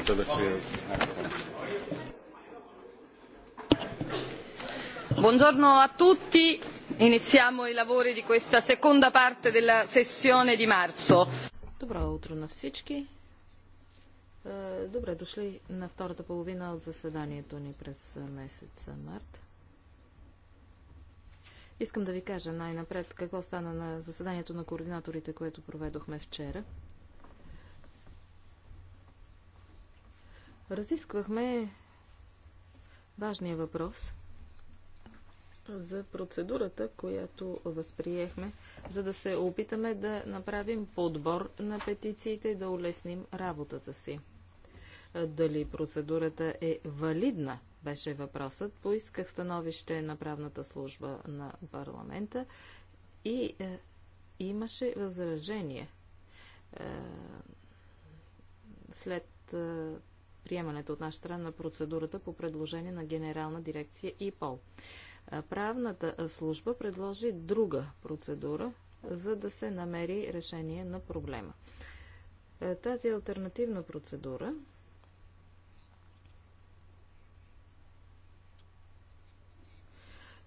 Muchas gracias. Buongiorno a tutti. Iniziamo i lavori di questa seconda parte della sessione di marzo. Добро утро на всички. Е, добре дошли на втората половина от заседанието ни през месец март. Искам да ви кажа най-напред какво стана на заседанието на координаторите, което проведохме вчера. Разисквахме важния въпрос за процедурата, която възприехме, за да се опитаме да направим подбор на петициите и да улесним работата си. Дали процедурата е валидна, беше въпросът. Поисках становище на правната служба на парламента и е, имаше възражение. Е, след е, приемането от наша страна на процедурата по предложение на Генерална дирекция ПОЛ. Правната служба предложи друга процедура, за да се намери решение на проблема. Тази альтернативна процедура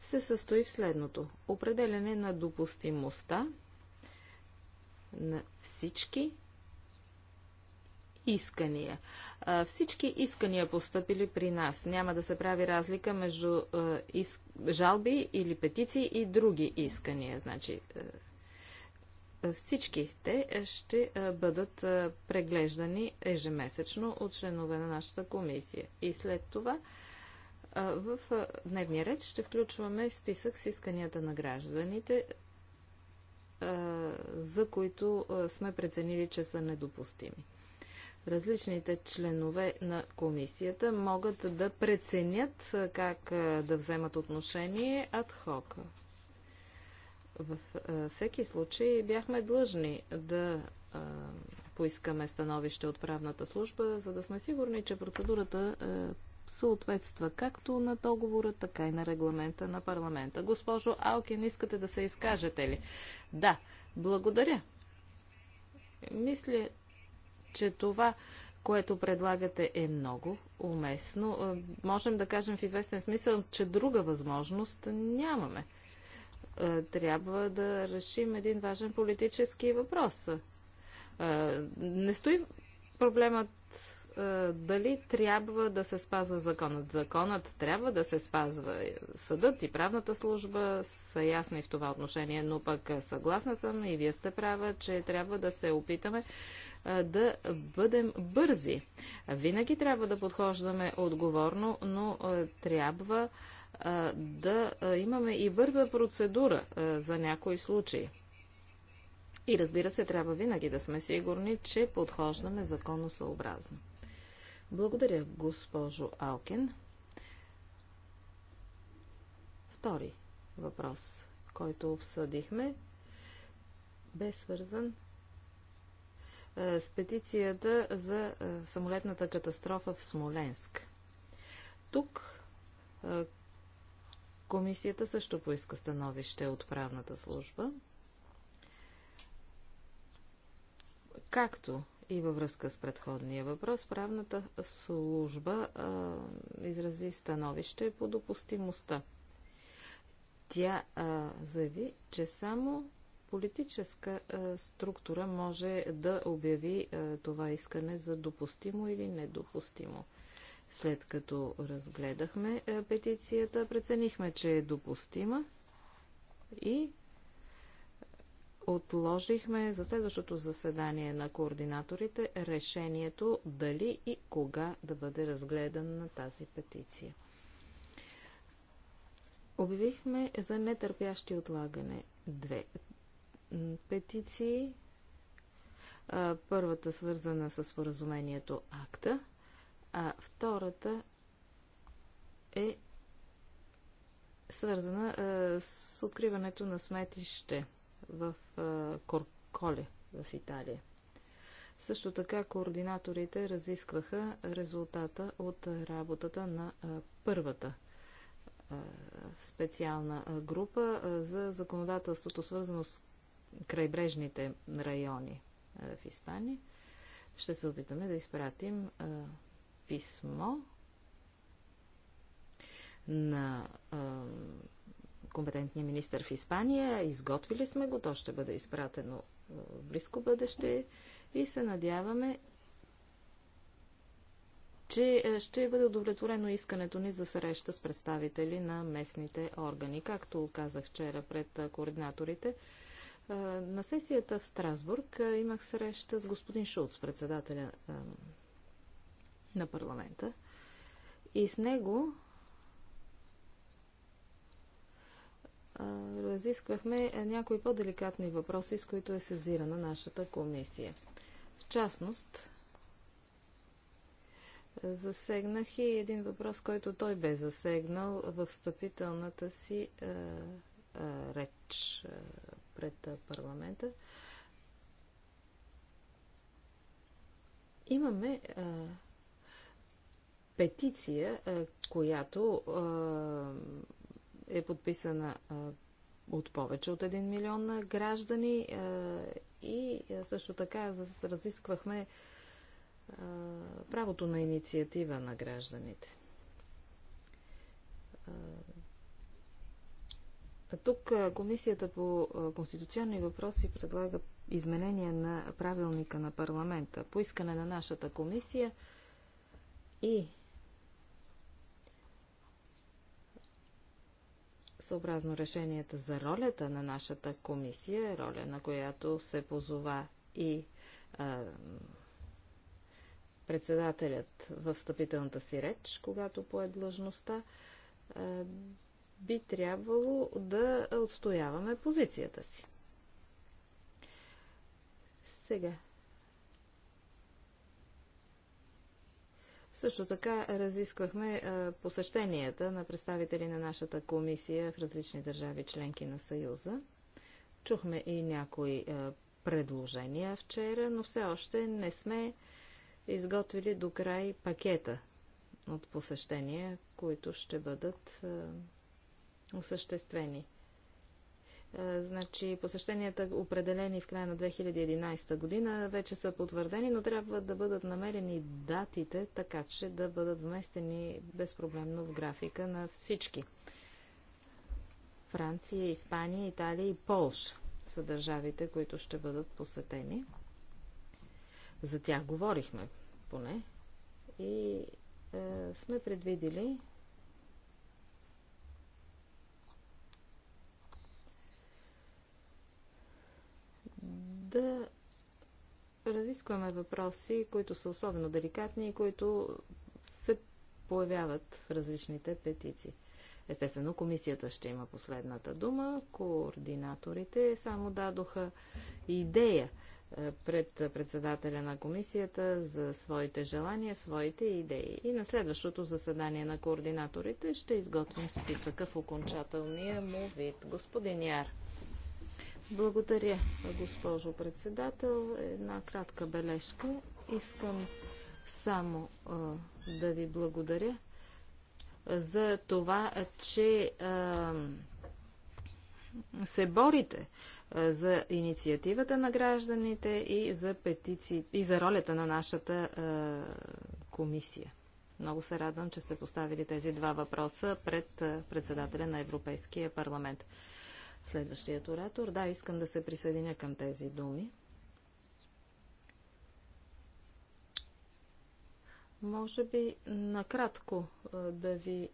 се състои в следното. Определене на допустимостта на всички искания. Всички искания поступили при нас. Няма да се прави разлика между жалби или петиции и други искания. Значи, всички те ще бъдат преглеждани ежемесечно от членове на нашата комисия. И след това в дневния ред ще включваме списък с исканията на гражданите, за които сме преценили, че са недопустими различните членове на комисията могат да преценят как да вземат отношение Хок. В всеки случай бяхме длъжни да поискаме становище от правната служба, за да сме сигурни, че процедурата съответства както на договора, така и на регламента на парламента. Госпожо Алкин, искате да се изкажете ли? Да, благодаря. Мисля, че това, което предлагате е много уместно. Е, можем да кажем в известен смисъл, че друга възможност нямаме. Е, трябва да решим един важен политически въпрос. Е, не стои проблемът дали трябва да се спазва законът. Законът трябва да се спазва. Съдът и правната служба са ясни в това отношение, но пък съгласна съм и вие сте права, че трябва да се опитаме да бъдем бързи. Винаги трябва да подхождаме отговорно, но трябва да имаме и бърза процедура за някои случаи. И разбира се, трябва винаги да сме сигурни, че подхождаме законосъобразно. Благодаря, госпожо Алкин. Втори въпрос, който обсъдихме, бе свързан е, с петицията за е, самолетната катастрофа в Смоленск. Тук е, комисията също поиска становище от правната служба, както и във връзка с предходния въпрос, правната служба а, изрази становище по допустимостта. Тя а, заяви, че само политическа е, структура може да обяви е, това искане за допустимо или недопустимо. След като разгледахме е, петицията, преценихме, че е допустима и отложихме за следващото заседание на координаторите решението дали и кога да бъде разгледана тази петиция. Обявихме за нетърпящи отлагане две петиции. Първата свързана с споразумението АКТА, а втората е свързана с откриването на сметище в Корколе в Италия. Също така координаторите разискваха резултата от работата на първата специална група за законодателството, свързано с крайбрежните райони в Испания, ще се опитаме да изпратим писмо на компетентния министр в Испания. Изготвили сме го, то ще бъде изпратено в близко бъдеще и се надяваме, че ще бъде удовлетворено искането ни за среща с представители на местните органи. Както казах вчера пред координаторите, на сесията в Страсбург имах среща с господин Шулц, председателя на парламента. И с него разисквахме някои по-деликатни въпроси, с които е сезирана нашата комисия. В частност, засегнах и един въпрос, който той бе засегнал в встъпителната си е, реч е, пред е, парламента. Имаме петиция, която е подписана от повече от 1 милион граждани и също така разисквахме правото на инициатива на гражданите. Тук Комисията по конституционни въпроси предлага изменение на правилника на парламента по искане на нашата комисия и съобразно решенията за ролята на нашата комисия, роля на която се позова и а, председателят в встъпителната си реч, когато пое длъжността, а, би трябвало да отстояваме позицията си. Сега. Също така разисквахме посещенията на представители на нашата комисия в различни държави членки на Съюза. Чухме и някои предложения вчера, но все още не сме изготвили до край пакета от посещения, които ще бъдат осъществени. Е, значи посещенията, определени в края на 2011 година, вече са потвърдени, но трябва да бъдат намерени датите, така че да бъдат вместени безпроблемно в графика на всички. Франция, Испания, Италия и Полша са държавите, които ще бъдат посетени. За тях говорихме поне и е, сме предвидили да разискваме въпроси, които са особено деликатни и които се появяват в различните петиции. Естествено, комисията ще има последната дума. Координаторите само дадоха идея е, пред председателя на комисията за своите желания, своите идеи. И на следващото заседание на координаторите ще изготвим списъка в окончателния му вид. Господин Яр. Благодаря, госпожо председател. Една кратка бележка. Искам само а, да ви благодаря за това, че а, се борите за инициативата на гражданите и за, петиции, и за ролята на нашата а, комисия. Много се радвам, че сте поставили тези два въпроса пред председателя на Европейския парламент. Следващият оратор. Да, искам да се присъединя към тези думи. Може би накратко да ви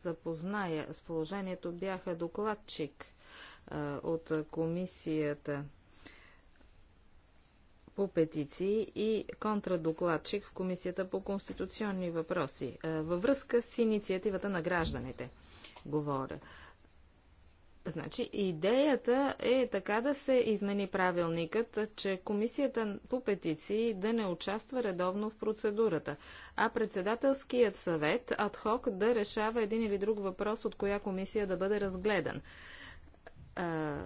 запозная с положението. Бяха докладчик от комисията по петиции и контрадокладчик в Комисията по конституционни въпроси във връзка с инициативата на гражданите. Говоря. Значи идеята е така да се измени правилникът, че комисията по петиции да не участва редовно в процедурата, а председателският съвет адхок да решава един или друг въпрос от коя комисия да бъде разгледан. А,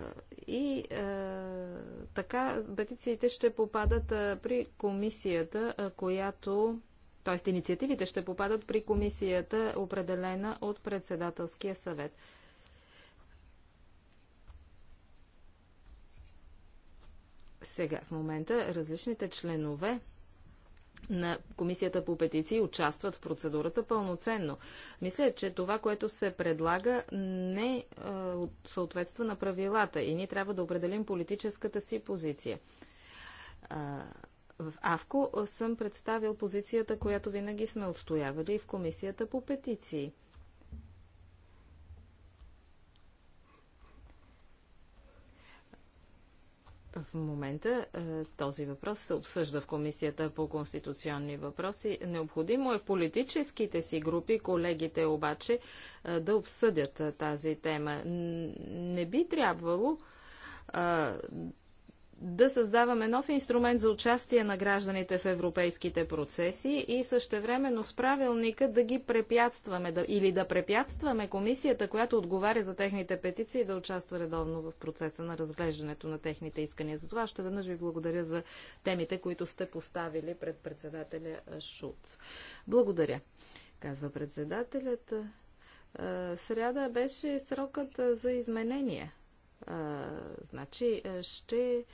и а, така петициите ще попадат а, при комисията, а, която т.е. инициативите ще попадат при комисията, определена от председателския съвет. Сега, в момента, различните членове на Комисията по петиции участват в процедурата пълноценно. Мисля, че това, което се предлага, не е, съответства на правилата и ние трябва да определим политическата си позиция. в АВКО съм представил позицията, която винаги сме отстоявали в Комисията по петиции – В момента е, този въпрос се обсъжда в Комисията по конституционни въпроси. Необходимо е в политическите си групи, колегите обаче, е, да обсъдят е, тази тема. Не би трябвало да създаваме нов инструмент за участие на гражданите в европейските процеси и същевременно с правилника да ги препятстваме да, или да препятстваме комисията, която отговаря за техните петиции да участва редовно в процеса на разглеждането на техните искания. Затова ще веднъж ви благодаря за темите, които сте поставили пред председателя Шуц. Благодаря, казва председателят. Сряда беше срокът за изменения значи ще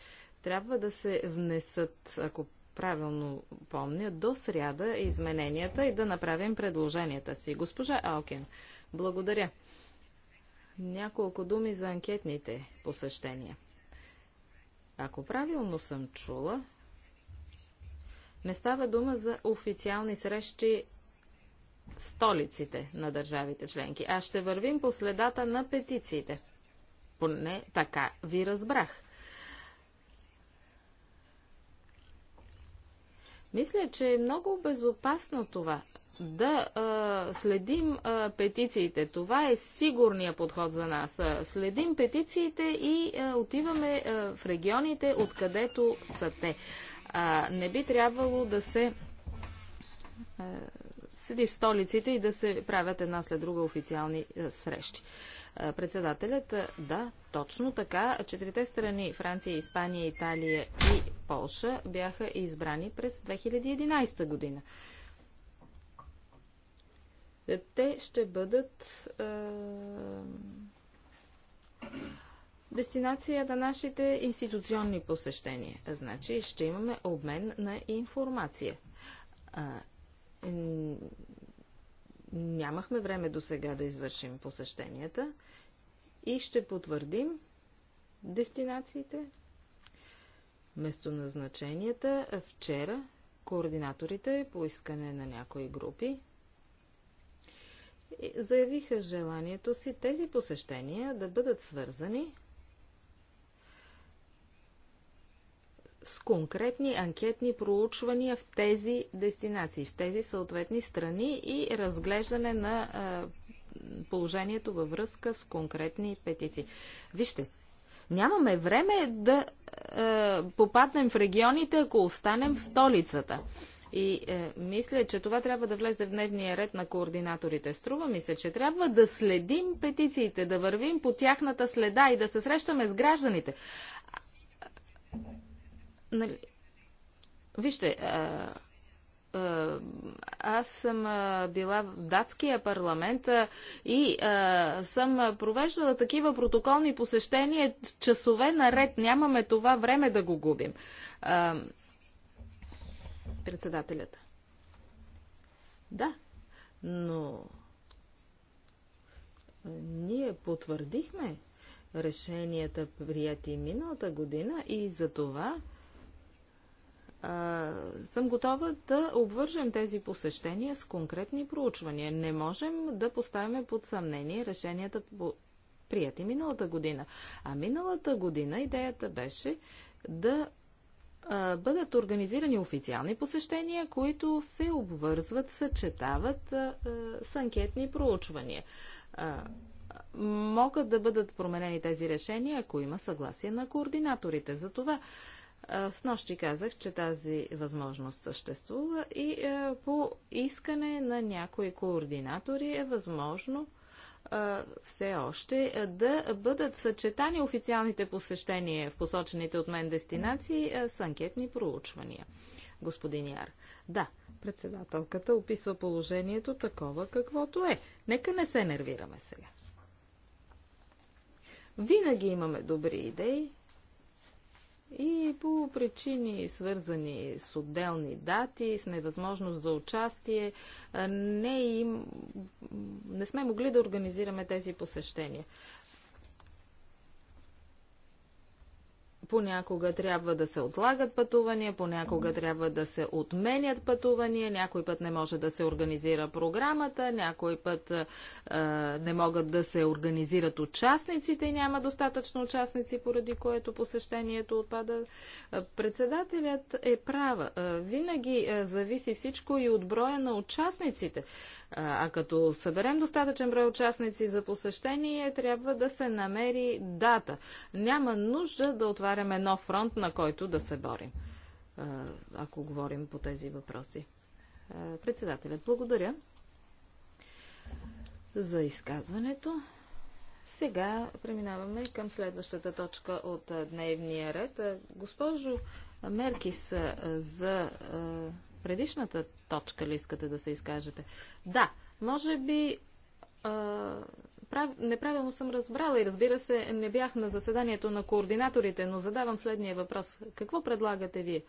трябва да се внесат, ако правилно помня, до сряда измененията и да направим предложенията си. Госпожа Алкин, благодаря. Няколко думи за анкетните посещения. Ако правилно съм чула, не става дума за официални срещи в столиците на държавите членки, а ще вървим по следата на петициите. Поне така ви разбрах. Мисля, че е много безопасно това. Да а, следим а, петициите. Това е сигурния подход за нас. А, следим петициите и а, отиваме а, в регионите, откъдето са те. А, не би трябвало да се а, седи в столиците и да се правят една след друга официални е, срещи. Е, председателят, е, да, точно така. Четирите страни Франция, Испания, Италия и Полша бяха избрани през 2011 година. Те ще бъдат е, дестинация на нашите институционни посещения. Значи ще имаме обмен на информация нямахме време до сега да извършим посещенията и ще потвърдим дестинациите, местоназначенията. Вчера координаторите по искане на някои групи заявиха желанието си тези посещения да бъдат свързани с конкретни анкетни проучвания в тези дестинации, в тези съответни страни и разглеждане на а, положението във връзка с конкретни петиции. Вижте, нямаме време да е, попаднем в регионите, ако останем в столицата. И е, мисля, че това трябва да влезе в дневния ред на координаторите. Струва ми се, че трябва да следим петициите, да вървим по тяхната следа и да се срещаме с гражданите. Нали, вижте, а, а, аз съм била в датския парламент а, и а, съм провеждала такива протоколни посещения часове наред. Нямаме това време да го губим. А, председателят. Да, но ние потвърдихме решенията, прияти миналата година и за това а, съм готова да обвържем тези посещения с конкретни проучвания. Не можем да поставяме под съмнение решенията по прияти миналата година. А миналата година идеята беше да а, бъдат организирани официални посещения, които се обвързват, съчетават а, с анкетни проучвания. Могат да бъдат променени тези решения, ако има съгласие на координаторите. За това с нощи казах, че тази възможност съществува и по искане на някои координатори е възможно все още да бъдат съчетани официалните посещения в посочените от мен дестинации с анкетни проучвания. Господин Яр. Да, председателката описва положението такова каквото е. Нека не се нервираме сега. Винаги имаме добри идеи, и по причини, свързани с отделни дати, с невъзможност за участие, не, им, не сме могли да организираме тези посещения. Понякога трябва да се отлагат пътувания, понякога трябва да се отменят пътувания, някой път не може да се организира програмата, някой път а, не могат да се организират участниците и няма достатъчно участници, поради което посещението отпада. Председателят е права. Винаги зависи всичко и от броя на участниците. А като съберем достатъчен брой участници за посещение, трябва да се намери дата. Няма нужда да отваряме намираме нов фронт, на който да се борим, ако говорим по тези въпроси. Председателят, благодаря за изказването. Сега преминаваме към следващата точка от дневния ред. Госпожо Меркис, за предишната точка ли искате да се изкажете? Да, може би прав... неправилно съм разбрала и разбира се, не бях на заседанието на координаторите, но задавам следния въпрос. Какво предлагате вие?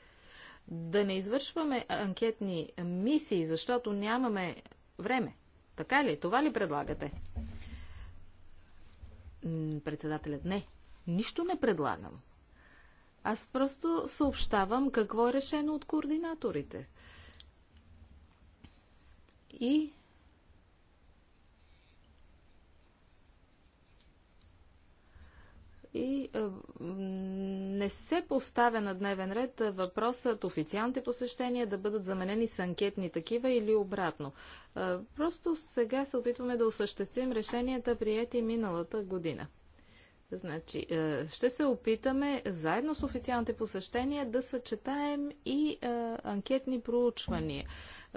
Да не извършваме анкетни мисии, защото нямаме време. Така ли? Това ли предлагате? Председателят не. Нищо не предлагам. Аз просто съобщавам какво е решено от координаторите. И и е, не се поставя на дневен ред е, въпросът официалните посещения да бъдат заменени с анкетни такива или обратно. Е, просто сега се опитваме да осъществим решенията, прияти миналата година. Значи, ще се опитаме заедно с официалните посещения да съчетаем и анкетни проучвания.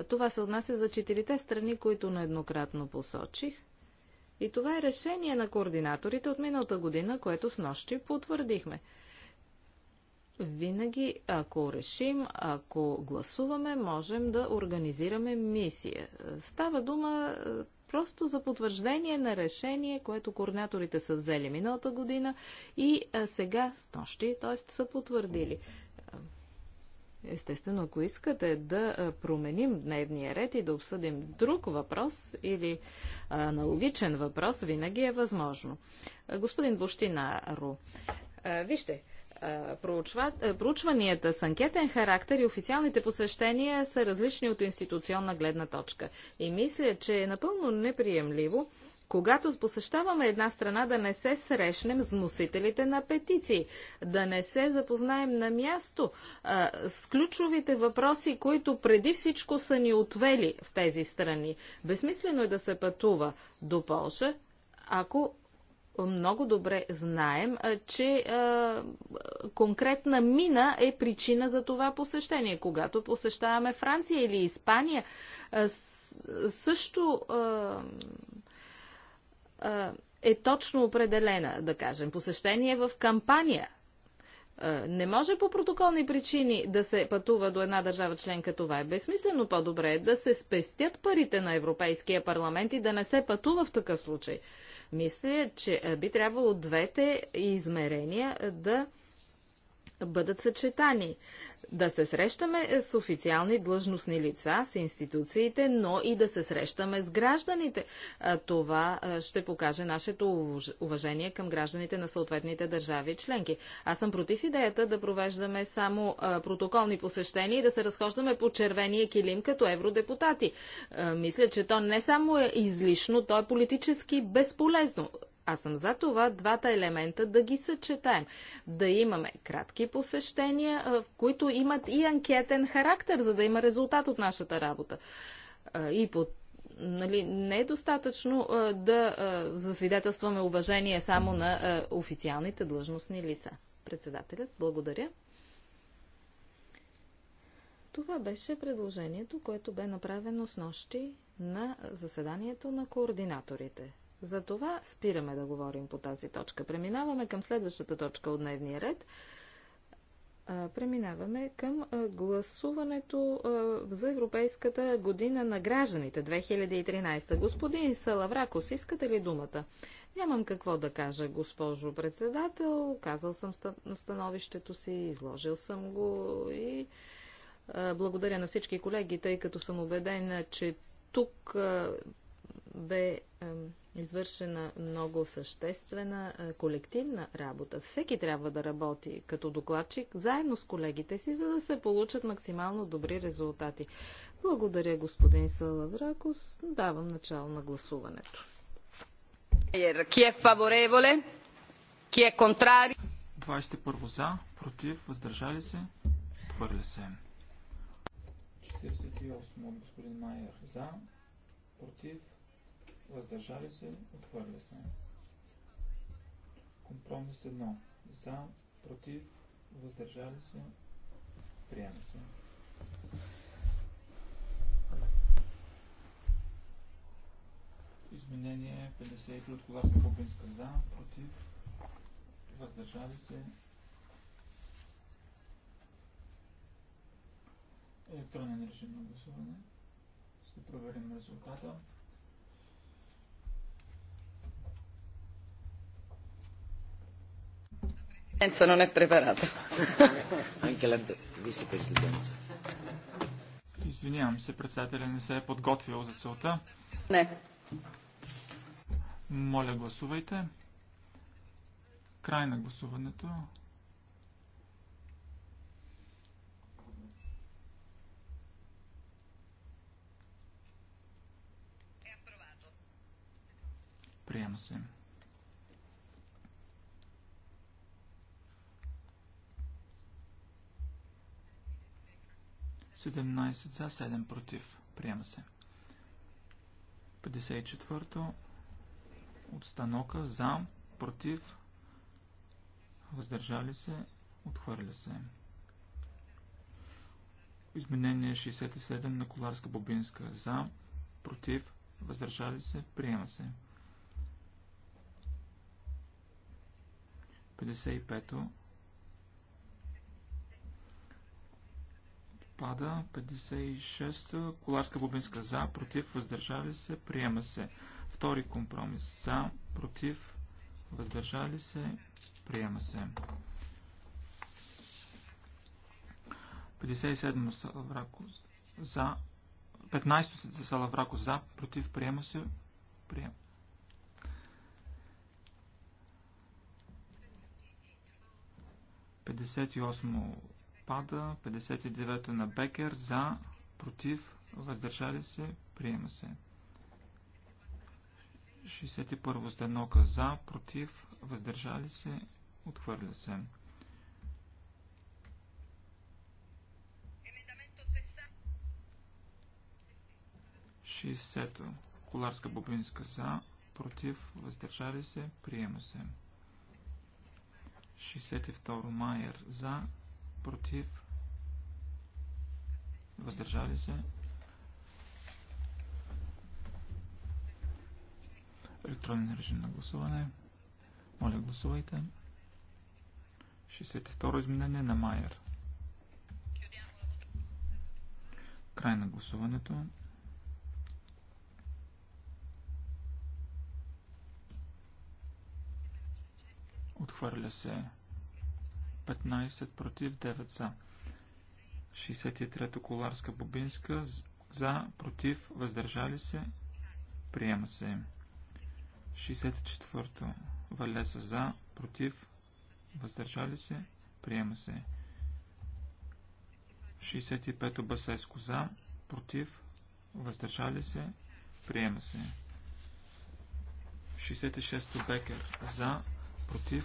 Това се отнася за четирите страни, които нееднократно посочих. И това е решение на координаторите от миналата година, което с нощи потвърдихме. Винаги, ако решим, ако гласуваме, можем да организираме мисия. Става дума е, просто за потвърждение на решение, което координаторите са взели миналата година и е, сега с нощи, т.е. са потвърдили. Естествено, ако искате да променим дневния ред и да обсъдим друг въпрос или аналогичен въпрос, винаги е възможно. Господин Бощинаро, вижте, проучванията с анкетен характер и официалните посещения са различни от институционна гледна точка. И мисля, че е напълно неприемливо когато посещаваме една страна, да не се срещнем с носителите на петиции, да не се запознаем на място а, с ключовите въпроси, които преди всичко са ни отвели в тези страни. Безсмислено е да се пътува до Польша, ако много добре знаем, че е, конкретна мина е причина за това посещение. Когато посещаваме Франция или Испания, е, също е, е точно определена, да кажем, посещение в кампания. Не може по протоколни причини да се пътува до една държава членка. Това е безсмислено. По-добре е да се спестят парите на Европейския парламент и да не се пътува в такъв случай. Мисля, че би трябвало двете измерения да бъдат съчетани. Да се срещаме с официални длъжностни лица, с институциите, но и да се срещаме с гражданите. Това ще покаже нашето уважение към гражданите на съответните държави и членки. Аз съм против идеята да провеждаме само протоколни посещения и да се разхождаме по червения килим като евродепутати. Мисля, че то не само е излишно, то е политически безполезно. Аз съм за това двата елемента да ги съчетаем. Да имаме кратки посещения, в които имат и анкетен характер, за да има резултат от нашата работа. И по нали, не е достатъчно а, да а, засвидетелстваме уважение само на а, официалните длъжностни лица. Председателят, благодаря. Това беше предложението, което бе направено с нощи на заседанието на координаторите. За това спираме да говорим по тази точка. Преминаваме към следващата точка от дневния ред. Преминаваме към гласуването за Европейската година на гражданите 2013. Господин Салавракос, искате ли думата? Нямам какво да кажа, госпожо председател. Казал съм становището си, изложил съм го и благодаря на всички колеги, тъй като съм убедена, че тук бе извършена много съществена е, колективна работа. Всеки трябва да работи като докладчик, заедно с колегите си, за да се получат максимално добри резултати. Благодаря, господин Салавракос. Давам начало на гласуването. Ки е фавореволе? Ки е контрари? 21 за, против, въздържали се, отвърли се. 48 от господин Майер за, против, въздържали се, отхвърля се. Компромис 1. За, против, въздържали се, приема се. Изменение 53 от Коласна Бобинска за, против, въздържали се. Електронен режим на гласуване. Ще проверим резултата. Enzo non è preparato. Anche la visto президент. Извинявам се, председателя не се е подготвил за целта. Не. Моля, гласувайте. Край на гласуването. Приема се. 17 за, 7 против. Приема се. 54-то от станока за, против, въздържали се, отхвърля се. Изменение 67 на Коларска Бобинска за, против, въздържали се, приема се. 55-то отпада. 56. Коларска Бубинска за, против, въздържали се, приема се. Втори компромис за, против, въздържали се, приема се. 57 Салаврако за, 15 за Салаврако за, против, приема се, приема. 58 пада. 59 на Бекер. За, против, въздържали се, приема се. 61 во стенока За, против, въздържали се, отхвърля се. Шестдесето. Коларска бобинска за, против, въздържали се, приема се. 62 Майер за, против, въздържали се. Електронен режим на гласуване. Моля, гласувайте. 62 изменение на Майер. Край на гласуването. Отхвърля се 15 против 9 за. 63-та Коларска Бобинска за, против, въздържали се, приема се. 64-то Валеса за, против, въздържали се, приема се. 65-то Басеско за, против, въздържали се, приема се. 66-то Бекер за, против,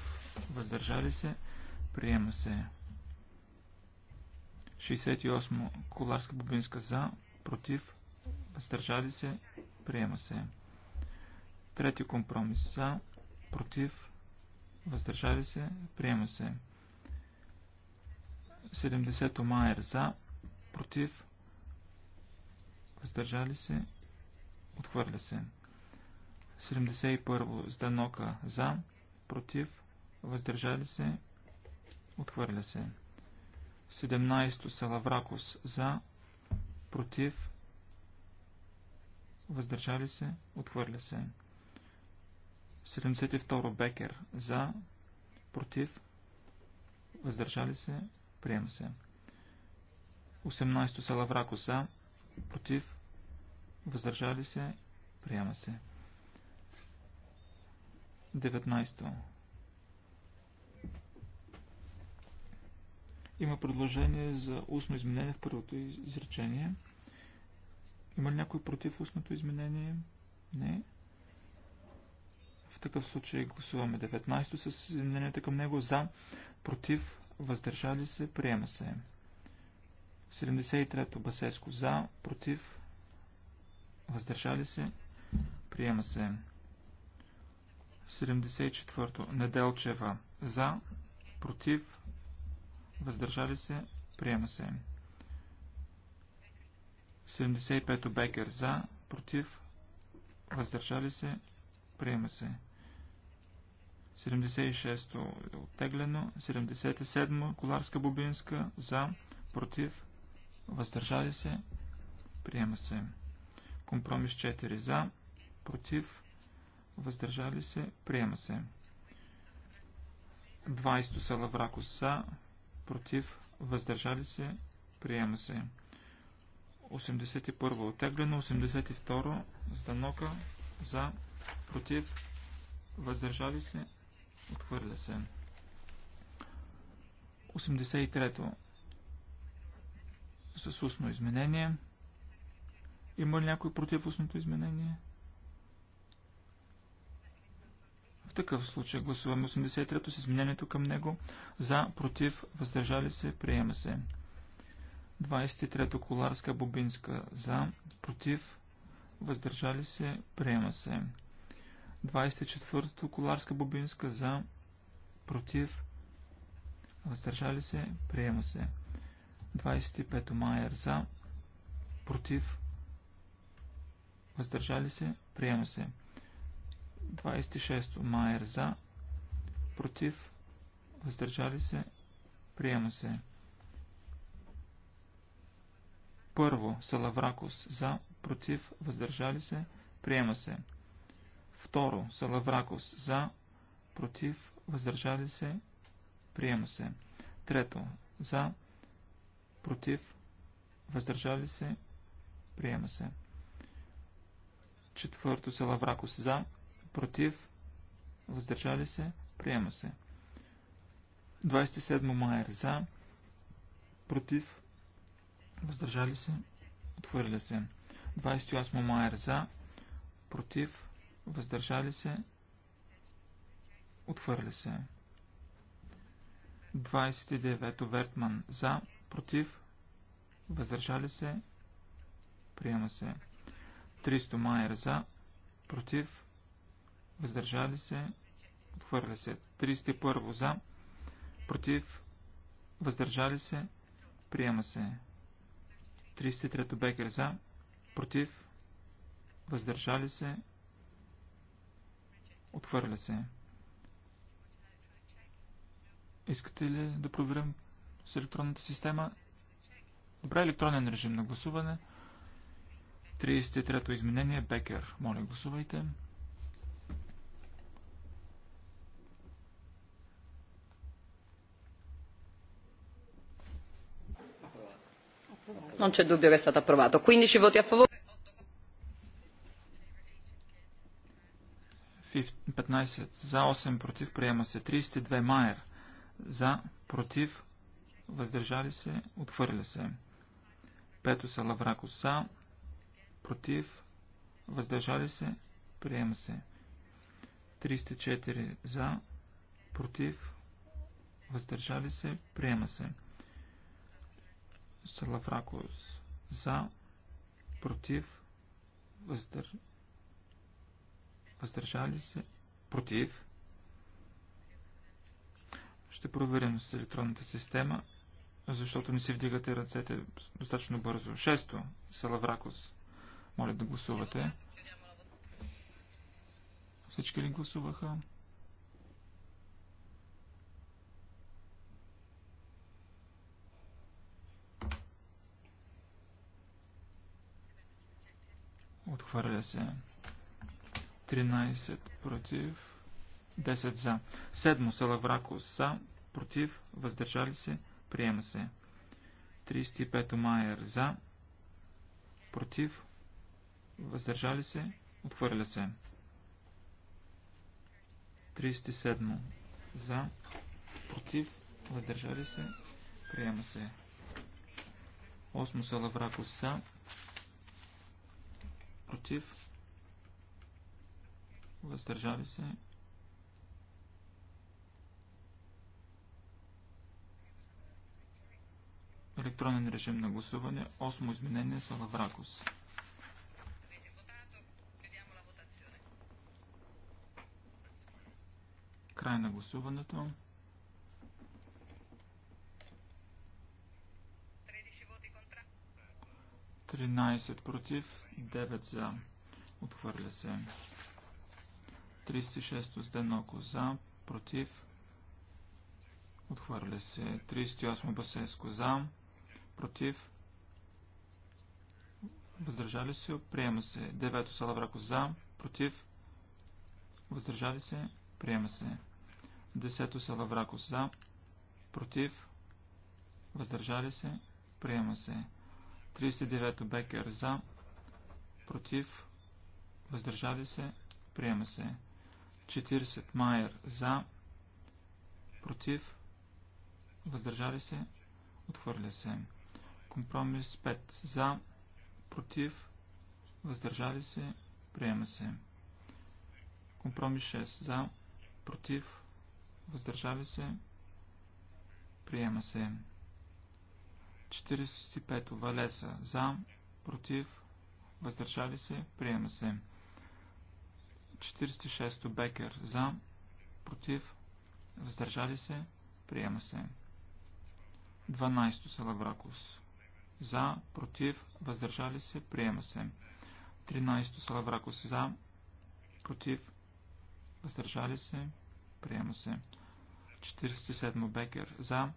въздържали се, приема се. Приема се. 68. Коларска бубинска за. Против. Въздържали се. Приема се. Трети компромис за. Против. Въздържали се. Приема се. 70. Майер за. Против. Въздържали се. Отхвърля се. 71. Зданока за. Против. Въздържали се. Отхвърля се. 17 Салавракос за, против, въздържали се, отхвърля се. 72 Бекер за, против, въздържали се, приема се. 18 Салаврако за, против, въздържали се, приема се. 19 Има предложение за устно изменение в първото изречение. Има ли някой против устното изменение? Не. В такъв случай гласуваме 19 с изменението към него за, против, въздържали се, приема се. 73-то Басеско за, против, въздържали се, приема се. 74-то Неделчева за, против, въздържали се, приема се. 75 Бекер за, против, въздържали се, приема се. 76-то е оттеглено, 77 то Коларска-Бубинска за, против, въздържали се, приема се. Компромис 4 за, против, въздържали се, приема се. 20-то Салавракос за, против, въздържали се, приема се. 81. Оттеглено 82. сданока за, против, въздържали се, отхвърля се. 83. С устно изменение. Има ли някой против устното изменение? В такъв случай гласуваме 83-то с изменението към него. За, против, въздържали се, приема се. 23-то Коларска Бобинска. За, против, въздържали се, приема се. 24-то Коларска Бобинска. За, против, въздържали се, приема се. 25-то Майер. За, против, въздържали се, приема се. 26. Майер за. Против. Въздържали се. Приема се. Първо. Салавракос за. Против. Въздържали се. Приема се. Второ. Салавракос за. Против. Въздържали се. Приема се. Трето. За. Против. Въздържали се. Приема се. Четвърто. Салавракос за против, въздържали се, приема се. 27 Майер за, против, въздържали се, отхвърля се. 28 Майер за, против, въздържали се, отхвърля се. 29 Вертман за, против, въздържали се, приема се. 300 Майер за, против, въздържали се, отхвърля се. 31 за, против, въздържали се, приема се. 33 Бекер за, против, въздържали се, отхвърля се. Искате ли да проверим с електронната система? Добре, електронен режим на гласуване. 33-то изменение, Бекер. Моля, Гласувайте. non c'è dubbio che è stato approvato. 15 voti a favore. 15 за, 8 против, приема се. 32 Майер за, против, въздържали се, отхвърля се. Пето са Лаврако за, против, въздържали се, приема се. 304 за, против, въздържали се, приема се. Салавракос за, против, въздър... въздържали се, против. Ще проверим с електронната система, защото не си вдигате ръцете достатъчно бързо. Шесто, Салавракос. Моля да гласувате. Всички ли гласуваха? Отхвърля се. 13 против. 10 за. 7 Салаврако са. Против. Въздържали се. Приема се. 35 Майер за. Против. Въздържали се. Отхвърля се. 37 за. Против. Въздържали се. Приема се. 8 Салаврако са против, въздържали се. Електронен режим на гласуване. Осмо изменение са Лавракос. Край на гласуването. 13 против, 9 за. Отхвърля се. 36 с Деноко за, против. Отхвърля се. 38 Басеско за, против. Въздържали се, приема се. 9 Салаврако за, против. Въздържали се, приема се. 10 салаврако за, против. Въздържали се, приема се. 39 Бекер за, против, въздържали се, приема се. 40 Майер за, против, въздържали се, отхвърля се. Компромис 5 за, против, въздържали се, приема се. Компромис 6 за, против, въздържали се, приема се. 45. Валеса. За. Против. Въздържали се. Приема се. 46. Бекер. За. Против. Въздържали се. Приема се. 12. Салавракус. За. Против. Въздържали се. Приема се. 13. Салавракус. За. Против. Въздържали се. Приема се. 47. Бекер. За.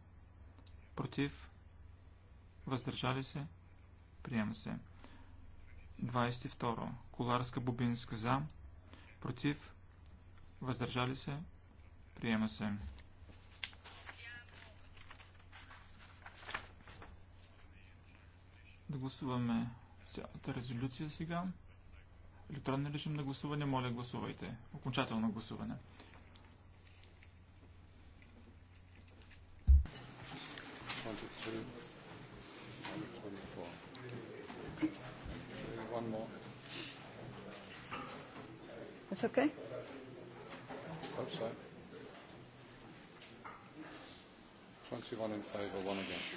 Против въздържали се, приема се. 22. Коларска Бубинска за, против, въздържали се, приема се. Да гласуваме цялата резолюция сега. Електронен режим на гласуване, моля гласувайте. Окончателно гласуване. Thank you. one more. It's okay? Hope so.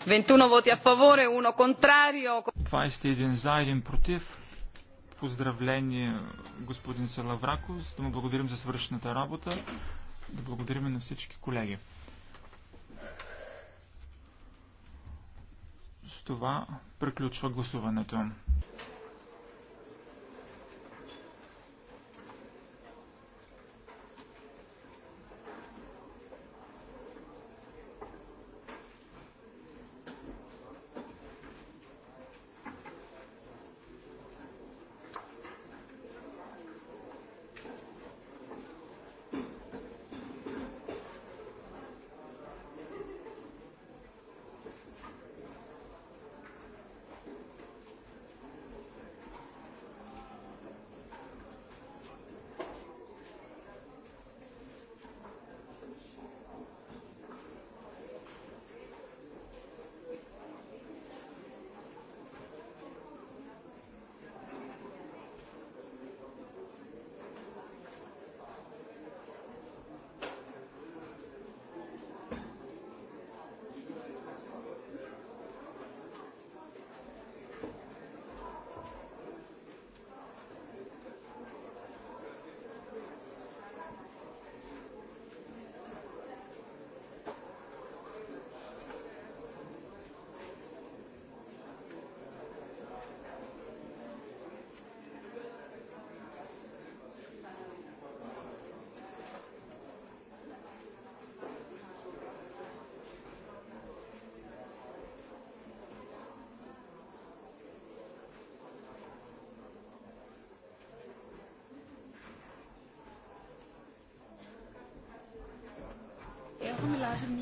21 voti a favore, 1 contrario. 21 за, one против. Поздравление господин Салавракос. Да му благодарим за свършената работа. Да благодарим на всички колеги. С това приключва гласуването.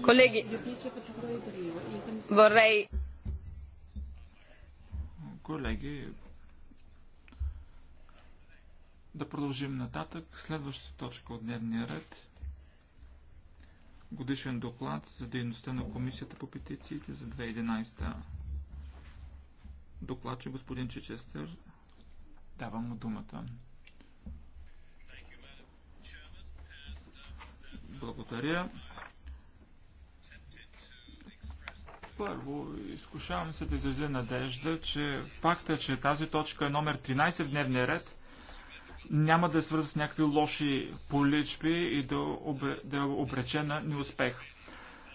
Колеги, vorrei... Колеги, да продължим нататък. Следващата точка от дневния ред. Годишен доклад за дейността на Комисията по петициите за 2011. Доклад, че господин Чечестър. Давам му думата. Благодаря. Първо, изкушавам се да изразя надежда, че факта, че тази точка е номер 13 в дневния ред, няма да е свързан с някакви лоши поличби и да, обре, да е обрече на неуспех.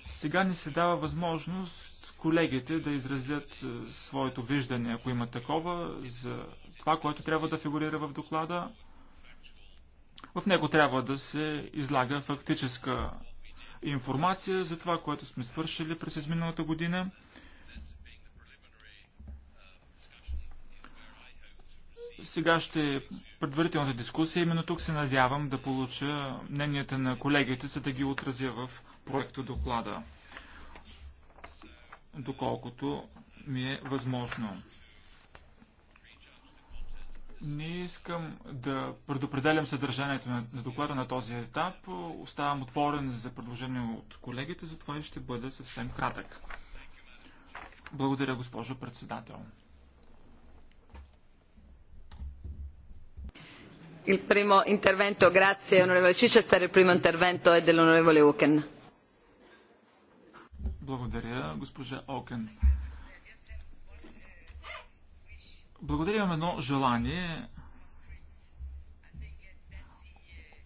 Сега ни се дава възможност колегите да изразят е, своето виждане, ако има такова, за това, което трябва да фигурира в доклада. В него трябва да се излага фактическа информация за това, което сме свършили през изминалата година. Сега ще е предварителната дискусия. Именно тук се надявам да получа мненията на колегите, за да ги отразя в проекта доклада, доколкото ми е възможно. Не искам да предопределям съдържанието на, на доклада на този етап. Оставам отворен за предложение от колегите, затова ще бъда съвсем кратък. Благодаря, госпожо председател. Il primo intervento, grazie onorevole il primo intervento è dell'onorevole Oken. Благодаря, госпожа Окен. Благодаря, имам едно желание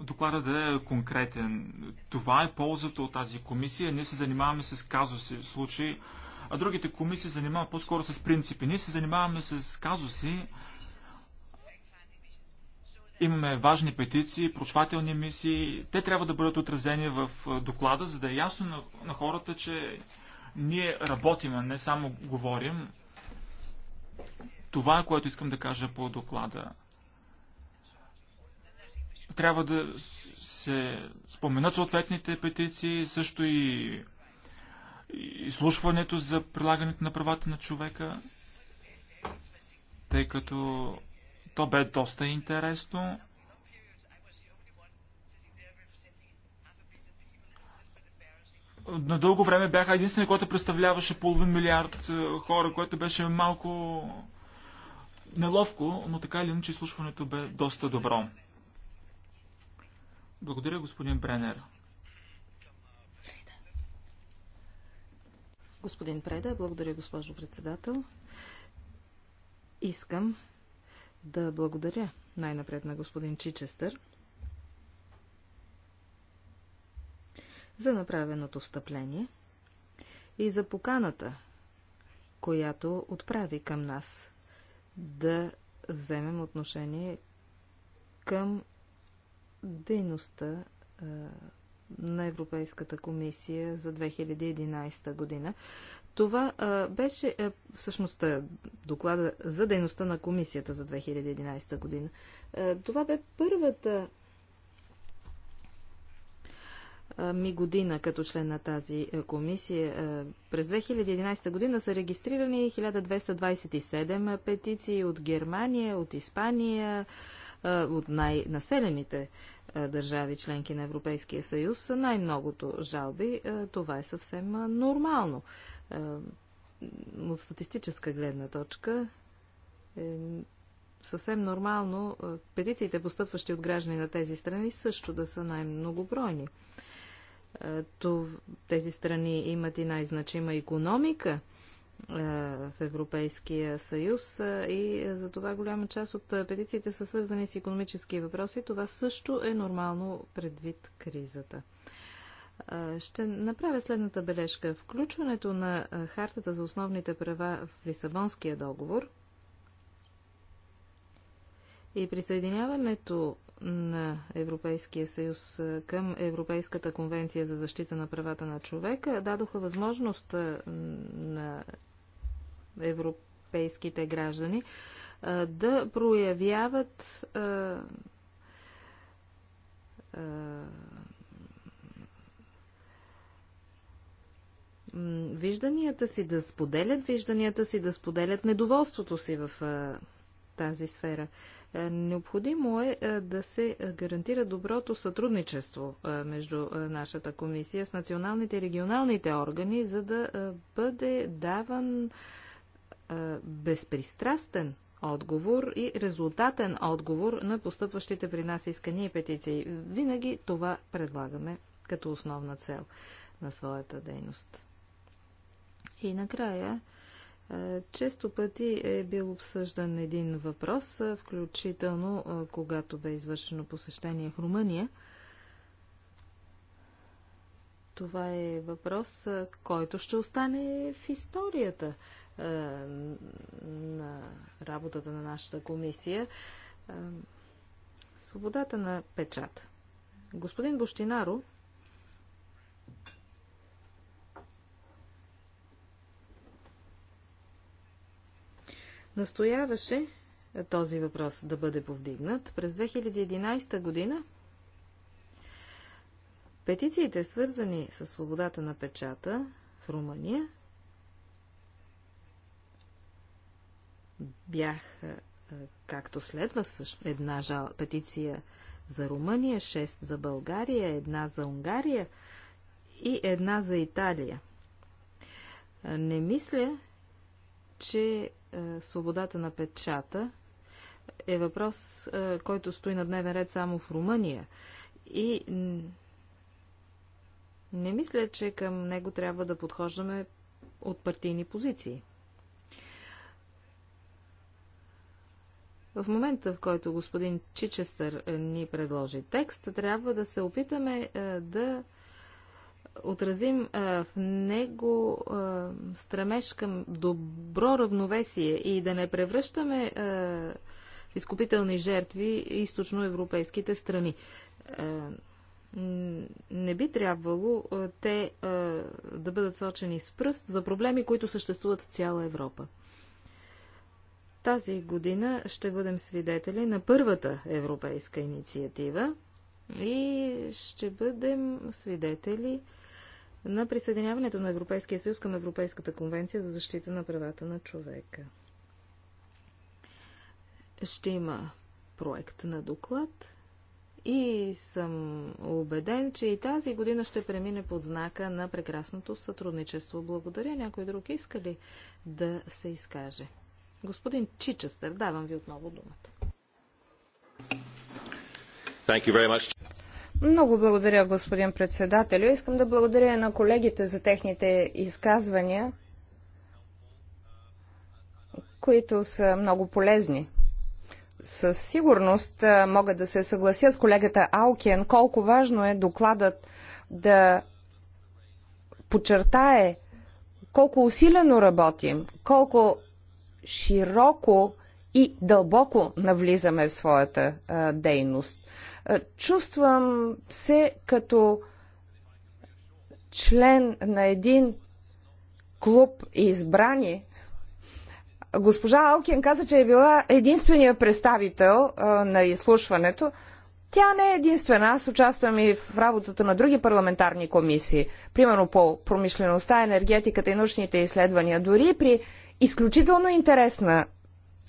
доклада да е конкретен. Това е ползата от тази комисия. Ние се занимаваме с казуси, случаи, а другите комисии се занимават по-скоро с принципи. Ние се занимаваме с казуси. Имаме важни петиции, прочвателни мисии. Те трябва да бъдат отразени в доклада, за да е ясно на, на хората, че ние работим, а не само говорим. Това е което искам да кажа по доклада. Трябва да се споменат съответните петиции, също и изслушването за прилагането на правата на човека, тъй като то бе доста интересно. на дълго време бяха единствения, което представляваше половин милиард е, хора, което беше малко неловко, но така или иначе изслушването бе доста добро. Благодаря, господин Бренер. Господин Преда, благодаря, госпожо председател. Искам да благодаря най-напред на господин Чичестър за направеното встъпление и за поканата, която отправи към нас да вземем отношение към дейността а, на Европейската комисия за 2011 година. Това а, беше а, всъщност доклада за дейността на комисията за 2011 година. А, това бе първата ми година като член на тази е, комисия. През 2011 година са регистрирани 1227 петиции от Германия, от Испания, от най-населените държави, членки на Европейския съюз, най-многото жалби. Това е съвсем нормално. От статистическа гледна точка е съвсем нормално петициите, постъпващи от граждани на тези страни, също да са най-многобройни тези страни имат и най-значима економика в Европейския съюз и за това голяма част от петициите са свързани с економически въпроси. Това също е нормално предвид кризата. Ще направя следната бележка. Включването на Хартата за основните права в Лисабонския договор и присъединяването на Европейския съюз към Европейската конвенция за защита на правата на човека дадоха възможност на европейските граждани да проявяват вижданията си, да споделят вижданията си, да споделят недоволството си в тази сфера. Е, необходимо е, е да се гарантира доброто сътрудничество е, между нашата комисия с националните и регионалните органи, за да бъде даван безпристрастен отговор и резултатен отговор на поступващите при нас искания и петиции. Винаги това предлагаме като основна цел на своята дейност. И накрая е, често пъти е бил обсъждан един въпрос, е, включително е, когато бе извършено посещение в Румъния. Това е въпрос, който ще остане в историята на работата на нашата комисия. свободата на печата. Господин Бощинаро настояваше е, този въпрос да бъде повдигнат. През 2011 година петициите, свързани с свободата на печата в Румъния, бяха е, както следва една жал... петиция за Румъния, 6 за България, една за Унгария и една за Италия. Е, не мисля, че е, свободата на печата е въпрос, е, който стои на дневен ред само в Румъния. И не мисля, че към него трябва да подхождаме от партийни позиции. В момента, в който господин Чичестър е, ни предложи текст, трябва да се опитаме да отразим в него стремеж към добро равновесие и да не превръщаме в изкупителни жертви източноевропейските страни. Не би трябвало те да бъдат сочени с пръст за проблеми, които съществуват в цяла Европа. Тази година ще бъдем свидетели на първата европейска инициатива и ще бъдем свидетели на присъединяването на Европейския съюз към Европейската конвенция за защита на правата на човека. Ще има проект на доклад и съм убеден, че и тази година ще премине под знака на прекрасното сътрудничество. Благодаря. Някой друг иска ли да се изкаже? Господин Чичестър, давам ви отново думата. Thank you very much, много благодаря, господин председателю. Искам да благодаря на колегите за техните изказвания, които са много полезни. Със сигурност мога да се съглася с колегата Алкиен колко важно е докладът да подчертае колко усилено работим, колко широко и дълбоко навлизаме в своята а, дейност. Е, чувствам се като член на един клуб избрани. Госпожа Алкин каза, че е била единствения представител е, на изслушването. Тя не е единствена. Аз участвам и в работата на други парламентарни комисии, примерно по промишлеността, енергетиката и научните изследвания. Дори при изключително интересна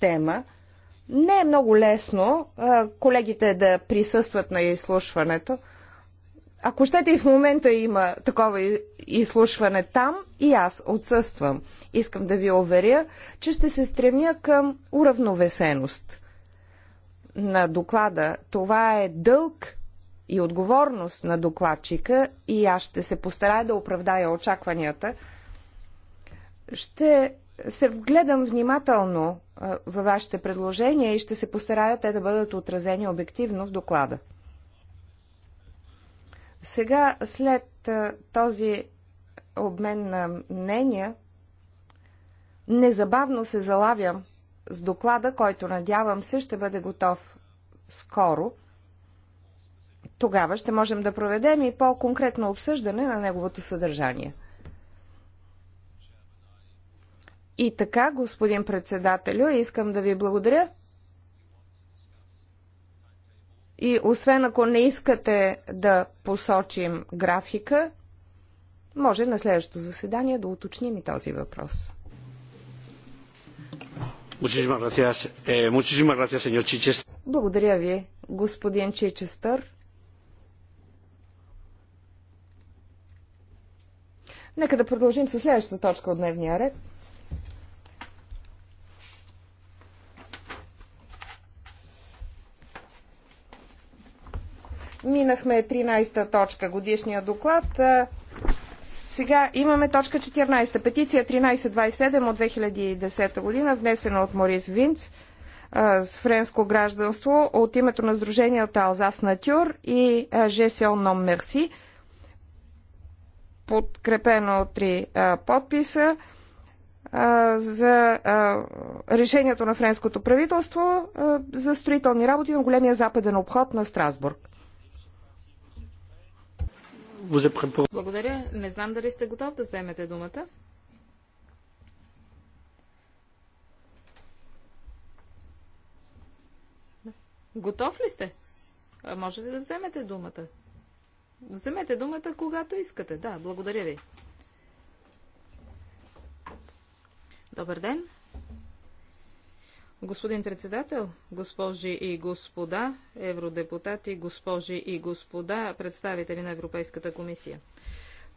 тема – не е много лесно колегите да присъстват на изслушването. Ако щете и в момента има такова изслушване там и аз отсъствам. Искам да ви уверя, че ще се стремя към уравновесеност на доклада. Това е дълг и отговорност на докладчика и аз ще се постарая да оправдая очакванията. Ще се вгледам внимателно във вашите предложения и ще се постарая те да бъдат отразени обективно в доклада. Сега, след този обмен на мнения, незабавно се залавям с доклада, който надявам се ще бъде готов скоро. Тогава ще можем да проведем и по-конкретно обсъждане на неговото съдържание. И така, господин председателю, искам да ви благодаря. И освен ако не искате да посочим графика, може на следващото заседание да уточним и този въпрос. Eh, благодаря ви, господин Чичестър. Нека да продължим с следващата точка от дневния ред. Минахме 13-та точка годишния доклад. Сега имаме точка 14. Петиция 1327 от 2010 година, внесена от Морис Винц с френско гражданство от името на Сдруженията Алзас Натюр и ЖСО Ном Мерси, подкрепено от три подписа за решението на френското правителство за строителни работи на големия западен обход на Страсбург. Благодаря. Не знам дали сте готов да вземете думата. Готов ли сте? можете да вземете думата. Вземете думата, когато искате. Да, благодаря ви. Добър ден. Господин председател, госпожи и господа, евродепутати, госпожи и господа, представители на Европейската комисия.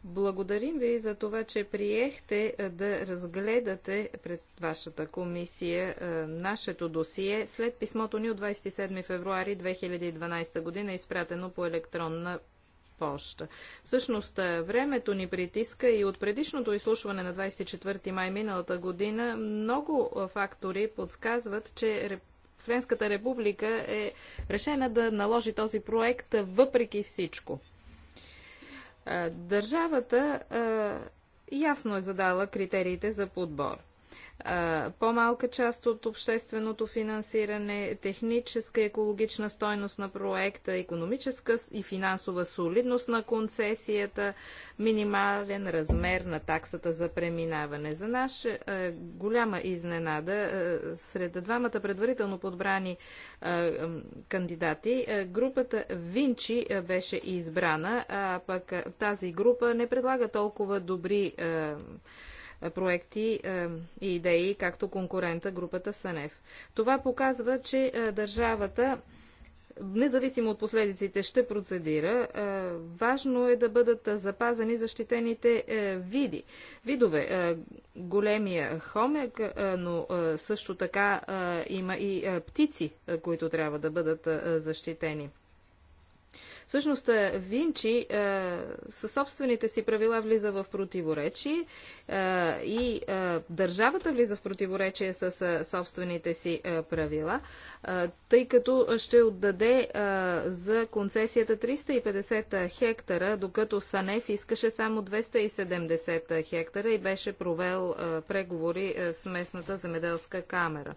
Благодарим ви за това, че приехте да разгледате пред вашата комисия нашето досие след писмото ни от 27 февруари 2012 година, изпратено по електронна поща. Всъщност, е, времето ни притиска и от предишното изслушване на 24 май миналата година много е, фактори подсказват, че Френската република е решена да наложи този проект въпреки всичко. Е, държавата ясно е задала критериите за подбор по-малка част от общественото финансиране, техническа и екологична стойност на проекта, економическа и финансова солидност на концесията, минимален размер на таксата за преминаване. За наша е, голяма изненада, е, сред двамата предварително подбрани е, кандидати, групата Винчи беше избрана, а пък тази група не предлага толкова добри проекти е, и идеи, както конкурента групата САНЕФ. Това показва, че е, държавата независимо от последиците, ще процедира. Е, важно е да бъдат запазени защитените види. Видове. Големия хомек, но също така има и птици, които трябва да бъдат защитени. Всъщност е, Винчи е, със собствените си правила влиза в противоречие е, и е, държавата влиза в противоречие с е, собствените си е, правила, тъй като ще отдаде за концесията 350 хектара, докато Санеф искаше само 270 хектара и беше провел преговори с местната земеделска камера.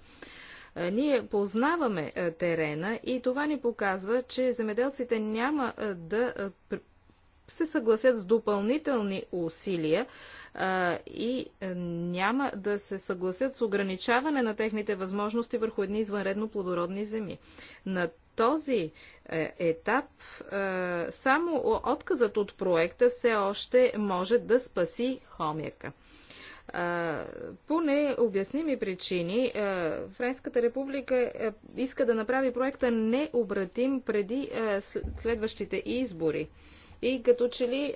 Е, ние познаваме е, терена и това ни показва, че земеделците няма е, да се съгласят с допълнителни усилия и няма да се съгласят с ограничаване на техните възможности върху едни извънредно плодородни земи. На този етап само отказът от проекта все още може да спаси хомяка. По необясними причини Френската република иска да направи проекта необратим преди следващите избори. И като че ли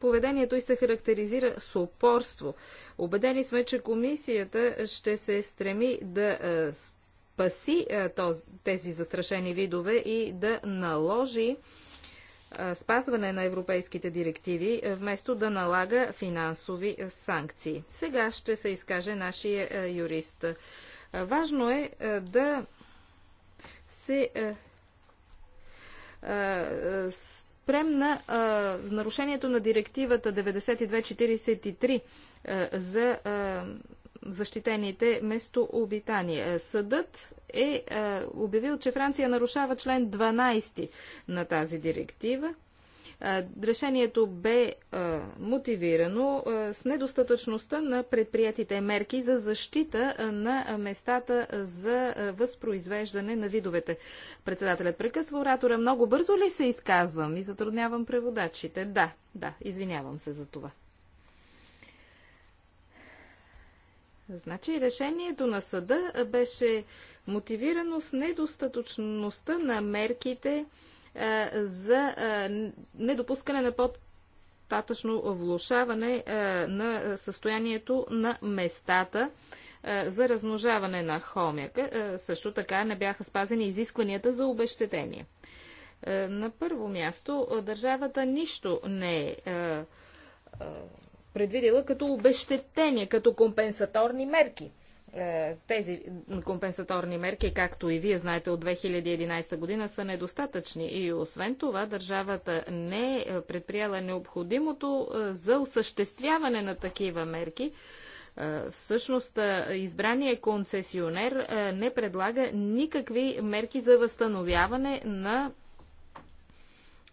поведението и се характеризира с упорство. Обедени сме, че комисията ще се стреми да спаси тези застрашени видове и да наложи спазване на европейските директиви, вместо да налага финансови санкции. Сега ще се изкаже нашия юрист. Важно е да се спрем на нарушението на директивата 9243 за защитените местообитания. Съдът е, е обявил, че Франция нарушава член 12 на тази директива. Е, решението бе а, е, мотивирано а, с недостатъчността на предприятите мерки за защита на местата за възпроизвеждане на видовете. Председателят прекъсва оратора. Много бързо ли се изказвам и затруднявам преводачите? Да, да, извинявам се за това. Значи решението на съда беше мотивирано с недостатъчността на мерките а, е, за а, е, недопускане на по-татъчно влушаване а, е, на състоянието на местата за размножаване на хомяка. Също така не бяха спазени изискванията за обещетение. На първо място, държавата нищо не е предвидила като обещетение, като компенсаторни мерки. Е, тези компенсаторни мерки, както и вие знаете от 2011 година, са недостатъчни и освен това държавата не е предприела необходимото е, за осъществяване на такива мерки. Е, всъщност, избраният концесионер не предлага никакви мерки за възстановяване на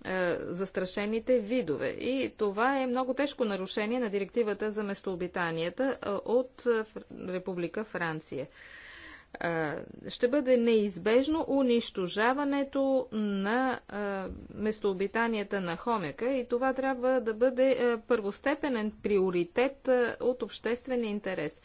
е, застрашените видове. И това е много тежко нарушение на директивата за местообитанията е, от е, Република Франция. Ще бъде неизбежно унищожаването на местообитанията на хомяка и това трябва да бъде първостепенен приоритет от обществен интерес.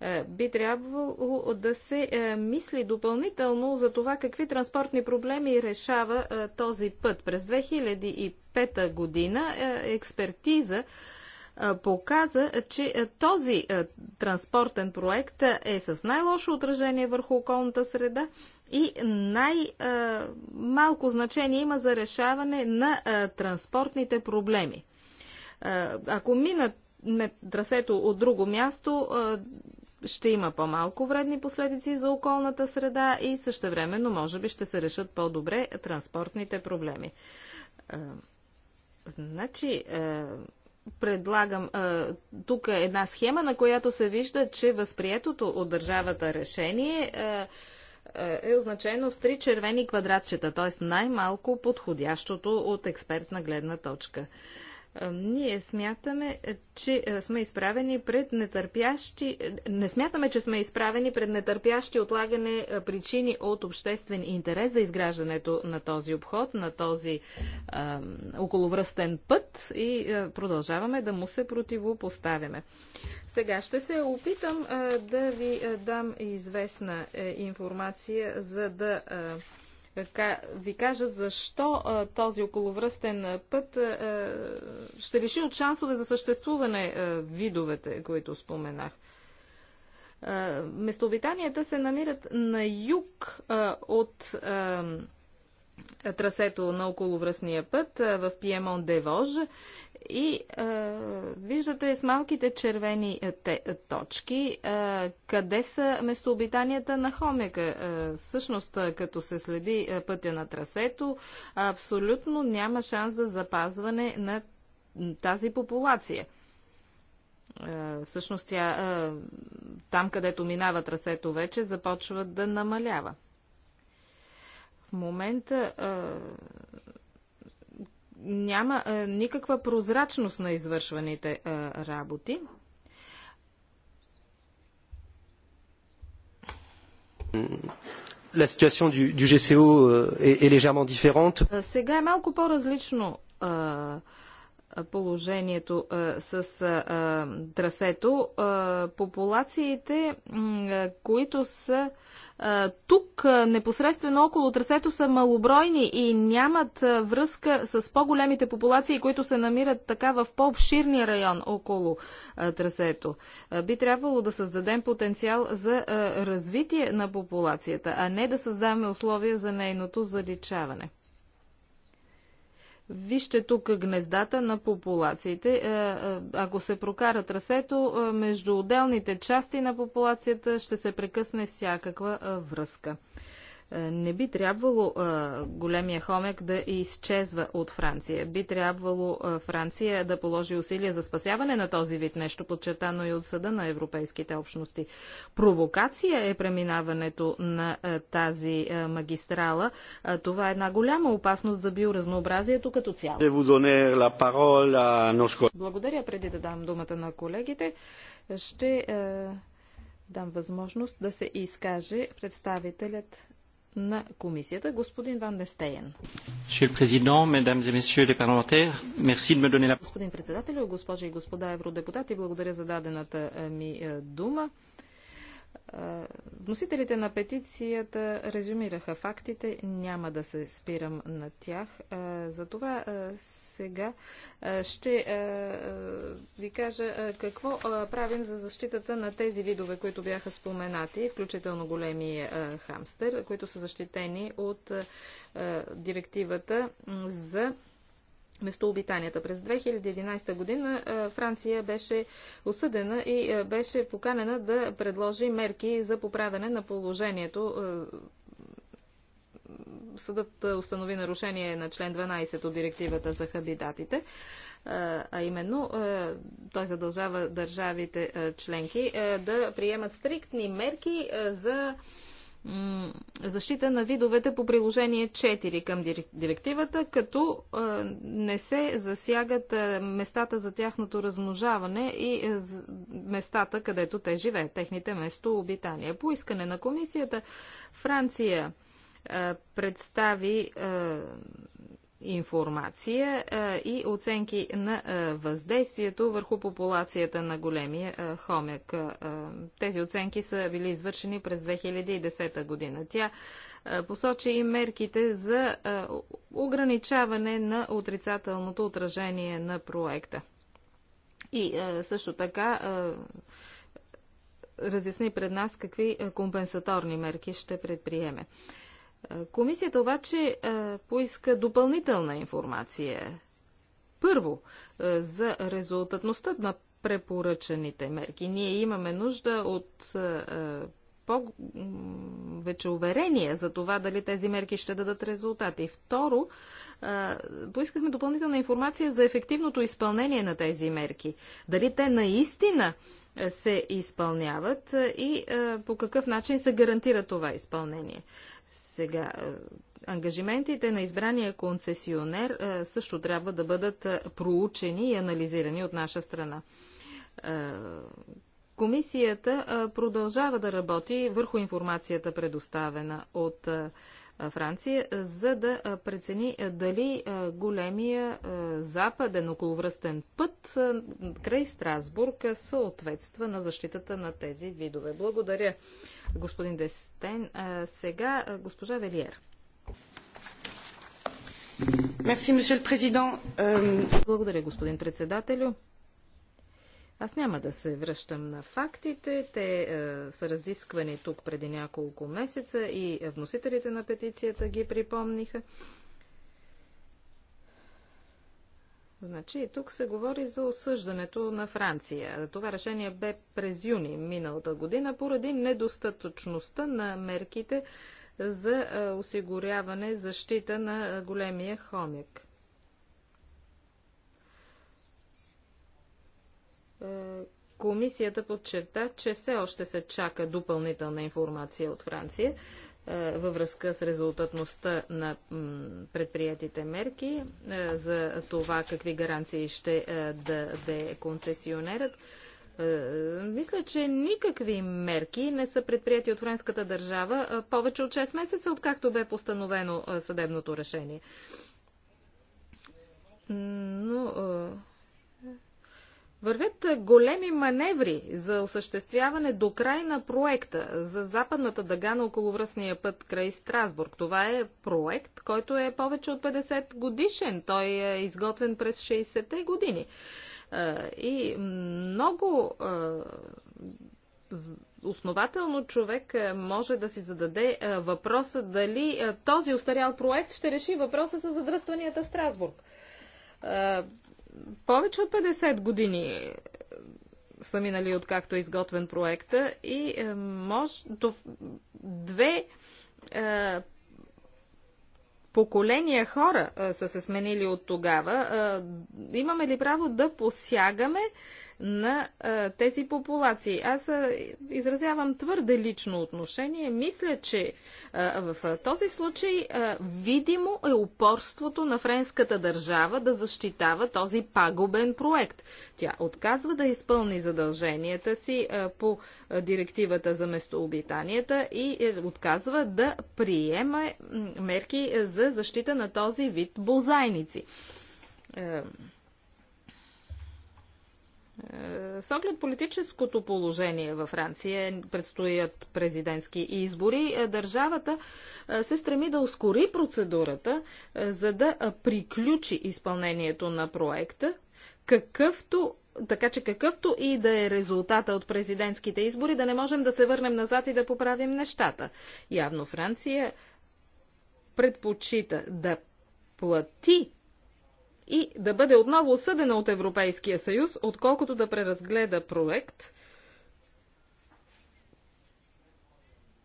Е, би трябвало да се е, мисли допълнително за това какви транспортни проблеми решава е, този път. През 2005 година експертиза показа, че този транспортен проект е с най-лошо отражение върху околната среда и най-малко значение има за решаване на транспортните проблеми. Ако минат трасето от друго място, ще има по-малко вредни последици за околната среда и същевременно може би ще се решат по-добре транспортните проблеми. Е, значи, е, предлагам е, тук е една схема, на която се вижда, че възприетото от държавата решение е означено с три червени квадратчета, т.е. най-малко подходящото от експертна гледна точка. Е, ние смятаме, е, че е, сме изправени пред нетърпящи, не смятаме, че сме изправени пред нетърпящи отлагане причини от обществен интерес за изграждането на този обход, на този а, околовръстен път и продължаваме да му се противопоставяме. Сега ще се опитам а, да ви дам известна информация, за да ви кажат защо този околовръстен път ще реши от шансове за съществуване видовете, които споменах. Местообитанията се намират на юг от трасето на околовръстния път в Пиемон Вож и е, виждате с малките червени те, точки е, къде са местообитанията на хомека. Е, всъщност, като се следи е, пътя на трасето, абсолютно няма шанс за запазване на тази популация. Е, всъщност, тя, е, там където минава трасето вече, започва да намалява. В момента. Е, няма а, е, никаква прозрачност на извършваните а, е, работи. La situation du, du GCO est, est légèrement différente. Сега е малко по-различно е, положението с трасето. Популациите, които са тук, непосредствено около трасето, са малобройни и нямат връзка с по-големите популации, които се намират така в по-обширния район около трасето. Би трябвало да създадем потенциал за развитие на популацията, а не да създаваме условия за нейното заличаване. Вижте тук гнездата на популациите. Е, е, ако се прокара трасето, е, между отделните части на популацията ще се прекъсне всякаква връзка. Е, не би трябвало е, големия хомек да изчезва от Франция. Би трябвало е, Франция да положи усилия за спасяване на този вид нещо, подчертано и от съда на европейските общности. Провокация е преминаването на тази магистрала. Това е една голяма опасност за биоразнообразието като цяло. Благодаря преди да дам думата на колегите. Ще дам възможност да се изкаже представителят на комисията, господин Ван Дестейен. Господин председател, госпожи и господа евродепутати, благодаря за дадената е, ми е, дума. Вносителите на петицията резюмираха фактите, няма да се спирам на тях. Затова сега ще ви кажа какво правим за защитата на тези видове, които бяха споменати, включително големи хамстер, които са защитени от директивата за местообитанията. През 2011 година Франция беше осъдена и беше поканена да предложи мерки за поправяне на положението. Съдът установи нарушение на член 12 от директивата за хабитатите, а именно той задължава държавите членки да приемат стриктни мерки за защита на видовете по приложение 4 към директивата, като не се засягат местата за тяхното размножаване и местата, където те живеят, техните местообитания. По искане на комисията Франция представи информация и оценки на въздействието върху популацията на големия хомек. Тези оценки са били извършени през 2010 година. Тя посочи и мерките за ограничаване на отрицателното отражение на проекта. И също така разясни пред нас какви компенсаторни мерки ще предприеме. Комисията обаче е, поиска допълнителна информация. Първо, е, за резултатността на препоръчаните мерки. Ние имаме нужда от е, по-вече уверение за това дали тези мерки ще дадат резултати. Второ, поискахме допълнителна информация за ефективното изпълнение на тези мерки. Дали те наистина се изпълняват и по какъв начин се гарантира това изпълнение. Сега, е, ангажиментите на избрания концесионер е, също трябва да бъдат е, проучени и анализирани от наша страна. Комисията продължава да работи върху информацията, предоставена от Франция, за да прецени дали големия западен околовръстен път край Страсбург съответства на защитата на тези видове. Благодаря господин Дестен. Сега госпожа Велиер. Euh, Благодаря, господин председателю. Аз няма да се връщам на фактите. Те е, са разисквани тук преди няколко месеца и вносителите на петицията ги припомниха. Значи, тук се говори за осъждането на Франция. Това решение бе през юни миналата година поради недостатъчността на мерките за осигуряване защита на големия хомик. Комисията подчерта, че все още се чака допълнителна информация от Франция във връзка с резултатността на предприятите мерки, за това какви гаранции ще даде концесионерът. Мисля, че никакви мерки не са предприяти от френската държава повече от 6 месеца, откакто бе постановено съдебното решение. Но Вървят големи маневри за осъществяване до край на проекта за западната дъга на околовръстния път край Страсбург. Това е проект, който е повече от 50 годишен. Той е изготвен през 60-те години. И много основателно човек може да си зададе въпроса дали този устарял проект ще реши въпроса за задръстванията в Страсбург повече от 50 години е, са минали както е изготвен проекта и е, може до две е, поколения хора е, са се сменили от тогава. Е, имаме ли право да посягаме на а, тези популации. Аз а, изразявам твърде лично отношение. Мисля, че а, в а, този случай а, видимо е упорството на френската държава да защитава този пагубен проект. Тя отказва да изпълни задълженията си а, по а, директивата за местообитанията и е, отказва да приема мерки за защита на този вид бозайници. Е, е, с оглед политическото положение във Франция, предстоят президентски избори, е, държавата е, се стреми да ускори процедурата, за да приключи изпълнението на проекта, какъвто така че какъвто и да е резултата от президентските избори, да не можем да се върнем назад и да поправим нещата. Явно Франция предпочита да плати и да бъде отново осъдена от Европейския съюз, отколкото да преразгледа проект,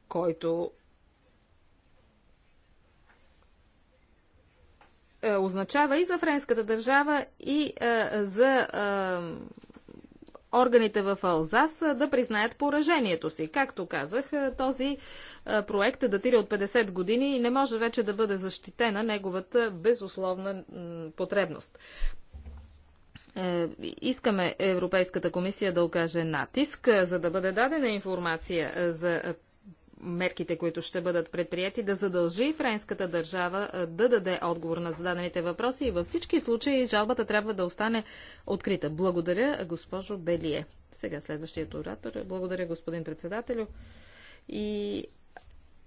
който е, означава и за френската държава, и а, е, за а, е, органите в Алзас да признаят поражението си. Както казах, този проект е датира от 50 години и не може вече да бъде защитена неговата безусловна потребност. Е, искаме Европейската комисия да окаже натиск, за да бъде дадена информация за мерките, които ще бъдат предприяти, да задължи френската държава да даде отговор на зададените въпроси и във всички случаи жалбата трябва да остане открита. Благодаря, госпожо Белие. Сега следващият оратор. Благодаря, господин председателю. И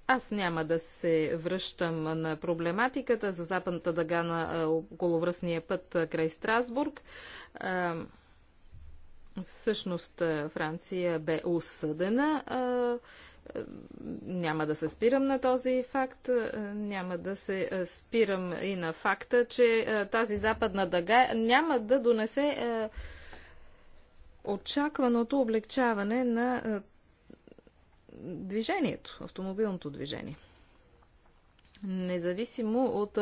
аз няма да се връщам на проблематиката за западната дъга на околовръстния път край Страсбург. Всъщност Франция бе осъдена няма да се спирам на този факт, е, няма да се е, спирам и на факта, че е, тази западна дъга няма да донесе очакваното облегчаване на движението, автомобилното движение независимо от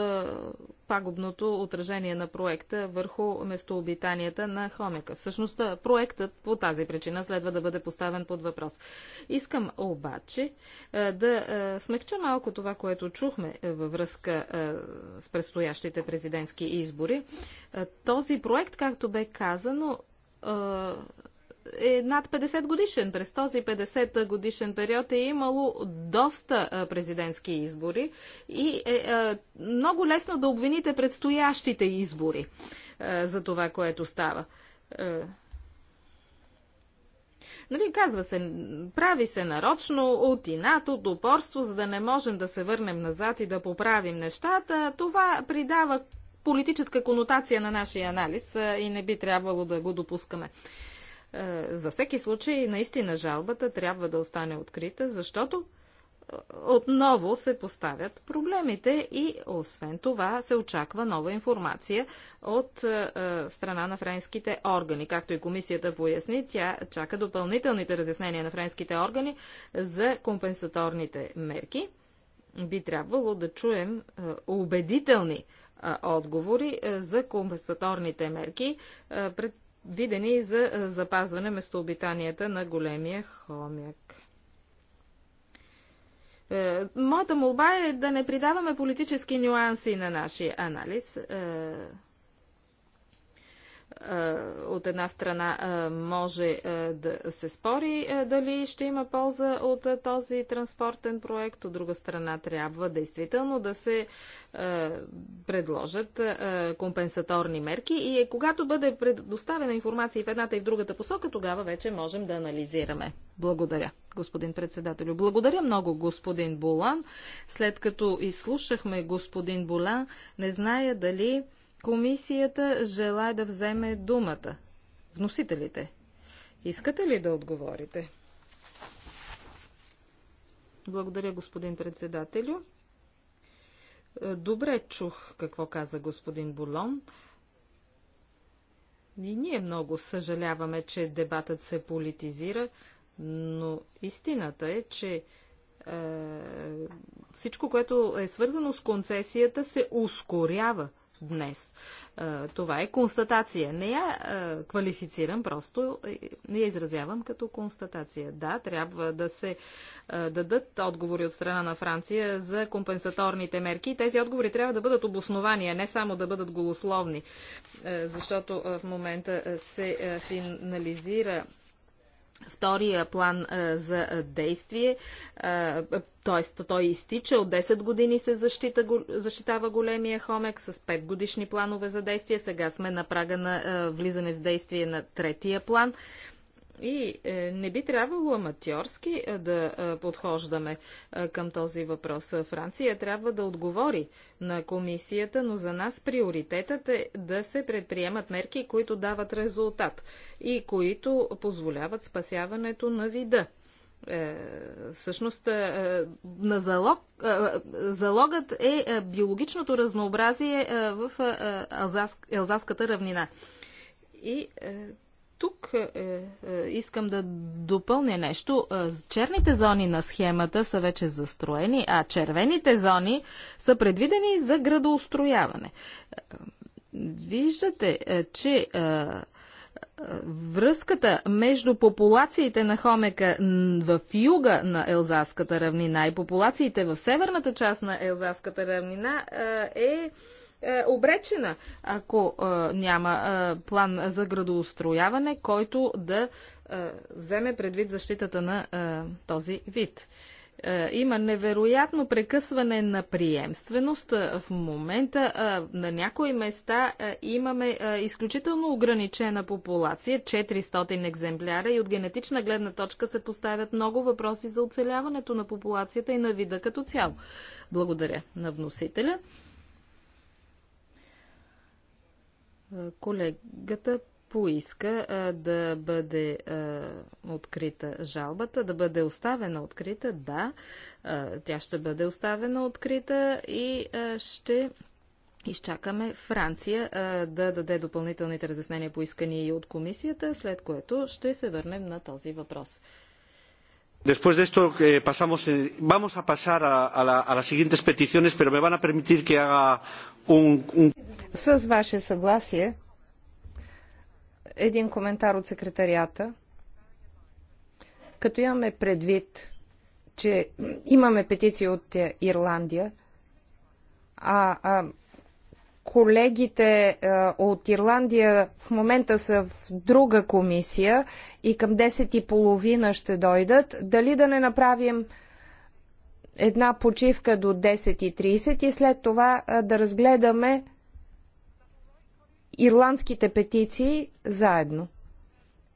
пагубното отражение на проекта върху местообитанията на Хомека. Всъщност проектът по тази причина следва да бъде поставен под въпрос. Искам обаче да а, смекча малко това, което чухме във връзка с предстоящите президентски избори. Този проект, както бе казано, е над 50 годишен. През този 50 годишен период е имало доста президентски избори и е много лесно да обвините предстоящите избори за това, което става. Нали, казва се, прави се нарочно от инат, от упорство, за да не можем да се върнем назад и да поправим нещата. Това придава политическа конотация на нашия анализ и не би трябвало да го допускаме. Е, за всеки случай, наистина жалбата трябва да остане открита, защото е, отново се поставят проблемите и освен това се очаква нова информация от е, е, страна на френските органи. Както и комисията поясни, тя чака допълнителните разяснения на френските органи за компенсаторните мерки. Би трябвало да чуем е, убедителни е, отговори за компенсаторните мерки пред видени за е, запазване местообитанията на големия хомяк. Е, моята молба е да не придаваме политически нюанси на нашия анализ. Е, от една страна може да се спори дали ще има полза от този транспортен проект, от друга страна трябва действително да се предложат компенсаторни мерки и е, когато бъде предоставена информация и в едната и в другата посока, тогава вече можем да анализираме. Благодаря, господин председателю. Благодаря много, господин Булан. След като изслушахме господин Болан, не зная дали Комисията желая да вземе думата. Вносителите, искате ли да отговорите? Благодаря, господин председателю. Добре чух какво каза господин Болон. И ние много съжаляваме, че дебатът се политизира, но истината е, че е, всичко, което е свързано с концесията, се ускорява днес. Това е констатация. Не я квалифицирам, просто е, не я изразявам като констатация. Да, трябва да се дадат отговори от страна на Франция за компенсаторните мерки. Тези отговори трябва да бъдат обосновани, а не само да бъдат голословни, защото в момента се финализира втория план а, за действие, т.е. той изтича, от 10 години се защита, защитава големия хомек с 5 годишни планове за действие, сега сме на прага на а, влизане в действие на третия план. А, и е, не би трябвало аматьорски е, да е, подхождаме към този въпрос. Франция трябва да отговори на комисията, но за нас приоритетът е да се предприемат мерки, които дават резултат и които позволяват спасяването на вида всъщност на залог, залогът е биологичното разнообразие в е, Елзаската равнина. И тук е, е, искам да допълня нещо. Е, черните зони на схемата са вече застроени, а червените зони са предвидени за градоустрояване. Е, виждате, е, че е, връзката между популациите на хомека в юга на Елзаската равнина и популациите в северната част на Елзаската равнина е е обречена, ако е, няма е, план за градоустрояване, който да е, вземе предвид защитата на е, този вид. Е, има невероятно прекъсване на приемственост. Е, в момента е, на някои места е, имаме е, изключително ограничена популация, 400 екземпляра и от генетична гледна точка се поставят много въпроси за оцеляването на популацията и на вида като цяло. Благодаря на вносителя. Колегата поиска а, да бъде а, открита жалбата, да бъде оставена открита. Да, а, тя ще бъде оставена открита и а, ще изчакаме Франция а, да даде допълнителните разяснения, поискани и от комисията, след което ще се върнем на този въпрос. Después de esto eh, eh, vamos a pasar a, las siguientes peticiones, pero me van a permitir que haga un... С ваше съгласие, един коментар от секретарията. Като имаме предвид, че имаме петиции от Ирландия, а, а колегите е, от Ирландия в момента са в друга комисия и към 10.30 ще дойдат. Дали да не направим една почивка до 10.30 и след това е, да разгледаме ирландските петиции заедно.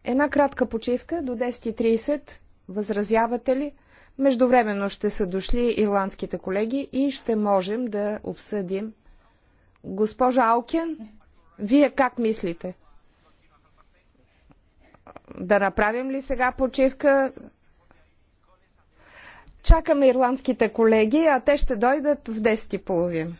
Една кратка почивка до 10.30. Възразявате ли? Междувременно ще са дошли ирландските колеги и ще можем да обсъдим Госпожа Алкен, вие как мислите? Да направим ли сега почивка? Чакаме ирландските колеги, а те ще дойдат в 10.30.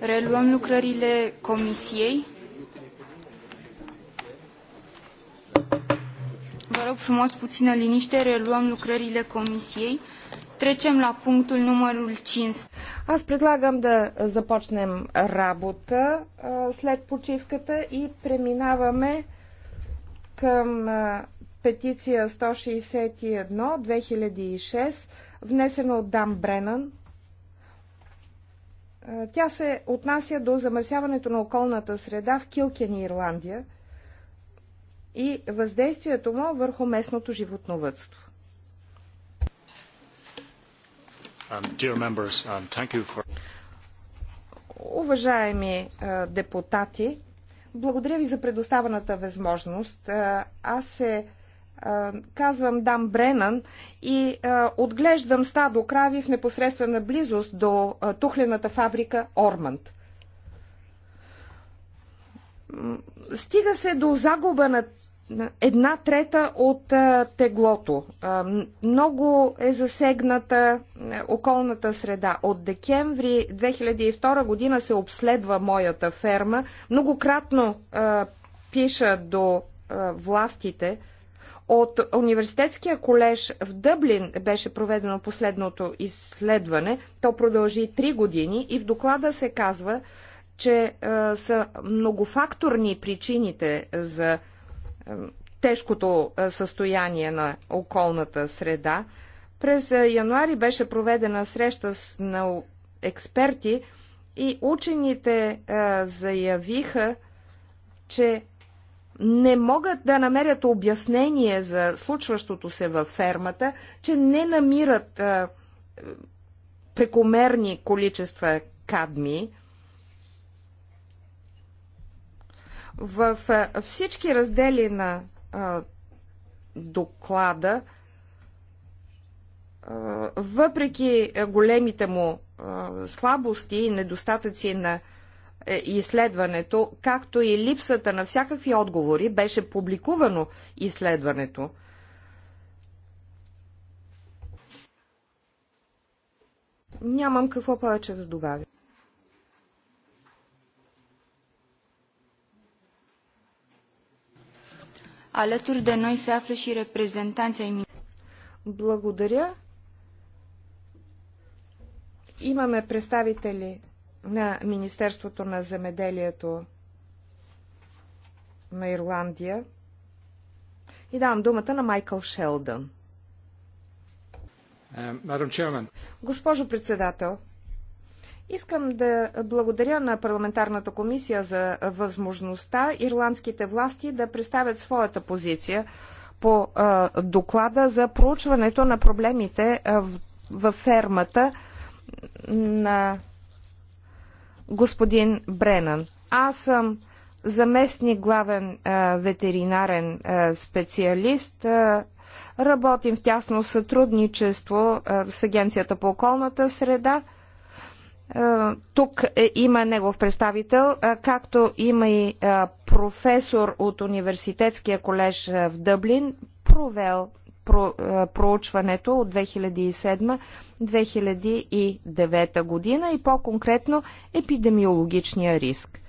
Reluăm lucrările comisiei. Vă rog frumos puțină liniște, reluăm lucrările comisiei. Trecem la punctul numărul 5. Аз предлагам да започнем работа след почивката и преминаваме към петиция 161 2006 Внесена от Дам Бренан. Тя се отнася до замърсяването на околната среда в Килкен, Ирландия и въздействието му върху местното животновътство. Um, um, Уважаеми депутати, благодаря ви за предоставената възможност. Аз се казвам Дам Бренан и а, отглеждам стадо крави в непосредствена близост до а, тухлената фабрика Орманд. Стига се до загуба на една трета от а, теглото. А, много е засегната а, околната среда. От декември 2002 година се обследва моята ферма. Многократно а, пиша до а, властите, от Университетския колеж в Дъблин беше проведено последното изследване. То продължи 3 години и в доклада се казва, че е, са многофакторни причините за е, тежкото е, състояние на околната среда. През е, януари беше проведена среща с на експерти и учените е, заявиха, че не могат да намерят обяснение за случващото се във фермата, че не намират а, прекомерни количества кадми. В а, всички раздели на а, доклада, а, въпреки големите му а, слабости и недостатъци на а, е, изследването, както и липсата на всякакви отговори, беше публикувано изследването. Нямам какво повече да добавя. Alături de ной се află репрезентанция и ai Благодаря. Имаме представители на Министерството на земеделието на Ирландия и давам думата на Майкъл Шелдън. Е, Госпожо председател, искам да благодаря на парламентарната комисия за възможността ирландските власти да представят своята позиция по а, доклада за проучването на проблемите а, в, във фермата на господин Бренан. Аз съм заместник главен а, ветеринарен а, специалист. А, работим в тясно сътрудничество а, с Агенцията по околната среда. А, тук е, има негов представител, а, както има и а, професор от университетския колеж а, в Дъблин, провел проучването от 2007-2009 година и по-конкретно епидемиологичния риск.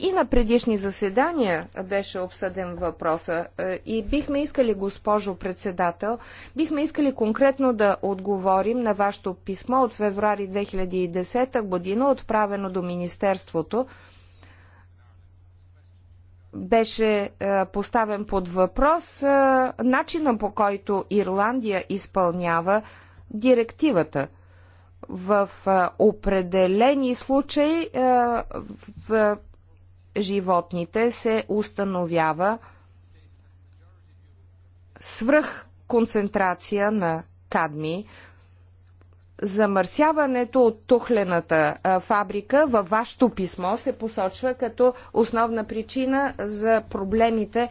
И на предишни заседания беше обсъден въпроса и бихме искали, госпожо председател, бихме искали конкретно да отговорим на вашето писмо от феврари 2010 година, отправено до Министерството, беше е, поставен под въпрос е, начина по който Ирландия изпълнява директивата. В е, определени случаи в животните се установява свръх концентрация на кадми, замърсяването от тухлената фабрика във вашето писмо се посочва като основна причина за проблемите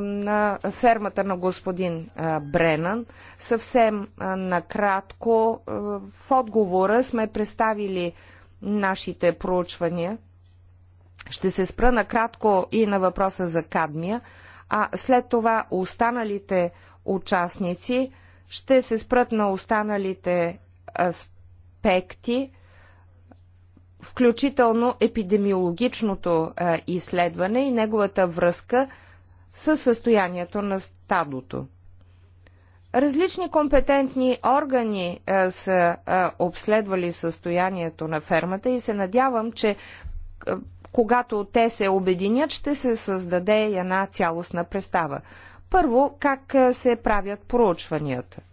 на фермата на господин Бренан. Съвсем накратко в отговора сме представили нашите проучвания. Ще се спра накратко и на въпроса за кадмия, а след това останалите участници ще се спрат на останалите аспекти, включително епидемиологичното изследване и неговата връзка със състоянието на стадото. Различни компетентни органи а, са а, обследвали състоянието на фермата и се надявам, че а, когато те се обединят, ще се създаде една цялостна представа. Първо, как се правят проучванията –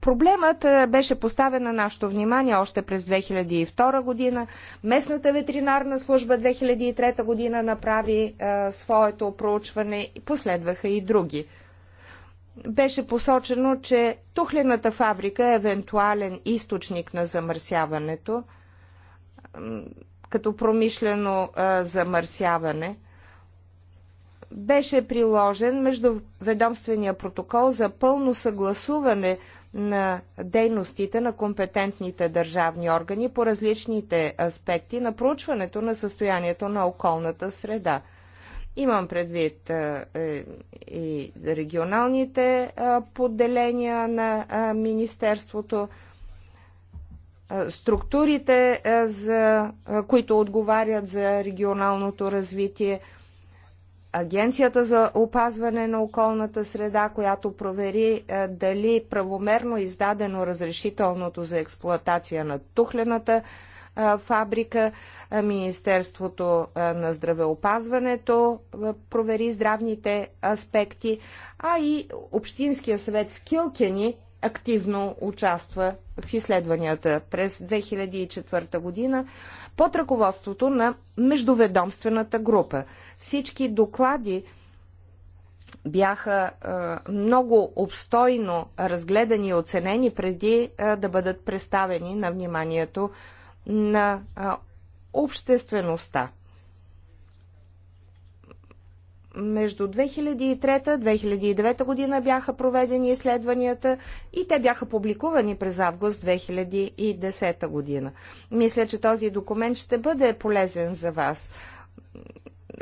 Проблемът е, беше поставен на нашето внимание още през 2002 година. Местната ветеринарна служба 2003 година направи а, е, своето проучване и последваха и други. Беше посочено, че тухлената фабрика е евентуален източник на замърсяването, като промишлено а, е, замърсяване – беше приложен междуведомствения протокол за пълно съгласуване на дейностите на компетентните държавни органи по различните аспекти на проучването на състоянието на околната среда. Имам предвид е, и регионалните подделения на Министерството, структурите, за, които отговарят за регионалното развитие – Агенцията за опазване на околната среда, която провери е, дали правомерно издадено разрешителното за експлоатация на тухлената е, фабрика, е, Министерството на здравеопазването провери здравните аспекти, а и Общинския съвет в Килкени активно участва в изследванията през 2004 година под ръководството на междуведомствената група. Всички доклади бяха е, много обстойно разгледани и оценени преди е, да бъдат представени на вниманието на е, обществеността между 2003-2009 година бяха проведени изследванията и те бяха публикувани през август 2010 година. Мисля, че този документ ще бъде полезен за вас.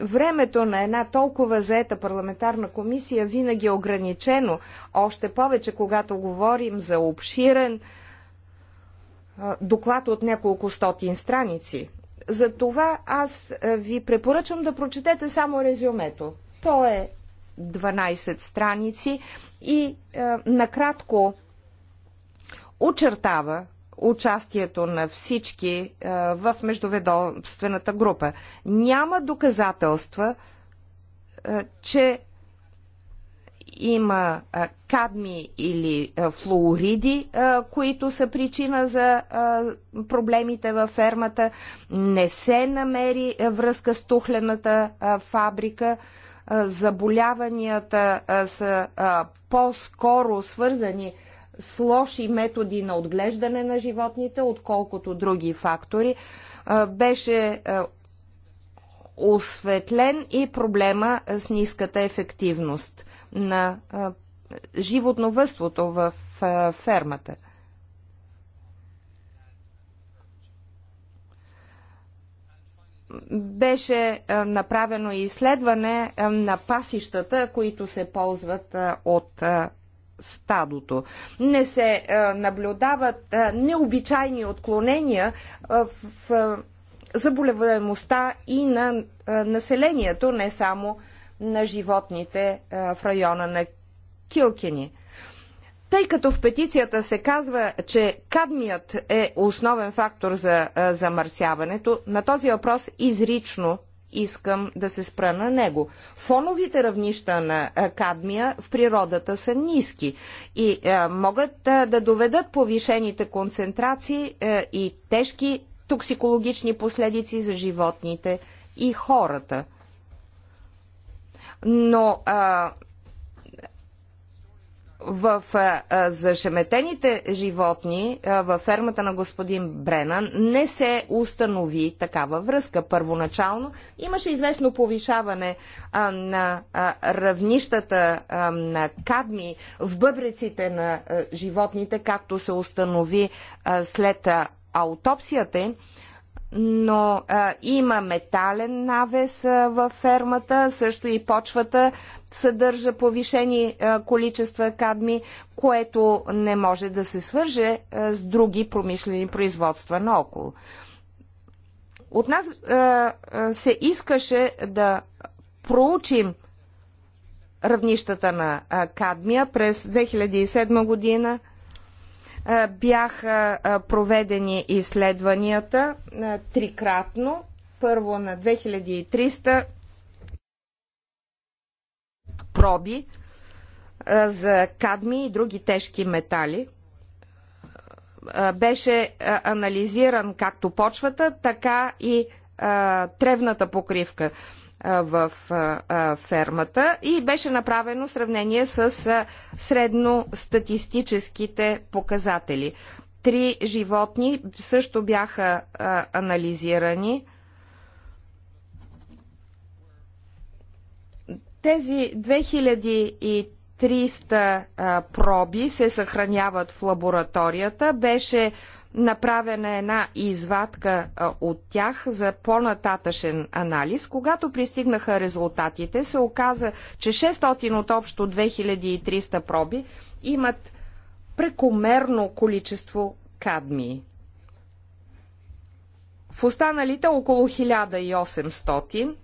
Времето на една толкова заета парламентарна комисия винаги е ограничено, още повече когато говорим за обширен доклад от няколко стотин страници. Затова аз ви препоръчвам да прочетете само резюмето. То е 12 страници и е, накратко очертава участието на всички е, в междуведомствената група. Няма доказателства, е, че има е, кадми или е, флуориди, е, които са причина за е, проблемите във фермата. Не се намери е, връзка с тухлената е, фабрика. Е, заболяванията са по-скоро свързани с лоши методи на отглеждане на животните, отколкото други фактори. Беше осветлен и проблема с ниската ефективност на животновътството в фермата. беше е, направено изследване е, на пасищата, които се ползват е, от стадото. Не се наблюдават необичайни отклонения в заболеваемостта и на населението, не само на животните в района на Килкини. Тъй като в петицията се казва, че кадмият е основен фактор за замърсяването, на този въпрос изрично искам да се спра на него. Фоновите равнища на кадмия в природата са ниски и могат да доведат повишените концентрации и тежки токсикологични последици за животните и хората. Но а, в зашеметените животни във фермата на господин Бренан не се установи такава връзка. Първоначално имаше известно повишаване на равнищата на кадми в бъбреците на животните, както се установи след аутопсията им, но а, има метален навес а, във фермата, също и почвата съдържа повишени а, количества кадми, което не може да се свърже а, с други промишлени производства наоколо. От нас а, а, се искаше да проучим равнищата на а, кадмия през 2007 година – бяха проведени изследванията трикратно. Първо на 2300 проби за кадми и други тежки метали. Беше анализиран както почвата, така и тревната покривка в фермата и беше направено сравнение с средностатистическите показатели. Три животни също бяха анализирани. Тези 2300 проби се съхраняват в лабораторията. Беше Направена една извадка от тях за по-нататъшен анализ. Когато пристигнаха резултатите, се оказа, че 600 от общо 2300 проби имат прекомерно количество кадмии. В останалите около 1800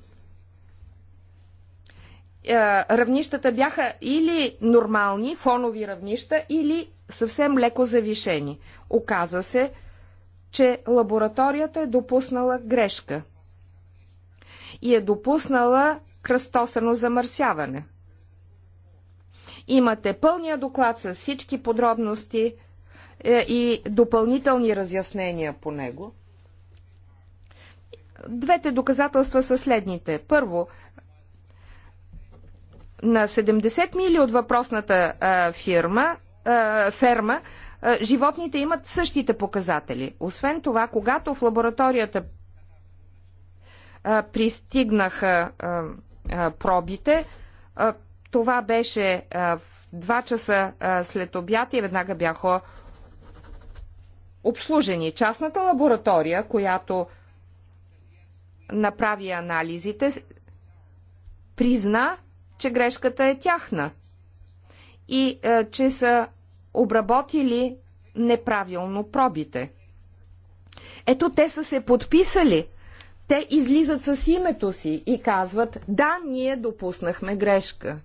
равнищата бяха или нормални фонови равнища, или съвсем леко завишени. Оказа се, че лабораторията е допуснала грешка и е допуснала кръстосано замърсяване. Имате пълния доклад с всички подробности е, и допълнителни разяснения по него. Двете доказателства са следните. Първо, на 70 мили от въпросната а, фирма е, ферма, е, животните имат същите показатели. Освен това, когато в лабораторията е, пристигнаха пробите, това беше в 2 часа след обяд и веднага бяха обслужени. Частната лаборатория, която направи анализите, призна, че грешката е тяхна и е, че са обработили неправилно пробите. Ето те са се подписали. Те излизат с името си и казват, да, ние допуснахме грешка.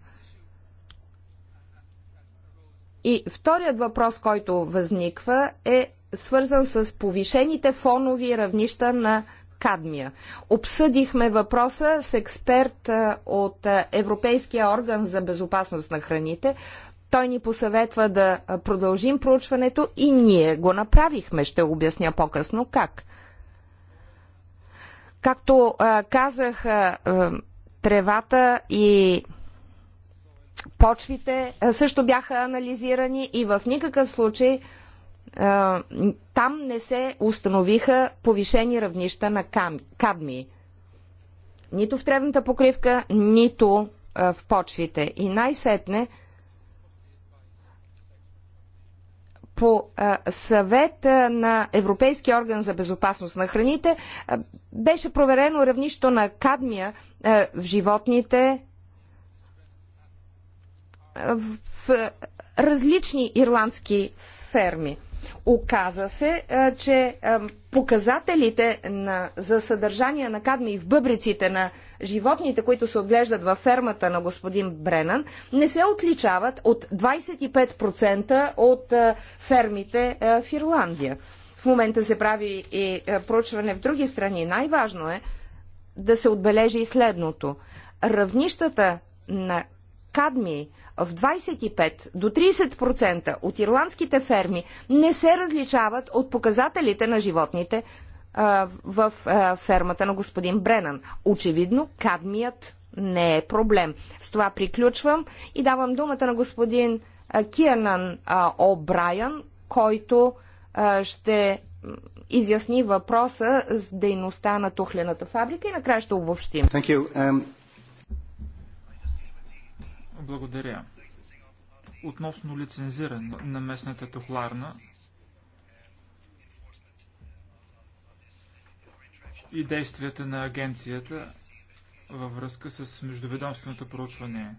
И вторият въпрос, който възниква, е свързан с повишените фонови равнища на кадмия. Обсъдихме въпроса с експерт е, от е, Европейския орган за безопасност на храните. Той ни посъветва да продължим проучването и ние го направихме. Ще обясня по-късно как. Както а, казах, а, тревата и почвите а, също бяха анализирани и в никакъв случай а, там не се установиха повишени равнища на кам, кадми. Нито в тревната покривка, нито а, в почвите. И най-сетне, по съвет на Европейския орган за безопасност на храните беше проверено равнището на кадмия в животните в различни ирландски ферми. Оказа се, че показателите на, за съдържание на кадми в бъбриците на животните, които се отглеждат във фермата на господин Бренан, не се отличават от 25% от фермите в Ирландия. В момента се прави и проучване в други страни. Най-важно е да се отбележи и следното. Равнищата на кадми в 25 до 30% от ирландските ферми не се различават от показателите на животните а, в а, фермата на господин Бренан. Очевидно, кадмият не е проблем. С това приключвам и давам думата на господин Кианан О'Брайан, който а, ще изясни въпроса с дейността на тухлената фабрика и накрая ще обобщим. Um, благодаря. Относно лицензиране на местната тухларна, и действията на агенцията във връзка с междуведомственото проучване.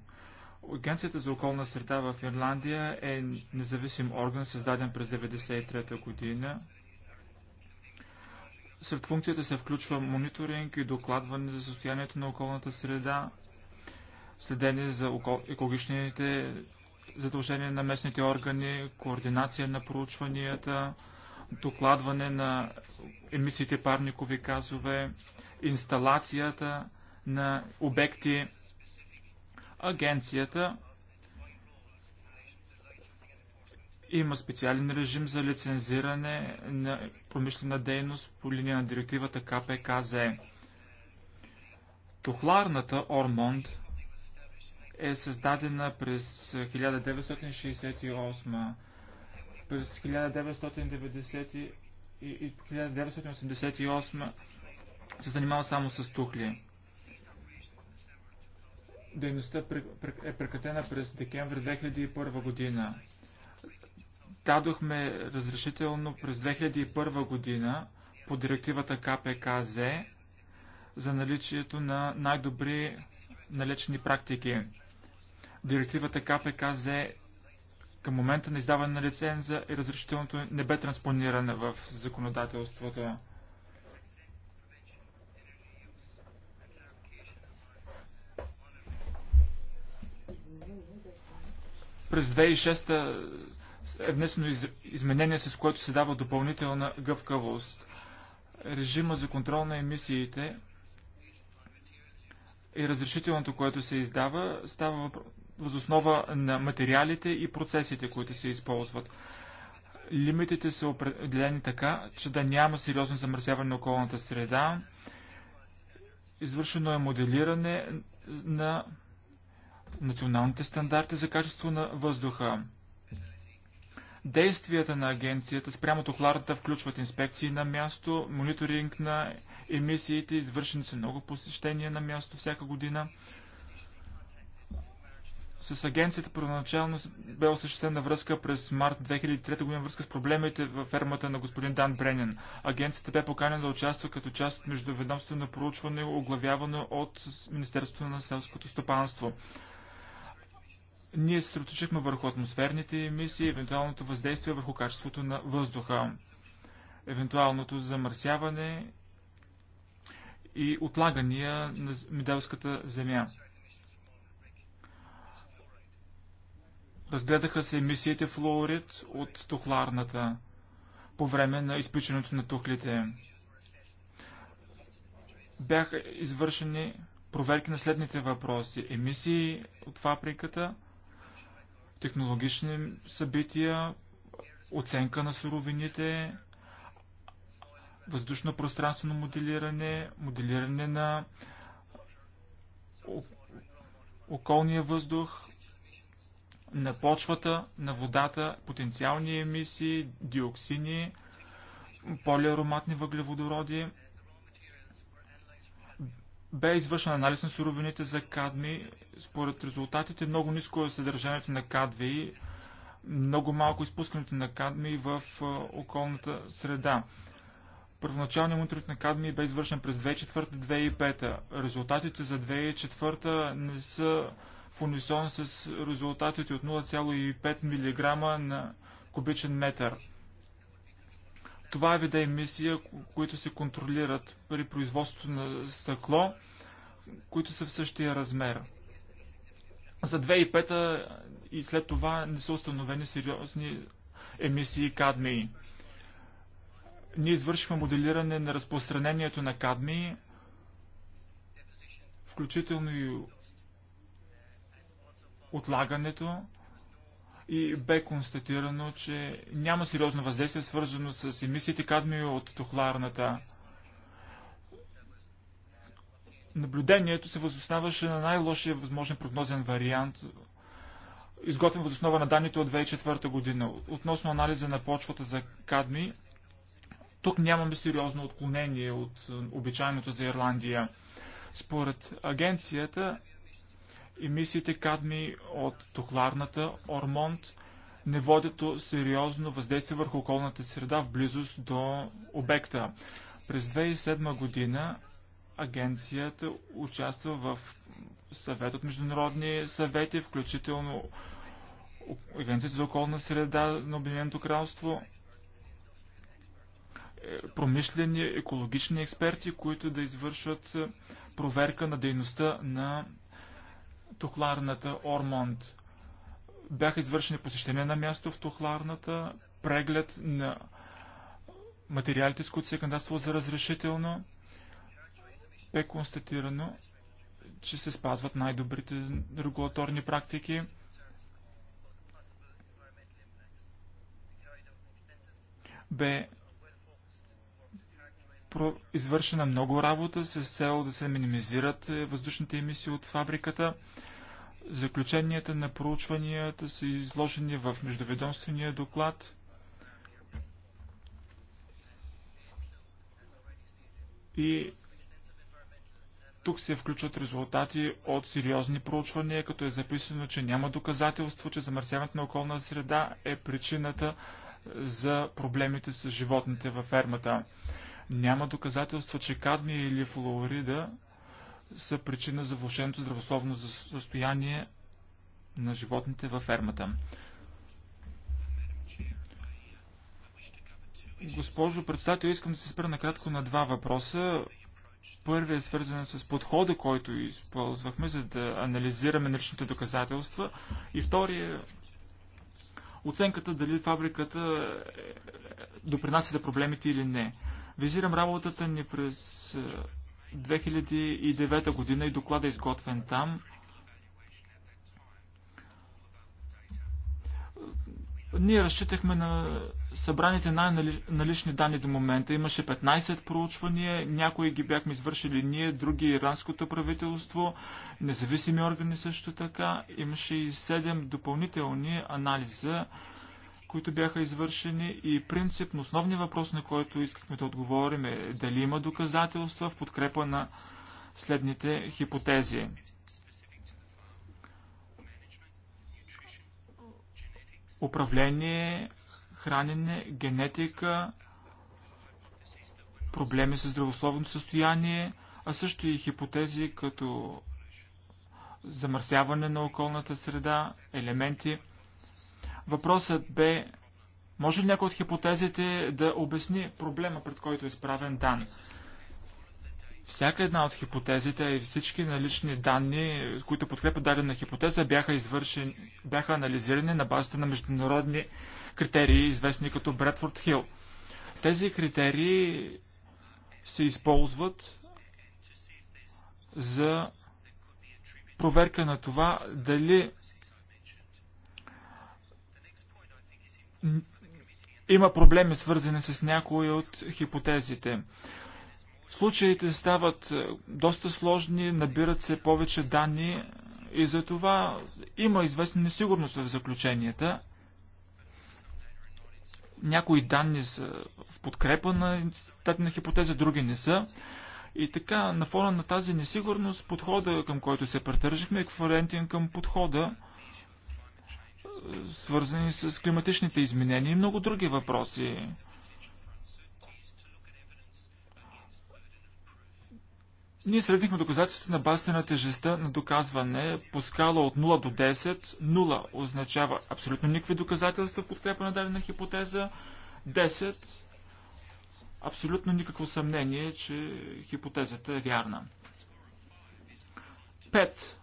Агенцията за околна среда в Ирландия е независим орган, създаден през 1993 година. Сред функцията се включва мониторинг и докладване за състоянието на околната среда следение за екологичните задължения на местните органи, координация на проучванията, докладване на емисиите парникови газове, инсталацията на обекти. Агенцията има специален режим за лицензиране на промишлена дейност по линия на директивата КПКЗ. Тухларната Ормонд е създадена през 1968. През 1990 и 1988 се занимава само с тухли. Дейността е прекратена през декември 2001 година. Дадохме разрешително през 2001 година по директивата КПКЗ за наличието на най-добри налични практики. Директивата КПКЗ към момента на издаване на лиценза и разрешителното не бе транспонирана в законодателството. През 2006 е внесено из... изменение, с което се дава допълнителна гъвкавост. Режима за контрол на емисиите и разрешителното, което се издава, става въпрос възоснова на материалите и процесите, които се използват. Лимитите са определени така, че да няма сериозно замърсяване на околната среда. Извършено е моделиране на националните стандарти за качество на въздуха. Действията на агенцията спрямо тухларата включват инспекции на място, мониторинг на емисиите, извършени са много посещения на място всяка година. С агенцията първоначално бе осъществена връзка през март 2003 година връзка с проблемите във фермата на господин Дан Бренен. Агенцията бе поканена да участва като част от междуведомствено проучване, оглавявано от Министерството на селското стопанство. Ние се съсредоточихме върху атмосферните емисии и евентуалното въздействие върху качеството на въздуха, евентуалното замърсяване и отлагания на меделската земя. Разгледаха се емисиите флуорид от тухларната по време на изпичането на тухлите. Бяха извършени проверки на следните въпроси. Емисии от фабриката, технологични събития, оценка на суровините, въздушно-пространствено моделиране, моделиране на околния въздух, на почвата, на водата, потенциални емисии, диоксини, полиароматни въглеводороди. Бе извършен анализ на суровините за кадми. Според резултатите много ниско е съдържанието на кадви, много малко изпускането на кадми в околната среда. Първоначалният мониторинг на кадми бе извършен през 2004-2005. Резултатите за 2004 не са в унисон с резултатите от 0,5 мг на кубичен метър. Това е вида емисия, които се контролират при производството на стъкло, които са в същия размер. За 2005 и след това не са установени сериозни емисии кадмии. Ние извършихме моделиране на разпространението на кадмии, включително и отлагането и бе констатирано, че няма сериозно въздействие, свързано с емисиите кадми от тухларната. Наблюдението се възоснаваше на най-лошия възможен прогнозен вариант, изготвен възоснова на данните от 2004 година. Относно анализа на почвата за кадми, тук нямаме сериозно отклонение от обичайното за Ирландия. Според агенцията, емисиите кадми от тухларната Ормонт не водят до сериозно въздействие върху околната среда в близост до обекта. През 2007 година агенцията участва в съвет от международни съвети, включително Агенцията за околна среда на Обединеното кралство, е, промишлени екологични експерти, които да извършват е, проверка на дейността на тухларната Ормонт. Бяха извършени посещения на място в тухларната, преглед на материалите, с които се е за разрешително. Бе констатирано, че се спазват най-добрите регулаторни практики. Бе извършена много работа с цел да се минимизират е, въздушните емисии от фабриката. Заключенията на проучванията са изложени в междуведомствения доклад. И тук се включват резултати от сериозни проучвания, като е записано, че няма доказателство, че замърсяването на околна среда е причината за проблемите с животните във фермата. Няма доказателства, че кадмия или флуорида са причина за влушеното здравословно състояние на животните във фермата. Госпожо председател, искам да се спра накратко на два въпроса. Първият е свързан с подхода, който използвахме, за да анализираме наличните доказателства. И втория е оценката дали фабриката е, е, допринася за проблемите или не. Визирам работата ни през 2009 е, година и доклада е изготвен там. Ние разчитахме на събраните най-налични данни до момента. Имаше 15 проучвания, някои ги бяхме извършили ние, други иранското правителство, независими органи също така. Имаше и 7 допълнителни анализа, които бяха извършени и принцип, на основният въпрос, на който искахме да отговорим е дали има доказателства в подкрепа на следните хипотези. Управление, хранене, генетика, проблеми с здравословното състояние, а също и хипотези като замърсяване на околната среда, елементи, Въпросът бе, може ли някой от хипотезите да обясни проблема, пред който е изправен дан? Всяка една от хипотезите и всички налични данни, които подкрепят дадена хипотеза, бяха, извършени, бяха анализирани на базата на международни критерии, известни като Бредфорд Хил. Тези критерии се използват за проверка на това дали има проблеми свързани с някои от хипотезите. Случаите стават е, доста сложни, набират се повече данни и за това има известна несигурност в заключенията. Някои данни са в подкрепа на на хипотеза, други не са. И така, на фона на тази несигурност, подхода към който се претържихме е еквивалентен към подхода, свързани с климатичните изменения и много други въпроси. Ние средихме доказателствата на базата на тежестта на доказване по скала от 0 до 10. 0 означава абсолютно никакви доказателства в подкрепа на дадена хипотеза. 10 абсолютно никакво съмнение, че хипотезата е вярна. 5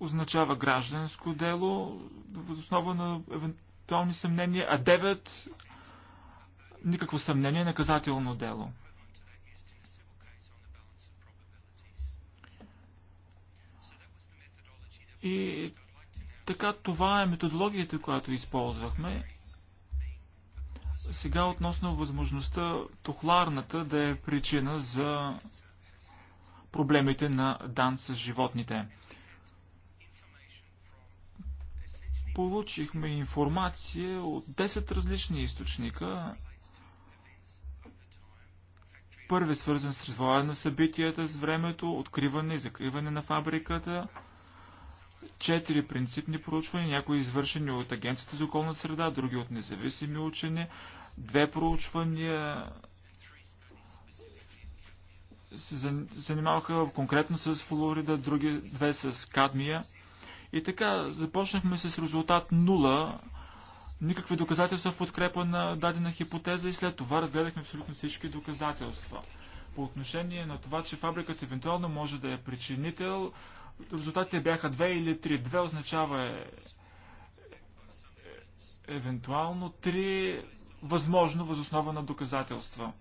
означава гражданско дело, в основа на евентуални съмнения, а 9 никакво съмнение, наказателно дело. И така това е методологията, която използвахме. Сега относно възможността тохларната да е причина за проблемите на дан с животните. Получихме информация от 10 различни източника. Първи свързан с развоя на събитията, с времето, откриване и закриване на фабриката, четири принципни проучвания, някои извършени от Агенцията за околна среда, други от независими учени, две проучвания се занимаваха конкретно с флорида, други две с кадмия. И така, започнахме с резултат 0, никакви доказателства в подкрепа на дадена хипотеза и след това разгледахме абсолютно всички доказателства. По отношение на това, че фабриката евентуално може да е причинител, резултатите бяха 2 или 3. 2 означава е, е евентуално 3 възможно възоснова на доказателства.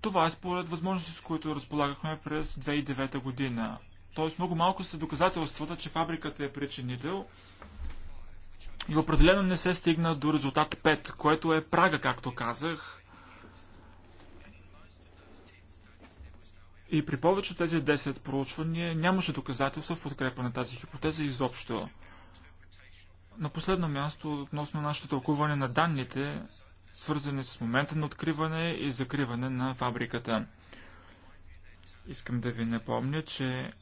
Това е според възможности, с които разполагахме през 2009 година. Тоест много малко са доказателствата, че фабриката е причинител. И определено не се стигна до резултат 5, което е прага, както казах. И при повече от тези 10 проучвания нямаше доказателства в подкрепа на тази хипотеза изобщо. На последно място, относно нашето тълкуване на данните, свързани с момента на откриване и закриване на фабриката. Искам да ви напомня, че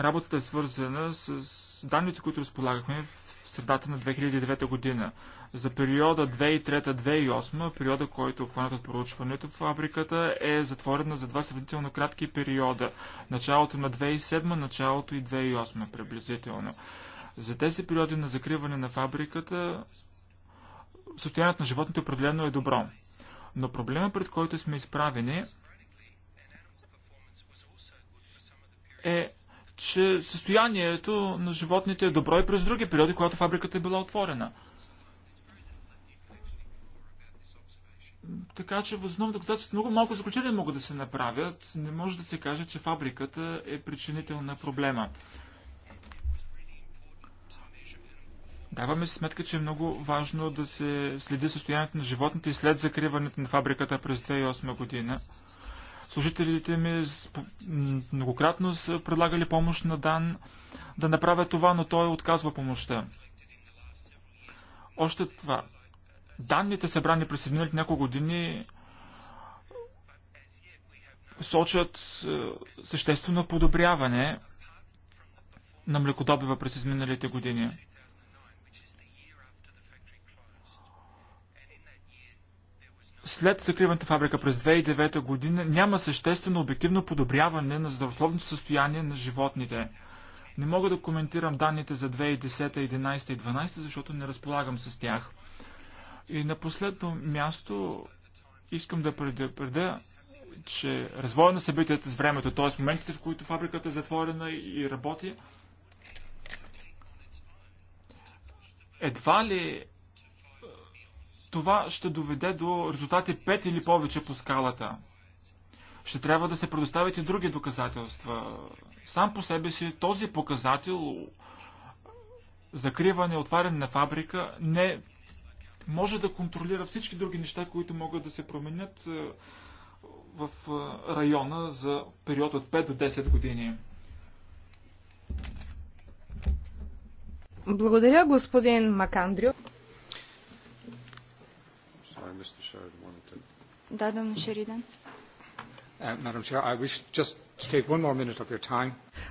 Работата е свързана с данните, които разполагахме в средата на 2009 година. За периода 2003-2008, периода, който е обхванат от проучването, в фабриката е затворена за два сравнително кратки периода. Началото на 2007, началото и 2008 приблизително. За тези периоди на закриване на фабриката, състоянието на животните определено е добро. Но проблема, пред който сме изправени, е че състоянието на животните е добро и през други периоди, когато фабриката е била отворена. Така че възможно доказателство много малко заключения могат да се направят. Не може да се каже, че фабриката е причинител на проблема. Даваме си сметка, че е много важно да се следи състоянието на животните и след закриването на фабриката през 2008 година. Служителите ми многократно са предлагали помощ на Дан да направя това, но той отказва помощта. Още това. Данните, събрани през изминалите няколко години, сочат е, съществено подобряване на млекодобива през изминалите години. след закриването фабрика през 2009 година няма съществено обективно подобряване на здравословното състояние на животните. Не мога да коментирам данните за 2010, 2011 2012, 2012, защото не разполагам с тях. И на последно място искам да предупредя, че развоя на събитията с времето, т.е. моментите, в които фабриката е затворена и работи, едва ли това ще доведе до резултати 5 или повече по скалата. Ще трябва да се предоставят и други доказателства. Сам по себе си този показател закриване, отваряне на фабрика не може да контролира всички други неща, които могат да се променят е, в е, района за период от 5 до 10 години. Благодаря, господин Макандрю. Mr. Sheridan wanted to. Да, domnul Sheridan. Uh, Madam Chair, I wish just to take one more minute of your time.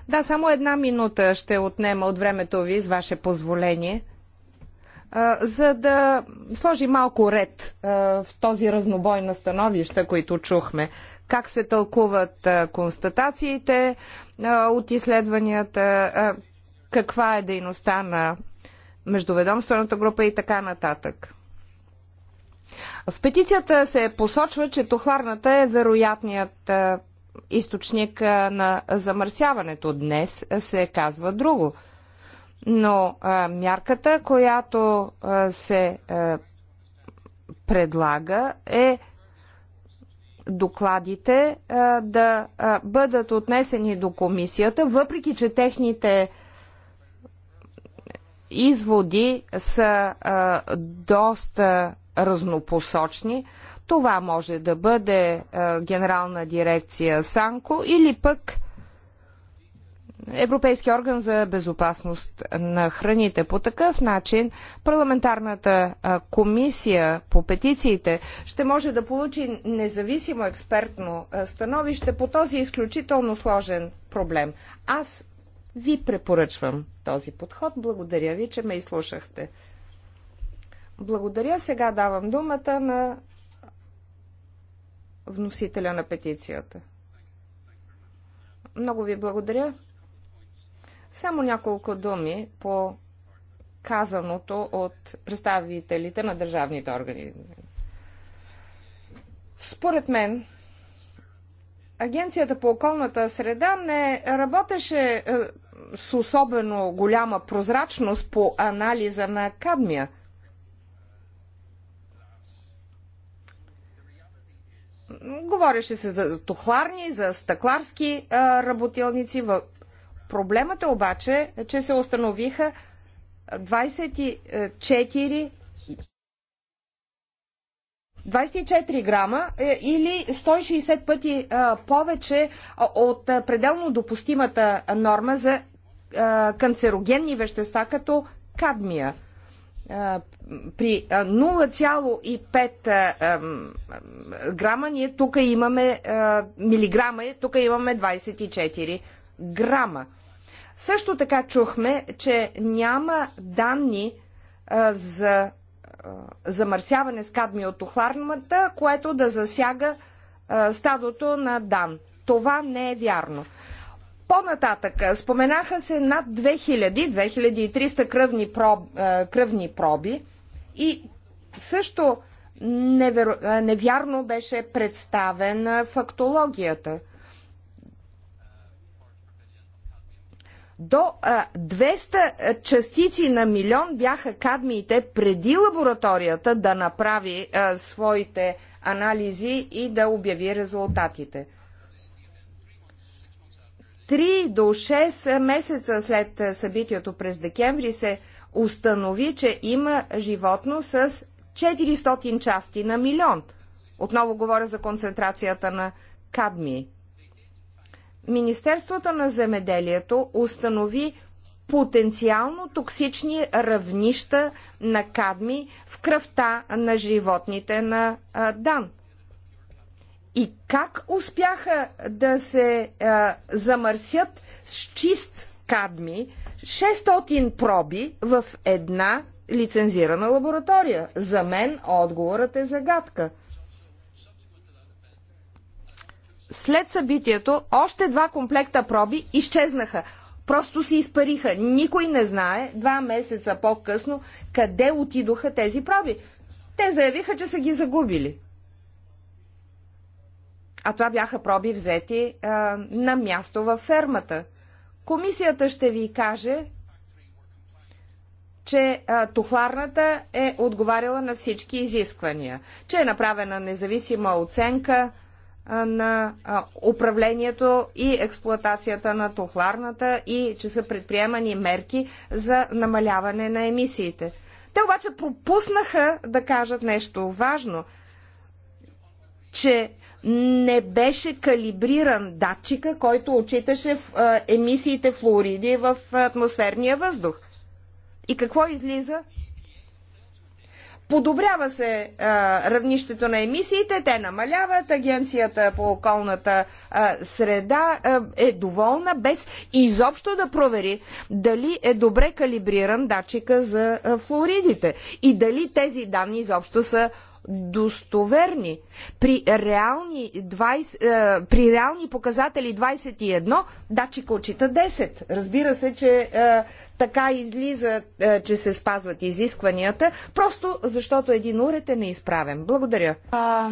Да, само една минута ще отнема от времето ви, с ваше позволение, за да сложи малко ред в този разнобой на становища, които чухме. Как се тълкуват констатациите от изследванията, каква е дейността на междуведомствената група и така нататък. В петицията се посочва, че тухларната е вероятният е, източник е, на замърсяването. Днес се казва друго. Но а, е, мярката, която а, се а, предлага е докладите а, да а, бъдат отнесени до комисията, въпреки че техните изводи са а, доста разнопосочни. Това може да бъде а, е, Генерална дирекция Санко или пък Европейски орган за безопасност на храните. По такъв начин парламентарната е, комисия по петициите ще може да получи независимо експертно е, становище по този изключително сложен проблем. Аз ви препоръчвам този подход. Благодаря ви, че ме изслушахте. Благодаря. Сега давам думата на вносителя на петицията. Много ви благодаря. Само няколко думи по казаното от представителите на държавните органи. Според мен, Агенцията по околната среда не работеше е, с особено голяма прозрачност по анализа на кадмия. говореше се за тухларни, за стъкларски а, работилници. Проблемът е обаче, че се установиха 24 24 грама е, или 160 пъти а, повече от а, пределно допустимата норма за канцерогенни вещества, като кадмия при 0,5 грама ние тук имаме милиграма, е, тук имаме 24 грама. Също така чухме, че няма данни за замърсяване с кадми от охларната, което да засяга стадото на дан. Това не е вярно. По-нататък, споменаха се над 2000-2300 кръвни, проб, кръвни проби и също невер... невярно беше представена фактологията. До 200 частици на милион бяха кадмиите преди лабораторията да направи своите анализи и да обяви резултатите. Три до 6 месеца след събитието през декември се установи, че има животно с 400 части на милион. Отново говоря за концентрацията на кадмии. Министерството на земеделието установи потенциално токсични равнища на кадми в кръвта на животните на Дан. И как успяха да се а, замърсят с чист кадми 600 проби в една лицензирана лаборатория? За мен отговорът е загадка. След събитието още два комплекта проби изчезнаха. Просто се изпариха. Никой не знае два месеца по-късно къде отидоха тези проби. Те заявиха, че са ги загубили. А това бяха проби взети а, на място във фермата. Комисията ще ви каже, че а, тухларната е отговаряла на всички изисквания, че е направена независима оценка а, на а, управлението и експлоатацията на тухларната и че са предприемани мерки за намаляване на емисиите. Те обаче пропуснаха да кажат нещо важно, че не беше калибриран датчика, който отчиташе е, емисиите флуориди в атмосферния въздух. И какво излиза? Подобрява се а, е, равнището на емисиите, те намаляват, агенцията по околната а, е, среда а, е доволна, без изобщо да провери дали е добре калибриран датчика за а, флоридите и дали тези данни изобщо са достоверни. При реални, 20, е, при реални показатели 21, датчика отчита 10. Разбира се, че е, така излиза, е, че се спазват изискванията, просто защото един уред е неизправен. Благодаря. А,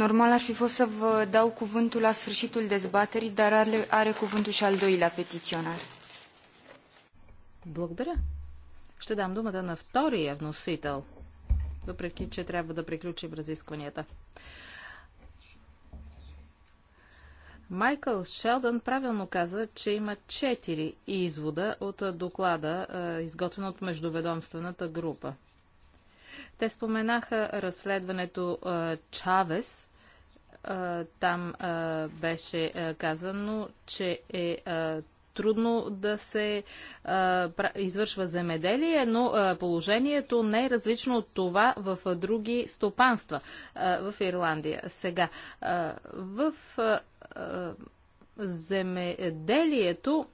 normal ar fi fost să vă dau cuvântul la sfârșitul dezbaterii, dar are, are cuvântul și al doilea petiționar. Благодаря. Ще дам думата на втория вносител въпреки че трябва да приключим разискванията. Майкъл Шелдън правилно каза, че има четири извода от доклада, изготвен от междуведомствената група. Те споменаха разследването Чавес. Там беше казано, че е трудно да се а, извършва земеделие, но а, положението не е различно от това в а, други стопанства в Ирландия. Сега, в земеделието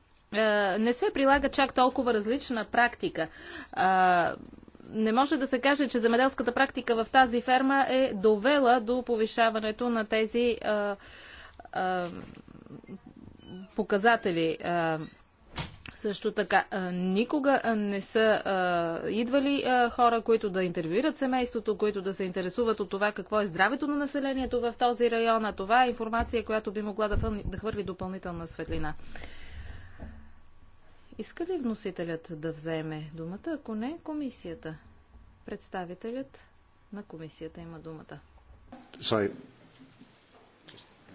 не се прилага чак толкова различна практика не може да се каже, че земеделската практика в тази ферма е довела до повишаването на тези а, а, показатели. Също така, никога не са идвали хора, които да интервюират семейството, които да се интересуват от това какво е здравето на населението в този район, а това е информация, която би могла да, хвърли допълнителна светлина. Иска ли вносителят да вземе думата? Ако не, комисията. Представителят на комисията има думата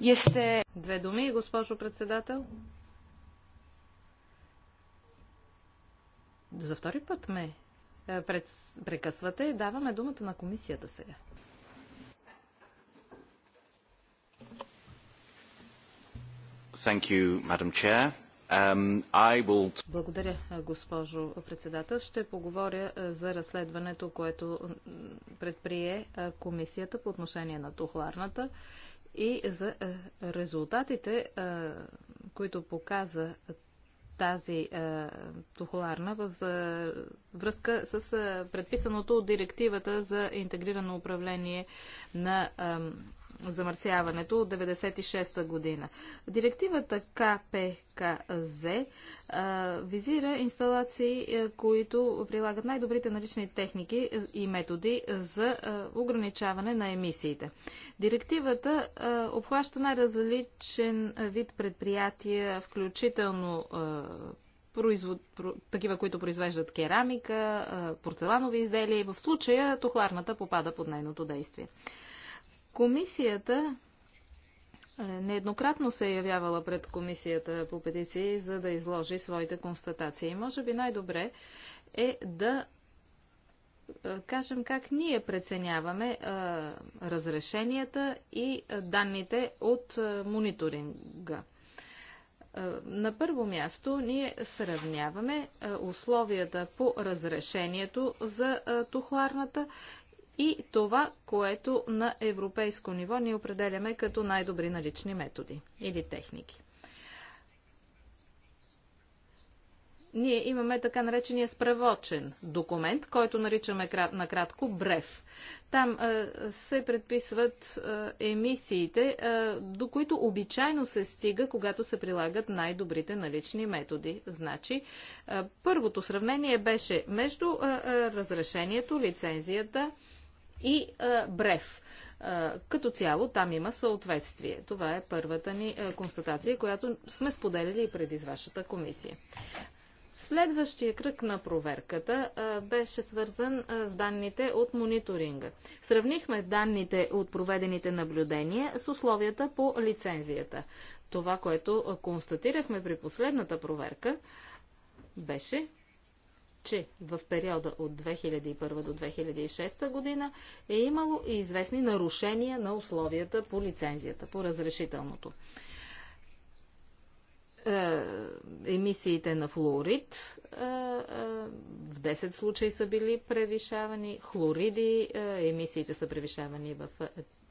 este... Две думи, госпожо председател. За втори път ме е, прекъсвате и даваме думата на комисията сега. Thank you, Madam Chair. Um, will... Благодаря, госпожо председател. Ще поговоря е, за разследването, което предприе е, комисията по отношение на тухларната и за е, резултатите, е, които показа тази е, тухоларна в връзка с предписаното от директивата за интегрирано управление на замърсяването от 1996 година. Директивата КПКЗ визира инсталации, които прилагат най-добрите налични техники и методи за ограничаване на емисиите. Директивата обхваща най-различен вид предприятия, включително производ, такива, които произвеждат керамика, порцеланови изделия и в случая тухларната попада под нейното действие. Комисията е, нееднократно се е явявала пред комисията по петиции, за да изложи своите констатации. може би най-добре е да е, кажем как ние преценяваме е, разрешенията и данните от мониторинга. на първо място ние сравняваме условията по разрешението за тухларната и това, което на европейско ниво ни определяме като най-добри налични методи или техники. Ние имаме така наречения справочен документ, който наричаме накратко БРЕВ. Там е, се предписват е, емисиите, е, до които обичайно се стига, когато се прилагат най-добрите налични методи. Значи, е, първото сравнение беше между е, е, разрешението, лицензията, и А, Като цяло там има съответствие. Това е първата ни констатация, която сме споделили и преди с вашата комисия. Следващия кръг на проверката а, беше свързан а, с данните от мониторинга. Сравнихме данните от проведените наблюдения с условията по лицензията. Това, което констатирахме при последната проверка, беше, че в периода от 2001 до 2006 година е имало и известни нарушения на условията по лицензията, по разрешителното. Е, емисиите на флуорид е, е, в 10 случаи са били превишавани, хлориди, емисиите са превишавани в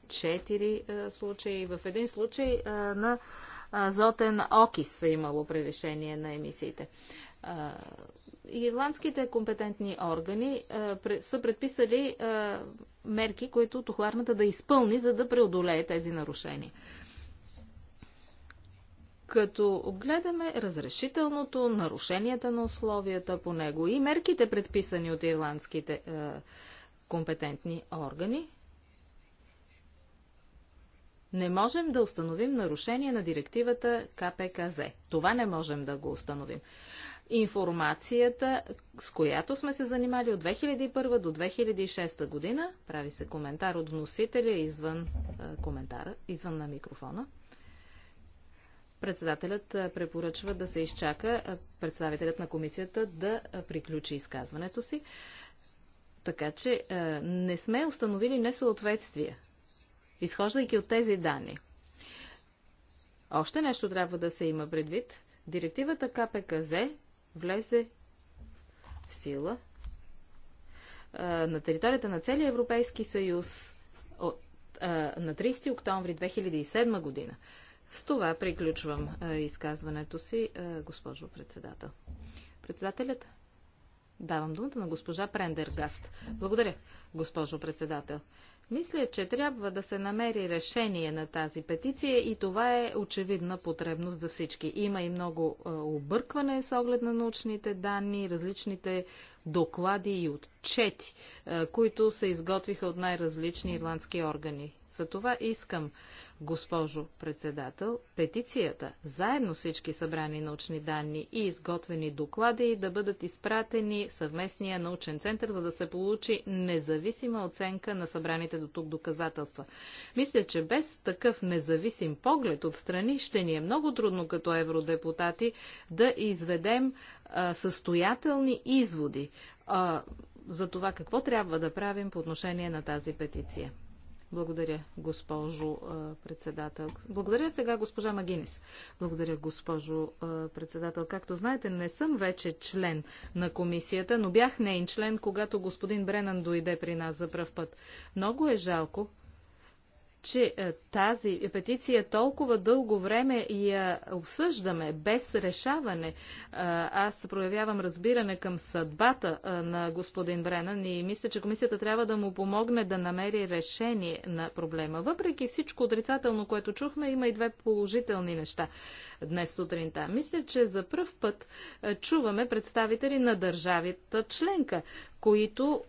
4 случаи, в един случай на азотен окис е имало превишение на емисиите. Ирландските компетентни органи са предписали мерки, които тухларната да изпълни, за да преодолее тези нарушения. Като гледаме разрешителното, нарушенията на условията по него и мерките, предписани от ирландските компетентни органи, не можем да установим нарушение на директивата КПКЗ. Това не можем да го установим информацията, с която сме се занимали от 2001 до 2006 година. Прави се коментар от вносителя извън коментара, извън на микрофона. Председателят препоръчва да се изчака представителят на комисията да приключи изказването си. Така че не сме установили несъответствия, изхождайки от тези данни. Още нещо трябва да се има предвид. Директивата КПКЗ влезе в сила на територията на целия Европейски съюз от, на 30 октомври 2007 година. С това приключвам изказването си, госпожо председател. Председателят? Давам думата на госпожа Прендергаст. Благодаря, госпожо председател. Мисля, че трябва да се намери решение на тази петиция и това е очевидна потребност за всички. Има и много е, объркване с оглед на научните данни, различните доклади и отчети, е, които се изготвиха от най-различни ирландски органи. За това искам, госпожо председател, петицията, заедно всички събрани научни данни и изготвени доклади да бъдат изпратени в съвместния научен център, за да се получи независима оценка на събраните до тук доказателства. Мисля, че без такъв независим поглед от страни ще ни е много трудно като евродепутати да изведем а, състоятелни изводи а, за това какво трябва да правим по отношение на тази петиция. Благодаря, госпожо председател. Благодаря сега госпожа Магинис. Благодаря, госпожо председател. Както знаете, не съм вече член на комисията, но бях нейн член, когато господин Бренан дойде при нас за пръв път. Много е жалко, че е, тази петиция толкова дълго време я обсъждаме без решаване. Е, аз проявявам разбиране към съдбата е, на господин Бренан и мисля, че комисията трябва да му помогне да намери решение на проблема. Въпреки всичко отрицателно, което чухме, има и две положителни неща днес сутринта. Мисля, че за първ път чуваме представители на държавите членка, които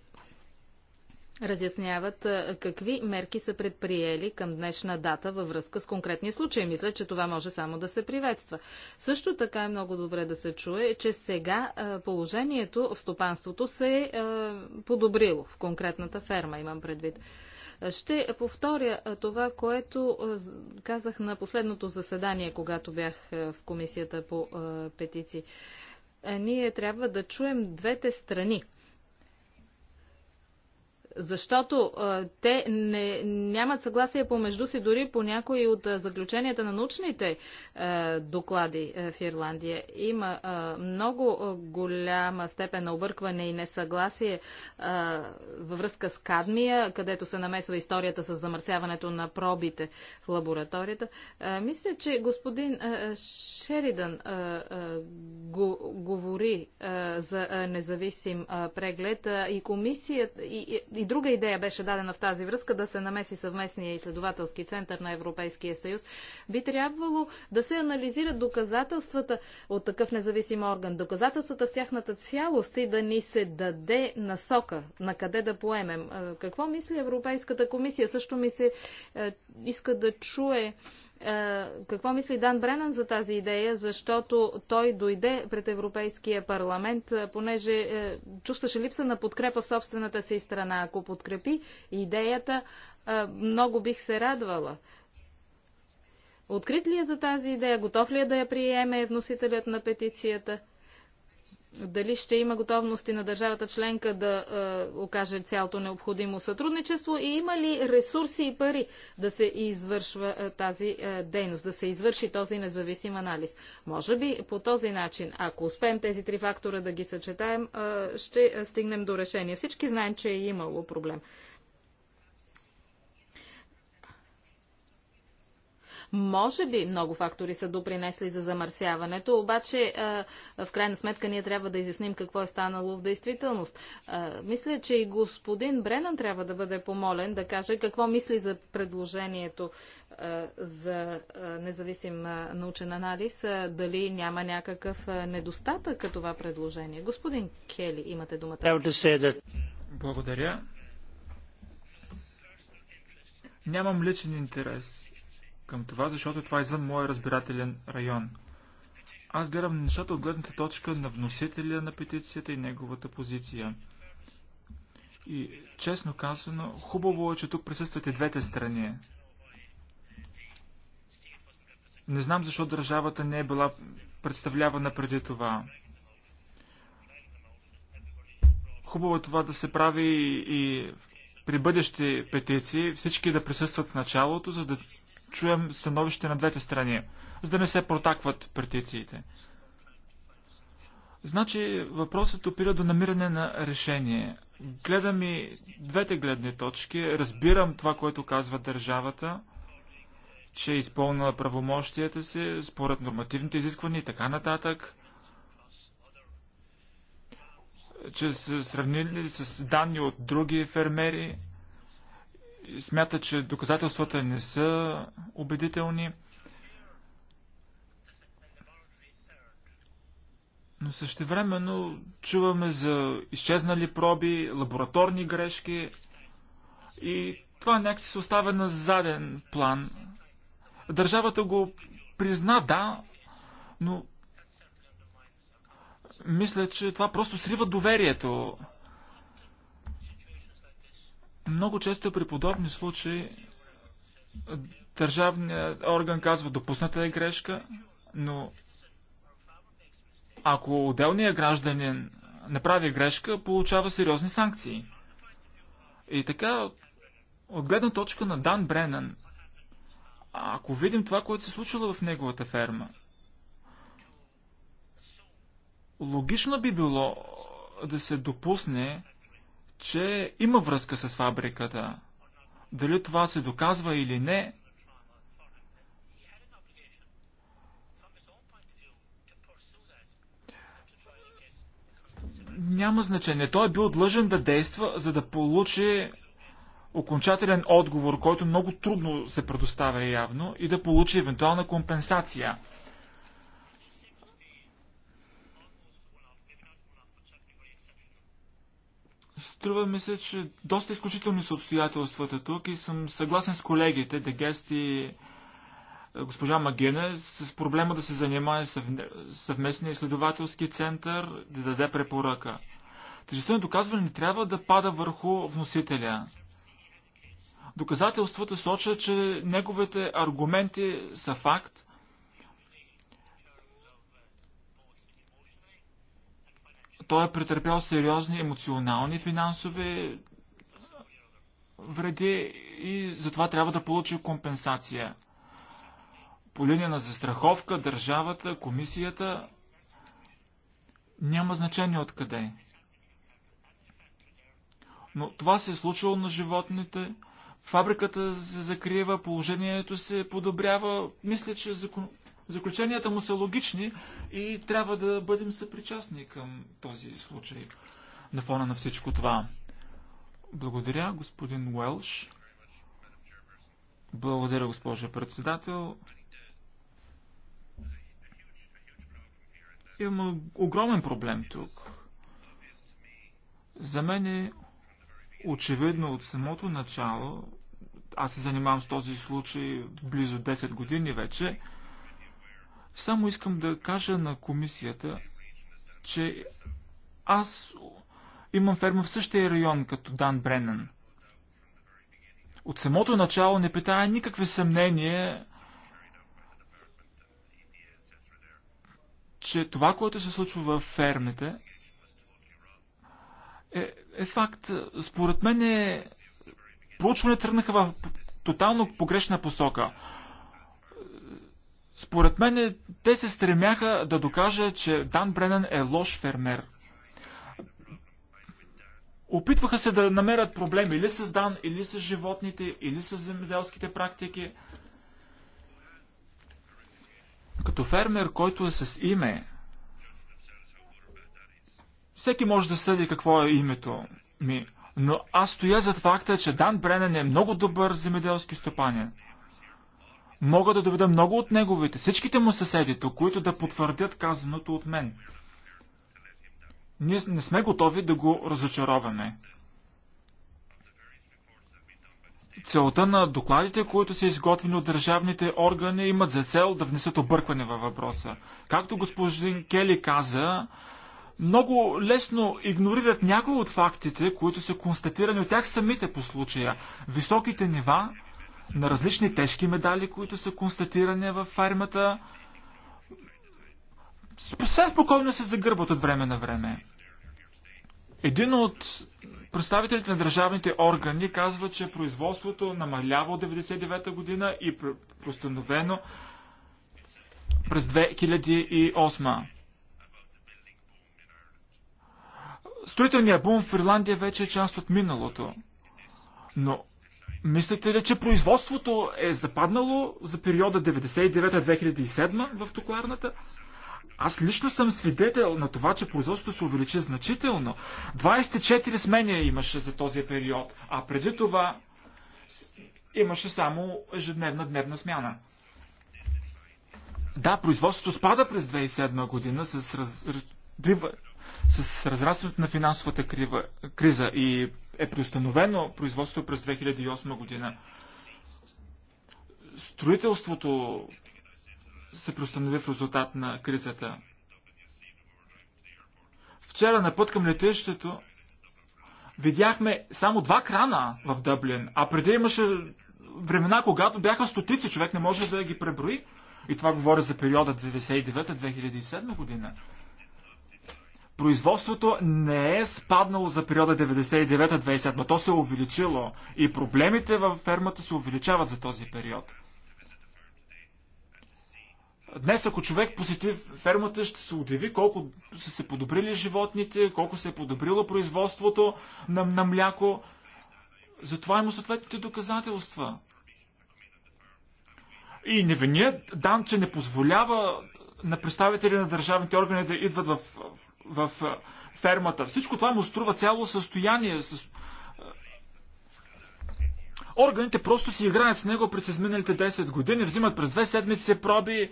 разясняват какви мерки са предприели към днешна дата във връзка с конкретни случаи. Мисля, че това може само да се приветства. Също така е много добре да се чуе, че сега положението в стопанството се е подобрило в конкретната ферма, имам предвид. Ще повторя това, което казах на последното заседание, когато бях в комисията по петиции. Ние трябва да чуем двете страни – защото а, те не, нямат съгласие помежду си дори по някои от а, заключенията на научните а, доклади а, в Ирландия. Има а, много а, голяма степен на объркване и несъгласие а, във връзка с кадмия, където се намесва историята с замърсяването на пробите в лабораторията. А, мисля, че господин а, Шеридан а, а, го, говори а, за а, независим а, преглед а, и комисията и, и и друга идея беше дадена в тази връзка да се намеси съвместния изследователски център на Европейския съюз. Би трябвало да се анализират доказателствата от такъв независим орган, доказателствата в тяхната цялост и да ни се даде насока на къде да поемем. Е, какво мисли Европейската комисия? Също ми се е, иска да чуе е, какво мисли Дан Бренан за тази идея, защото той дойде пред Европейския парламент, е, понеже е, чувстваше липса на подкрепа в собствената си страна. Ако подкрепи идеята, много бих се радвала. Открит ли е за тази идея? Готов ли е да я приеме вносителят на петицията? дали ще има готовности на държавата членка да е, окаже цялото необходимо сътрудничество и има ли ресурси и пари да се извършва е, тази е, дейност, да се извърши този независим анализ. Може би по този начин, ако успеем тези три фактора да ги съчетаем, е, ще стигнем до решение. Всички знаем, че е имало проблем Може би много фактори са допринесли за замърсяването, обаче в крайна сметка ние трябва да изясним какво е станало в действителност. Мисля, че и господин Бренан трябва да бъде помолен да каже какво мисли за предложението за независим научен анализ, дали няма някакъв недостатък това предложение. Господин Кели, имате думата. Благодаря. Нямам личен интерес към това, защото това е извън моя разбирателен район. Аз гледам нещата от гледната точка на вносителя на петицията и неговата позиция. И честно казано, хубаво е, че тук присъстват и двете страни. Не знам защо държавата не е била представлявана преди това. Хубаво е това да се прави и при бъдещи петиции всички да присъстват в началото, за да чуем становище на двете страни, за да не се протакват претициите. Значи въпросът опира до намиране на решение. Гледам и двете гледни точки, разбирам това, което казва държавата, че е изпълнила правомощията си според нормативните изисквания и така нататък, че са сравнили с данни от други фермери, смята, че доказателствата не са убедителни. Но същевременно чуваме за изчезнали проби, лабораторни грешки и това някакси се оставя на заден план. Държавата го призна, да, но мисля, че това просто срива доверието много често е при подобни случаи държавният орган казва, допусната е грешка, но ако отделният гражданин направи грешка, получава сериозни санкции. И така, от гледна точка на Дан Бренан, ако видим това, което се случило в неговата ферма, логично би било да се допусне че има връзка с фабриката. Дали това се доказва или не, няма значение. Той е бил длъжен да действа, за да получи окончателен отговор, който много трудно се предоставя явно и да получи евентуална компенсация – Струва ми се, че доста изключителни са обстоятелствата тук и съм съгласен с колегите, Дегест и е, госпожа Магене, с проблема да се занимае съвместния изследователски център, да даде препоръка. Тежестта на доказване не трябва да пада върху вносителя. Доказателствата сочат, че неговите аргументи са факт, Той е претърпял сериозни емоционални финансови вреди и затова трябва да получи компенсация. По линия на застраховка, държавата, комисията няма значение откъде. Но това се е случило на животните. Фабриката се закрива, положението се подобрява. Мисля, че закон... Заключенията му са логични и трябва да бъдем съпричастни към този случай на фона на всичко това. Благодаря, господин Уелш. Благодаря, госпожо председател. Имам огромен проблем тук. За мен е очевидно от самото начало, аз се занимавам с този случай близо 10 години вече, само искам да кажа на комисията, че аз имам ферма в същия район като Дан Бренън. От самото начало не питая никакви съмнения, че това, което се случва в фермите, е, е факт. Според мен е... проучване тръгнаха в тотално погрешна посока. Според мен те се стремяха да докажат, че Дан Бренен е лош фермер. Опитваха се да намерят проблем или с Дан, или с животните, или с земеделските практики. Като фермер, който е с име, всеки може да съди какво е името ми, но аз стоя зад факта, че Дан Бренен е много добър земеделски стопанин. Мога да доведа много от неговите, всичките му съседи тук, които да потвърдят казаното от мен. Ние не сме готови да го разочароваме. Целта на докладите, които са изготвени от държавните органи, имат за цел да внесат объркване във въпроса. Както господин Кели каза, много лесно игнорират някои от фактите, които са констатирани от тях самите по случая. Високите нива на различни тежки медали, които са констатирани в фармата. Съвсем спокойно се загърбват от време на време. Един от представителите на държавните органи казва, че производството намалява от 1999 година и постановено през 2008. Строителният бум в Ирландия вече е част от миналото. Но Мислите ли, че производството е западнало за периода 99-2007 в токларната? Аз лично съм свидетел на това, че производството се увеличи значително. 24 смения имаше за този период, а преди това имаше само ежедневна дневна смяна. Да, производството спада през 2007 година с, раз... с разрастването на финансовата крива... криза и е приостановено производството през 2008 година. Строителството се приостанови в резултат на кризата. Вчера на път към летището видяхме само два крана в Дъблин, а преди имаше времена, когато бяха стотици, човек не може да ги преброи. И това говоря за периода 1999-2007 година производството не е спаднало за периода 99-2007, но то се е увеличило и проблемите във фермата се увеличават за този период. Днес, ако човек посети фермата, ще се удиви колко са се подобрили животните, колко се е подобрило производството на, на мляко. Затова има съответните доказателства. И невиният дан, че не позволява на представители на държавните органи да идват в в фермата. Всичко това му струва цяло състояние. Органите просто си играят с него през изминалите 10 години, взимат през 2 седмици проби, е,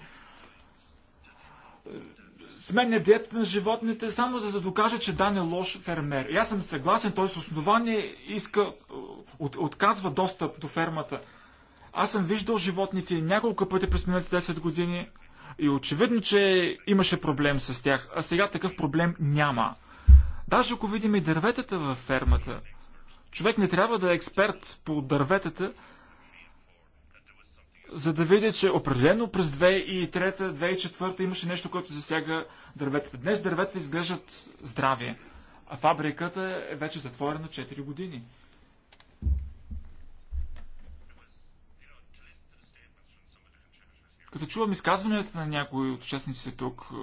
сменя диета на животните, само за да докаже, че Дан е лош фермер. И аз съм съгласен, той с основание иска, е, от, отказва достъп до фермата. Аз съм виждал животните няколко пъти през миналите 10 години. И очевидно, че имаше проблем с тях, а сега такъв проблем няма. Даже ако видим и дърветата във фермата, човек не трябва да е експерт по дърветата, за да видя, че определено през 2003-2004 имаше нещо, което засяга дърветата. Днес дърветата изглеждат здрави, а фабриката е вече затворена 4 години. Като чувам изказванията на някои от участниците тук, е,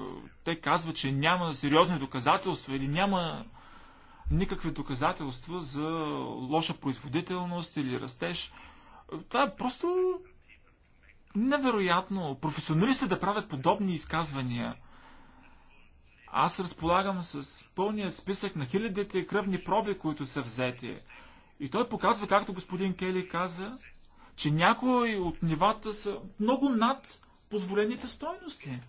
те казват, че няма сериозни доказателства или няма никакви доказателства за лоша производителност или растеж. Е, това е просто невероятно. Професионалисти да правят подобни изказвания. Аз разполагам с пълният списък на хилядите кръвни проби, които са взети. И той показва, както господин Кели каза, че някои от нивата са много над позволените стойности.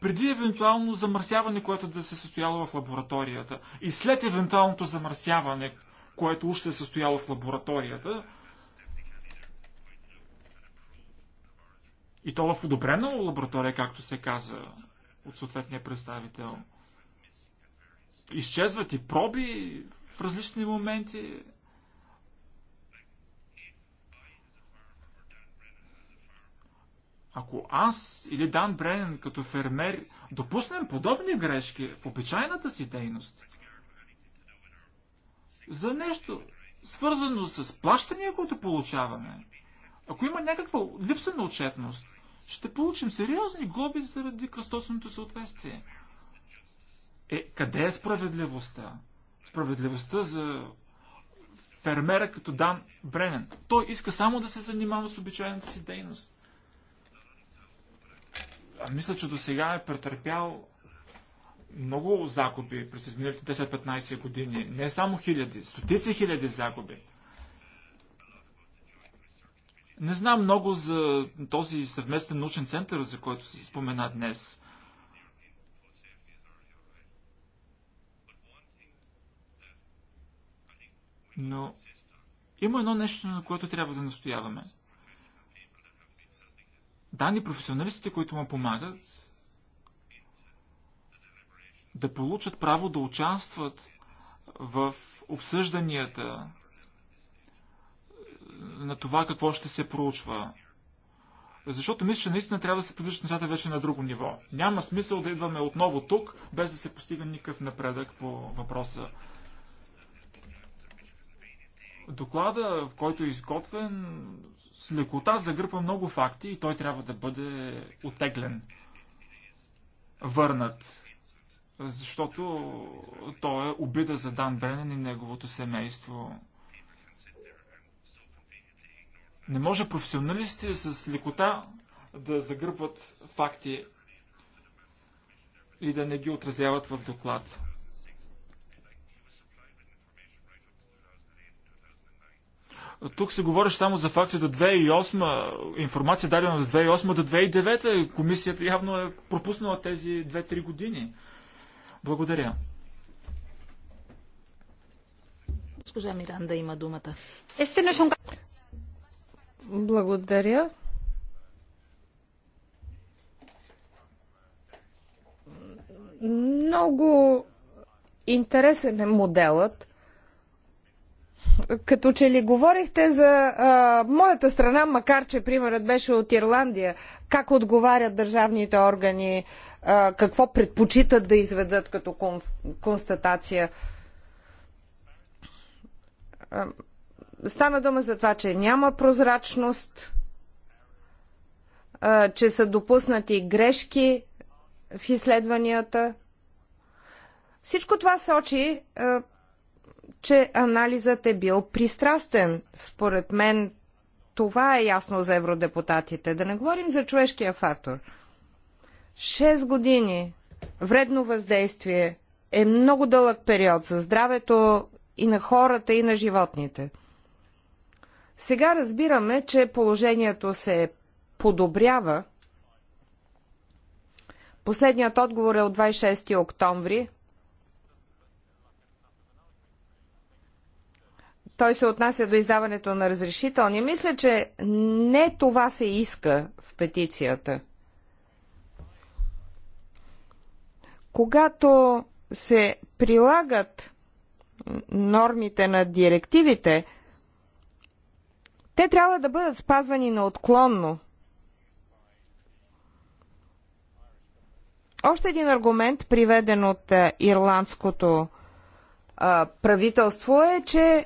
преди евентуално замърсяване, което да се състояло в лабораторията и след евентуалното замърсяване, което уж се е състояло в лабораторията, и то в одобрена лаборатория, както се каза от съответния представител. Изчезват и проби в различни моменти. Ако аз или Дан Бренен като фермер допуснем подобни грешки в обичайната си дейност, за нещо свързано с плащания, които получаваме, ако има някаква липса на отчетност, ще получим сериозни глоби заради кръстосното съответствие. Е, къде е справедливостта? Справедливостта за фермера като Дан Бренен. Той иска само да се занимава с обичайната си дейност мисля, че до сега е претърпял много загуби през изминалите 10-15 години. Не само хиляди, стотици хиляди загуби. Не знам много за този съвместен научен център, за който си спомена днес. Но има едно нещо, на което трябва да настояваме – дани професионалистите, които му помагат, да получат право да участват в обсъжданията на това какво ще се проучва. Защото мисля, че наистина трябва да се придържат нещата вече на друго ниво. Няма смисъл да идваме отново тук, без да се постига никакъв напредък по въпроса Доклада, в който е изготвен, с лекота загърпа много факти и той трябва да бъде отеглен, върнат, защото той е обида за Дан Бренен и неговото семейство. Не може професионалистите с лекота да загърбват факти и да не ги отразяват в доклад. Тук се говореше само за факти до 2008, информация дадена до 2008 до 2009. Комисията явно е пропуснала тези 2-3 години. Благодаря. Госпожа Миранда има думата. Благодаря. Много интересен е моделът като че ли говорихте за а, моята страна, макар че примерът беше от Ирландия, как отговарят държавните органи, а, какво предпочитат да изведат като кон, констатация. А, стана дума за това, че няма прозрачност, а, че са допуснати грешки в изследванията. Всичко това сочи. А, че анализът е бил пристрастен. Според мен това е ясно за евродепутатите. Да не говорим за човешкия фактор. Шест години вредно въздействие е много дълъг период за здравето и на хората, и на животните. Сега разбираме, че положението се подобрява. Последният отговор е от 26 октомври. той се отнася до издаването на разрешителни. Мисля, че не това се иска в петицията. Когато се прилагат нормите на директивите, те трябва да бъдат спазвани неотклонно. Още един аргумент, приведен от е, ирландското правителство е, че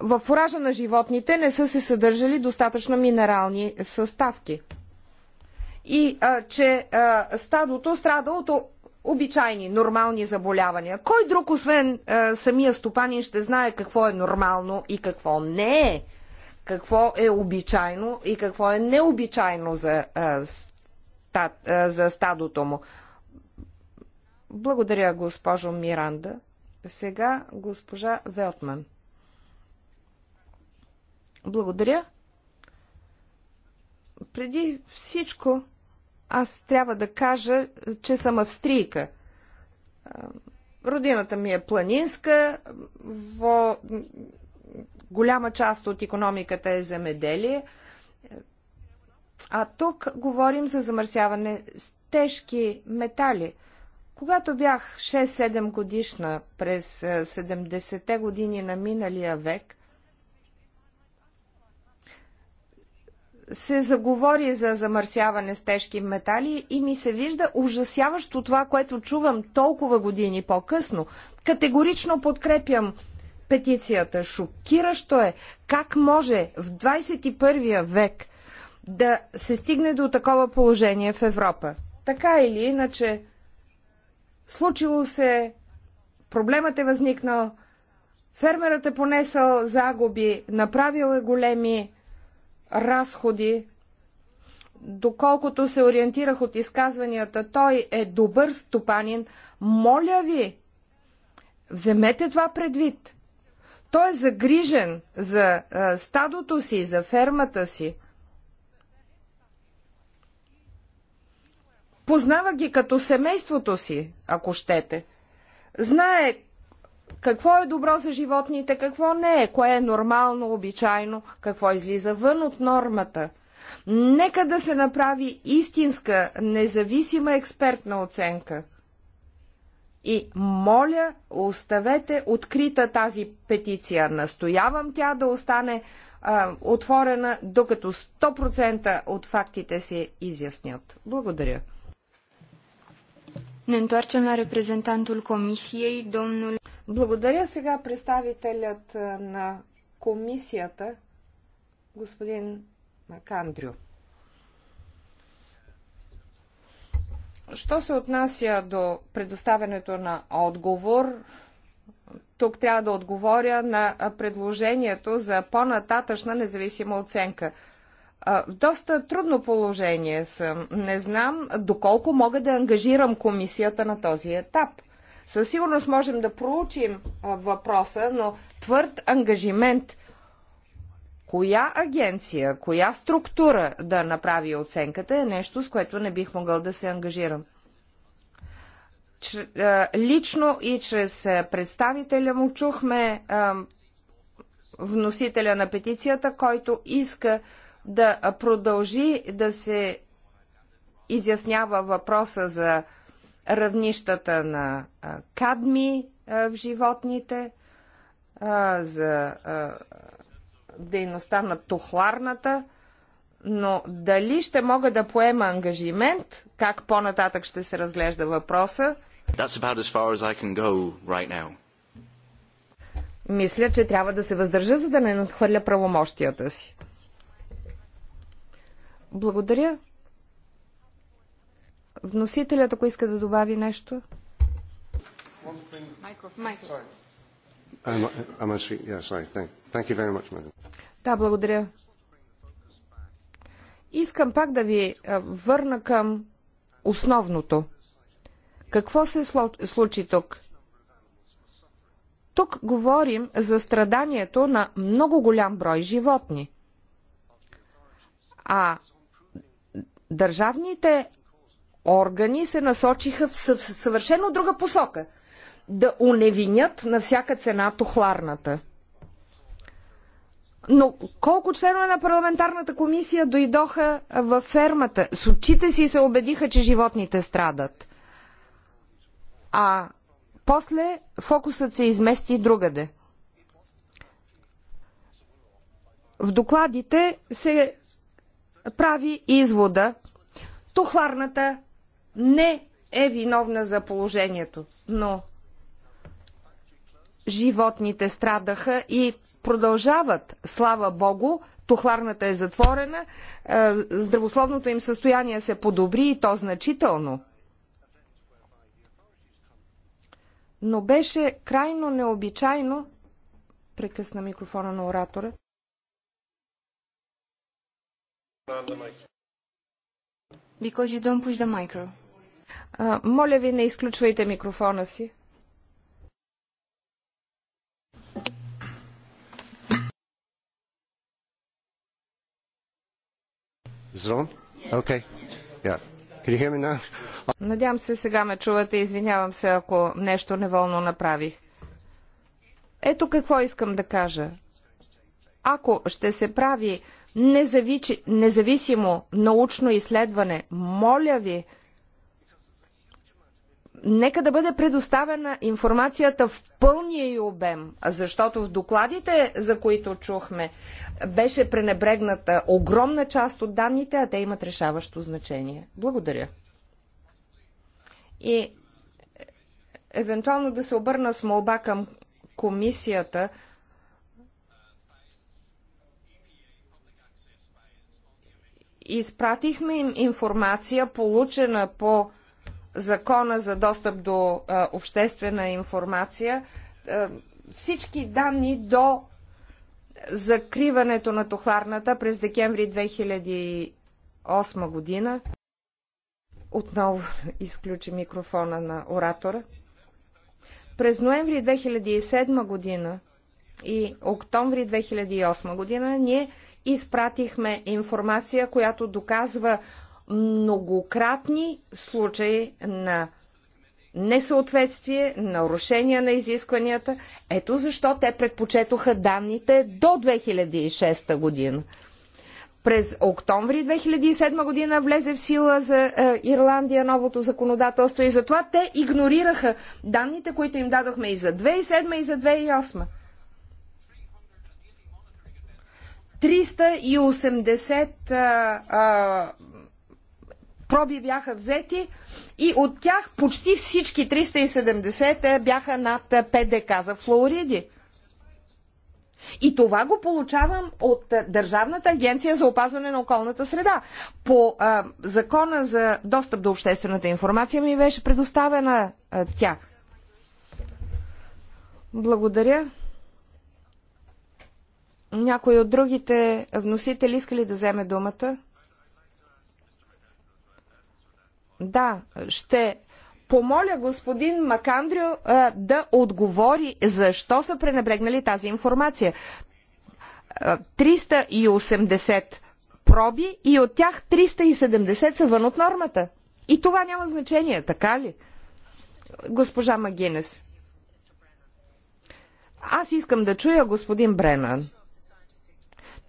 в фуража на животните не са се съдържали достатъчно минерални съставки. И а, че а, стадото страда от обичайни, нормални заболявания. Кой друг, освен а, самия стопанин, ще знае какво е нормално и какво не е? Какво е обичайно и какво е необичайно за, а, стад, а, за стадото му? Благодаря, госпожо Миранда. Сега госпожа Велтман. Благодаря. Преди всичко, аз трябва да кажа, че съм австрийка. Родината ми е планинска, в голяма част от економиката е земеделие, а тук говорим за замърсяване с тежки метали – когато бях 6-7 годишна през 70-те е, години на миналия век, се заговори за замърсяване с тежки метали и ми се вижда ужасяващо това, което чувам толкова години по-късно. Категорично подкрепям петицията. Шокиращо е как може в 21 век да се стигне до такова положение в Европа. Така или иначе, Случило се, проблемът е възникнал, фермерът е понесъл загуби, направил е големи разходи. Доколкото се ориентирах от изказванията, той е добър стопанин. Моля ви, вземете това предвид. Той е загрижен за стадото си, за фермата си. Познава ги като семейството си, ако щете. Знае какво е добро за животните, какво не е, кое е нормално, обичайно, какво излиза вън от нормата. Нека да се направи истинска, независима експертна оценка. И моля, оставете открита тази петиция. Настоявам тя да остане а, отворена, докато 100% от фактите се изяснят. Благодаря. Ne întoarcem la reprezentantul Comisiei, domnul... Благодаря сега представителят на комисията, господин Макандрю. Що се отнася до предоставянето на отговор, тук трябва да отговоря на предложението за по-нататъчна независима оценка – в доста трудно положение съм. Не знам доколко мога да ангажирам комисията на този етап. Със сигурност можем да проучим въпроса, но твърд ангажимент коя агенция, коя структура да направи оценката е нещо, с което не бих могъл да се ангажирам. Лично и чрез представителя му чухме вносителя на петицията, който иска да продължи да се изяснява въпроса за равнищата на кадми в животните, за дейността на тухларната, но дали ще мога да поема ангажимент, как по-нататък ще се разглежда въпроса, That's about as far as I can go right now. Мисля, че трябва да се въздържа, за да не надхвърля правомощията си. Благодаря. Вносителят, ако иска да добави нещо. Да, благодаря. Искам пак да ви върна към основното. Какво се случи тук? Тук говорим за страданието на много голям брой животни. А държавните органи се насочиха в съвършено друга посока да уневинят на всяка цена тохларната. Но колко членове на парламентарната комисия дойдоха във фермата? С очите си се убедиха, че животните страдат. А после фокусът се измести другаде. В докладите се прави извода, тухларната не е виновна за положението, но животните страдаха и продължават, слава Богу, тухларната е затворена, е, здравословното им състояние се подобри и то значително. Но беше крайно необичайно, прекъсна микрофона на оратора, Because you don't push the micro. А, моля ви, не изключвайте микрофона си. Okay. Yeah. Надявам се сега ме чувате. Извинявам се, ако нещо неволно направих. Ето какво искам да кажа. Ако ще се прави независимо научно изследване. Моля ви, нека да бъде предоставена информацията в пълния и обем, защото в докладите, за които чухме, беше пренебрегната огромна част от данните, а те имат решаващо значение. Благодаря. И е, евентуално да се обърна с молба към комисията – Изпратихме им информация, получена по закона за достъп до а, обществена информация, а, всички данни до закриването на тухларната през декември 2008 година. Отново изключи микрофона на оратора. През ноември 2007 година и октомври 2008 година ние изпратихме информация, която доказва многократни случаи на несъответствие, нарушения на изискванията. Ето защо те предпочетоха данните до 2006 година. През октомври 2007 година влезе в сила за е, Ирландия новото законодателство и затова те игнорираха данните, които им дадохме и за 2007 и за 2008. 380 проби бяха взети и от тях почти всички 370 е, бяха над 5 е, ДК за флуориди. И това го получавам от е, Държавната агенция за опазване на околната среда. По а, закона за достъп до обществената информация ми беше предоставена а, тя. Благодаря. Някой от другите вносители иска ли да вземе думата? Да, ще помоля господин Макандрио а, да отговори защо са пренебрегнали тази информация. 380 проби и от тях 370 са вън от нормата. И това няма значение, така ли? Госпожа Магинес. Аз искам да чуя господин Бренан.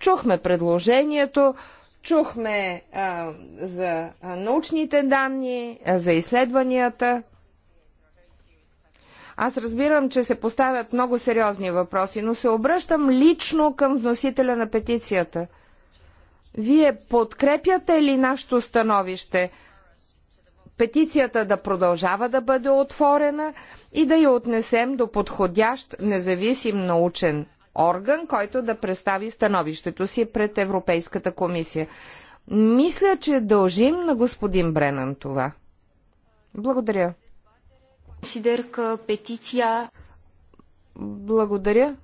Чухме предложението, чухме а, за научните данни, а, за изследванията. Аз разбирам, че се поставят много сериозни въпроси, но се обръщам лично към вносителя на петицията. Вие подкрепяте ли нашето становище? Петицията да продължава да бъде отворена и да я отнесем до подходящ независим научен орган, който да представи становището си пред Европейската комисия. Мисля, че дължим на господин Бренан това. Благодаря. Сидерка, петиция. Благодаря.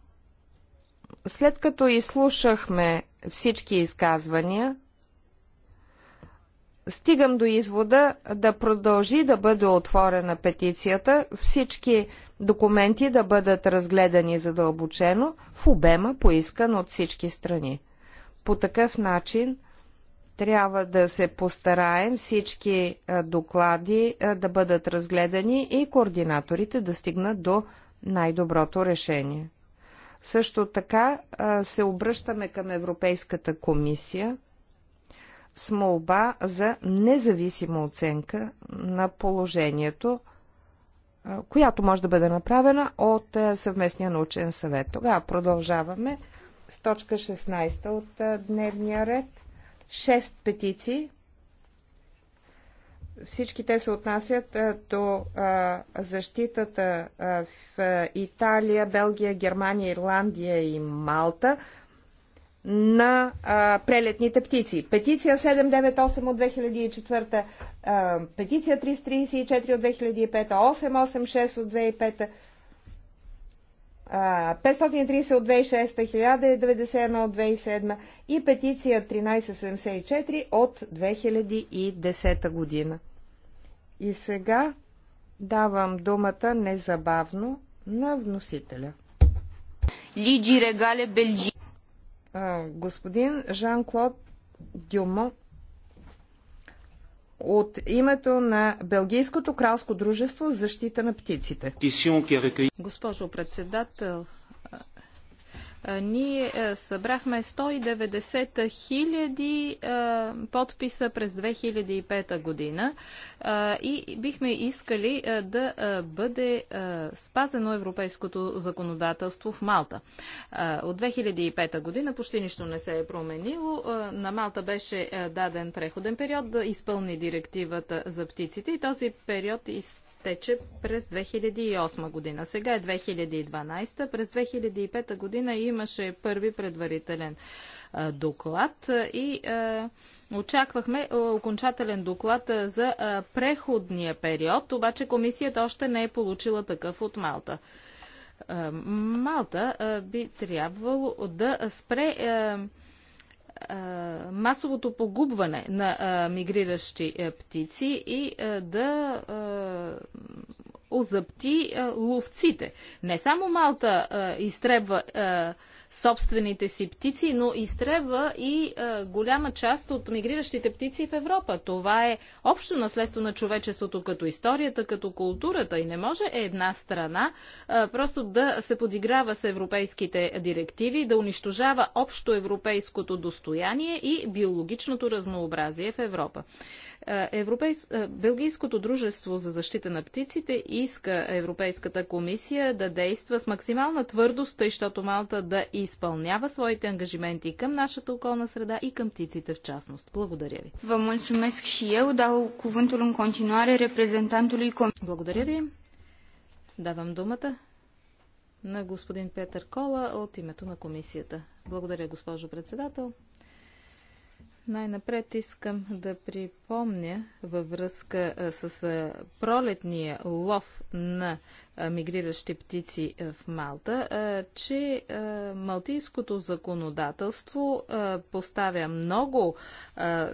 След като изслушахме всички изказвания, стигам до извода да продължи да бъде отворена петицията. Всички документи да бъдат разгледани задълбочено в обема, поискан от всички страни. По такъв начин трябва да се постараем всички доклади да бъдат разгледани и координаторите да стигнат до най-доброто решение. Също така се обръщаме към Европейската комисия с молба за независима оценка на положението която може да бъде направена от съвместния научен съвет. Тогава продължаваме с точка 16 от дневния ред. Шест петиции. Всички те се отнасят до защитата в Италия, Белгия, Германия, Ирландия и Малта – на а, прелетните птици. Петиция 798 от 2004, а, петиция 334 от 2005, 886 от 2005, 530 от 2006, 1091 от 2007 и петиция 1374 от 2010 година. И сега давам думата незабавно на вносителя. Лиджи Регале Белджи господин Жан-Клод Дюмо от името на Белгийското кралско дружество за защита на птиците. Госпожо председател, ние събрахме 190 хиляди подписа през 2005 година и бихме искали да бъде спазено европейското законодателство в Малта. От 2005 година почти нищо не се е променило. На Малта беше даден преходен период да изпълни директивата за птиците и този период изпълни тече през 2008 година. Сега е 2012. През 2005 година имаше първи предварителен доклад и очаквахме окончателен доклад за преходния период, обаче комисията още не е получила такъв от Малта. Малта би трябвало да спре масовото погубване на мигриращи е, птици и е, да е, озъпти ловците. Не само Малта изтребва собствените си птици, но изтребва и а, е, голяма част от мигриращите птици в Европа. Това е общо наследство на човечеството като историята, като културата и не може една страна а, е, просто да се подиграва с европейските директиви, да унищожава общо европейското достояние и биологичното разнообразие в Европа. Е, европейс... Е, Белгийското дружество за защита на птиците иска Европейската комисия да действа с максимална твърдост, тъй щото Малта да изпълнява своите ангажименти към нашата околна среда и към птиците в частност. Благодаря ви. Vă mulțumesc și eu. Dau cuvântul în continuare reprezentantului Благодаря ви. Давам думата на господин Петър Кола от името на комисията. Благодаря, госпожо председател. Най-напред искам да припомня във връзка с пролетния лов на мигриращи птици в Малта, че малтийското законодателство поставя много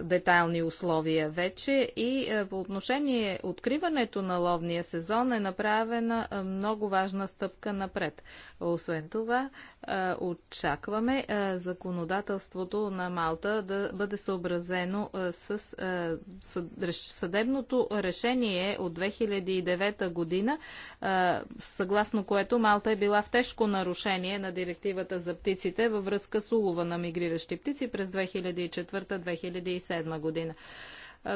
детайлни условия вече и по отношение откриването на ловния сезон е направена много важна стъпка напред. Освен това, очакваме законодателството на Малта да бъде съобразено с съдебното решение от 2009 година, съгласно което Малта е била в тежко нарушение на директивата за птиците във връзка с улова на мигриращи птици през 2004-2007 година.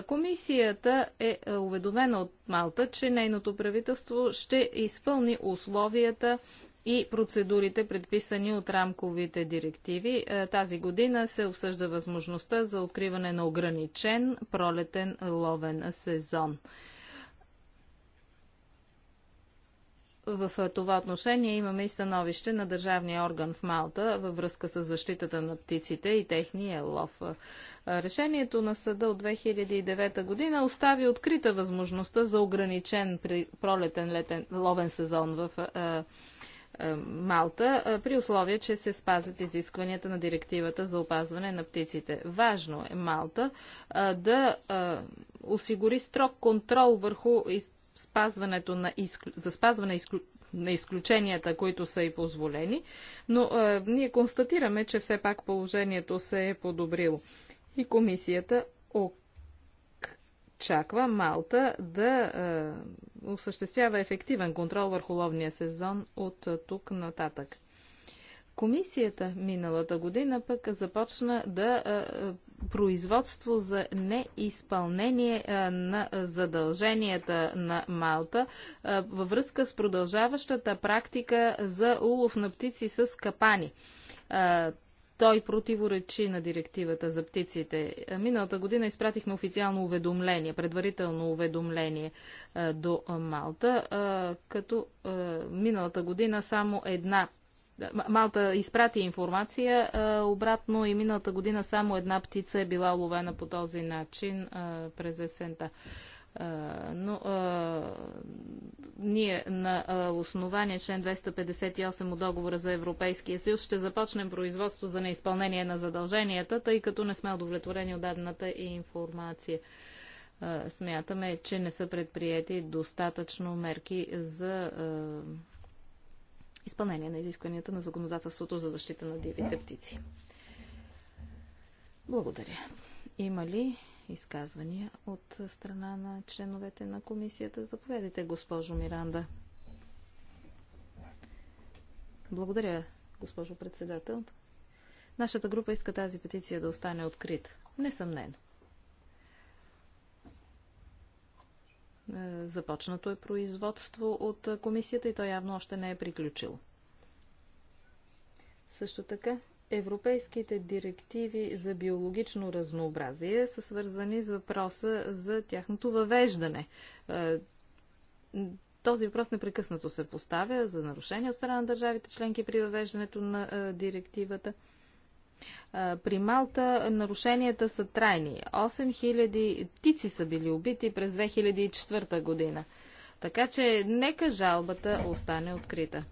Комисията е, е уведомена от Малта, че нейното правителство ще изпълни условията и процедурите, предписани от рамковите директиви. Тази година се обсъжда възможността за откриване на ограничен пролетен ловен сезон. в това отношение имаме и становище на държавния орган в Малта във връзка с защитата на птиците и техния лов. Решението на съда от 2009 година остави открита възможността за ограничен пролетен летен, ловен сезон в Малта, при условие, че се спазят изискванията на директивата за опазване на птиците. Важно е Малта да осигури строг контрол върху спазването на изклю... за спазване изклю... на изключенията, които са и позволени, но а, ние констатираме, че все пак положението се е подобрило. И комисията очаква Малта да а, осъществява ефективен контрол върху ловния сезон от а, тук нататък. Комисията миналата година пък започна да производство за неизпълнение на задълженията на Малта във връзка с продължаващата практика за улов на птици с капани. Той противоречи на директивата за птиците. Миналата година изпратихме официално уведомление, предварително уведомление до Малта, като миналата година само една Малта изпрати информация. Обратно и миналата година само една птица е била ловена по този начин през есента. Но ние на основание член 258 от договора за Европейския съюз ще започнем производство за неизпълнение на задълженията, тъй като не сме удовлетворени от дадената информация смятаме, че не са предприяти достатъчно мерки за изпълнение на изискванията на законодателството за защита на дивите птици. Благодаря. Има ли изказвания от страна на членовете на комисията? Заповядайте, госпожо Миранда. Благодаря, госпожо председател. Нашата група иска тази петиция да остане открит. Несъмнено. Е, започнато е производство от е, комисията и то явно още не е приключило. Също така, европейските директиви за биологично разнообразие са свързани с въпроса за тяхното въвеждане. Е, този въпрос непрекъснато се поставя за нарушение от страна на държавите членки при въвеждането на директивата – при Малта нарушенията са трайни. 8000 птици са били убити през 2004 година. Така че нека жалбата остане открита.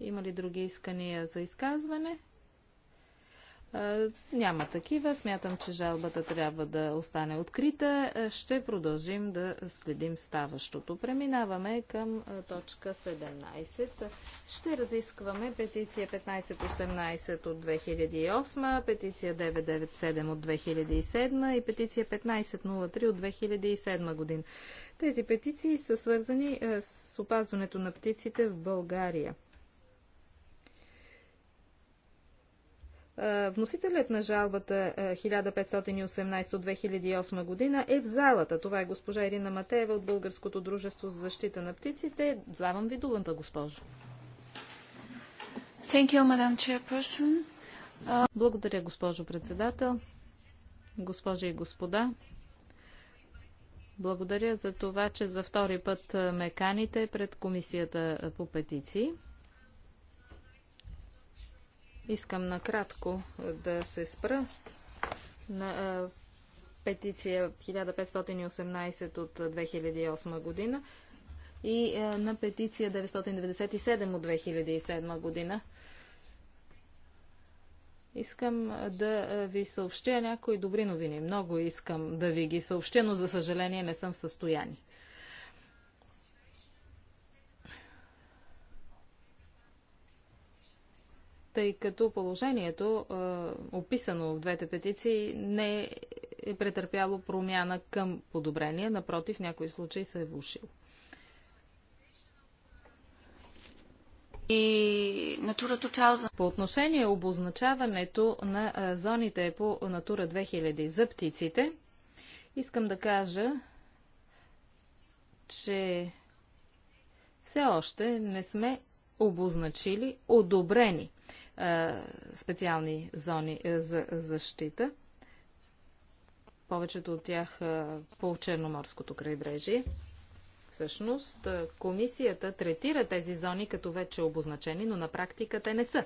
Има ли други искания за изказване? Няма такива. Смятам, че жалбата трябва да остане открита. Ще продължим да следим ставащото. Преминаваме към точка 17. Ще разискваме петиция 1518 от 2008, петиция 997 от 2007 и петиция 1503 от 2007 година. Тези петиции са свързани с опазването на птиците в България. Е, вносителят на жалбата 1518 е, от 2008 година е в залата. Това е госпожа Ирина Матеева от Българското дружество за защита на птиците. Давам ви думата, госпожо. Thank you, Madam Chairperson. Благодаря, госпожо председател. Госпожи и господа, благодаря за това, че за втори път е, ме каните пред Комисията по петиции. Искам накратко да се спра на петиция 1518 от 2008 година и на петиция 997 от 2007 година. Искам да ви съобщя някои добри новини. Много искам да ви ги съобщя, но за съжаление не съм в състояние. тъй като положението, е, описано в двете петиции, не е претърпяло промяна към подобрение, напротив, в някои случаи се е влушил. По отношение обозначаването на е, зоните по Натура 2000 за птиците, искам да кажа, че все още не сме обозначили одобрени специални зони е, за защита. Повечето от тях по Черноморското крайбрежие. Всъщност, комисията третира тези зони като вече обозначени, но на практика те не са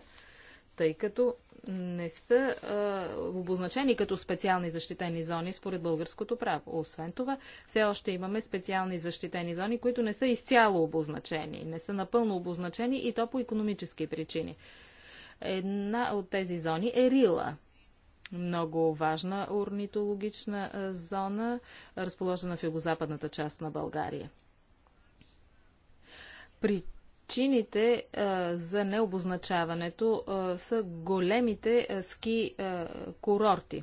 тъй като не са а, обозначени като специални защитени зони според българското право. Освен това, все още имаме специални защитени зони, които не са изцяло обозначени, не са напълно обозначени и то по економически причини. Една от тези зони е Рила. Много важна орнитологична зона, разположена в югозападната част на България. При причините за необозначаването са големите ски курорти.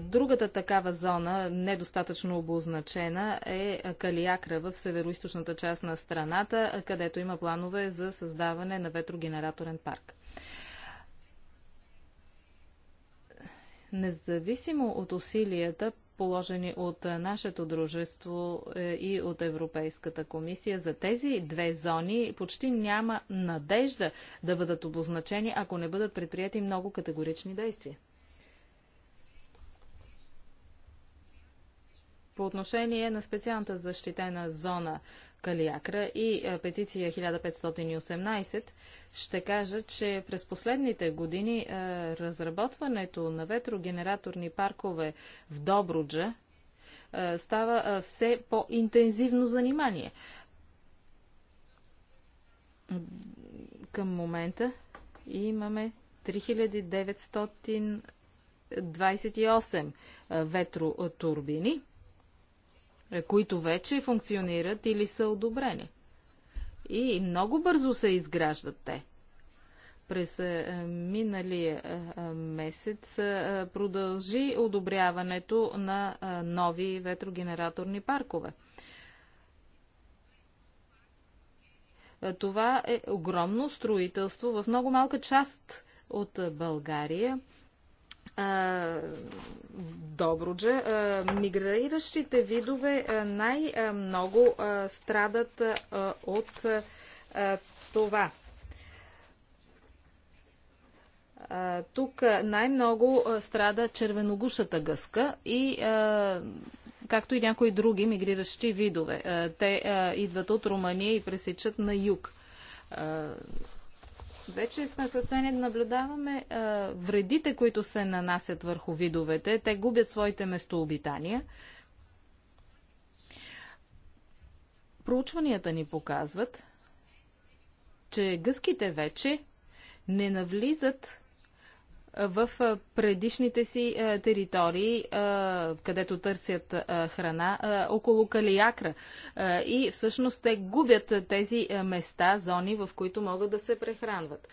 другата такава зона, недостатъчно обозначена, е Калиакра в североизточната част на страната, където има планове за създаване на ветрогенераторен парк. независимо от усилията, положени от нашето дружество е, и от Европейската комисия. За тези две зони почти няма надежда да бъдат обозначени, ако не бъдат предприяти много категорични действия. По отношение на специалната защитена зона Калиакра и е, петиция 1518, ще кажа, че през последните години е, разработването на ветрогенераторни паркове в Добруджа е, става все по-интензивно занимание. Към момента имаме 3928 ветротурбини. Е, които вече функционират или са одобрени. И много бързо се изграждат те. През е, е, миналия месец продължи одобряването на нови ветрогенераторни паркове. Това е огромно строителство в много малка част от България Добруджа. Мигриращите видове най-много страдат от това. Тук най-много страда червеногушата гъска и както и някои други мигриращи видове. Те идват от Румъния и пресичат на юг вече сме в състояние да наблюдаваме а, вредите, които се нанасят върху видовете. Те губят своите местообитания. Проучванията ни показват, че гъските вече не навлизат в предишните си територии, където търсят храна, около Калиакра. И всъщност те губят тези места, зони, в които могат да се прехранват.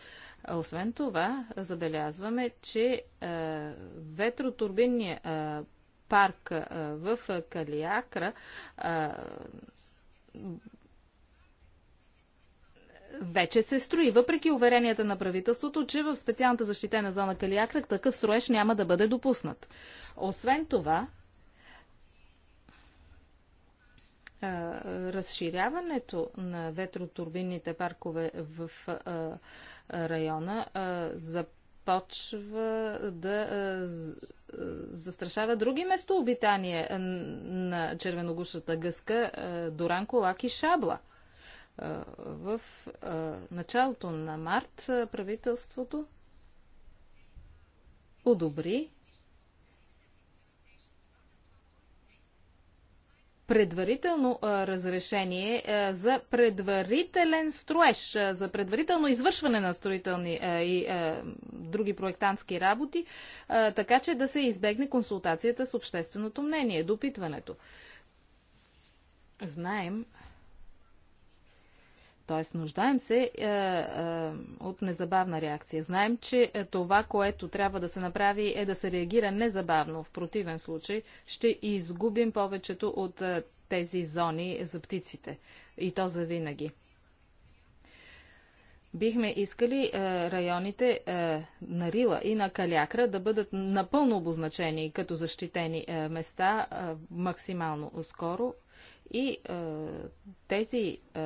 Освен това, забелязваме, че ветротурбинният парк в Калиакра вече се строи, въпреки уверенията на правителството, че в специалната защитена зона Калиакрък такъв строеж няма да бъде допуснат. Освен това, разширяването на ветротурбинните паркове в района започва да застрашава други местообитания на червеногушата гъска, Доранко, Лак и Шабла – в началото на март правителството одобри предварително разрешение за предварителен строеж, за предварително извършване на строителни и други проектантски работи, така че да се избегне консултацията с общественото мнение, допитването. Знаем, Тоест, нуждаем се е, е, от незабавна реакция. Знаем, че е, това, което трябва да се направи, е да се реагира незабавно. В противен случай ще изгубим повечето от е, тези зони за птиците. И то за винаги. Бихме искали е, районите е, на Рила и на Калякра да бъдат напълно обозначени като защитени е, места е, максимално скоро и е, тези е,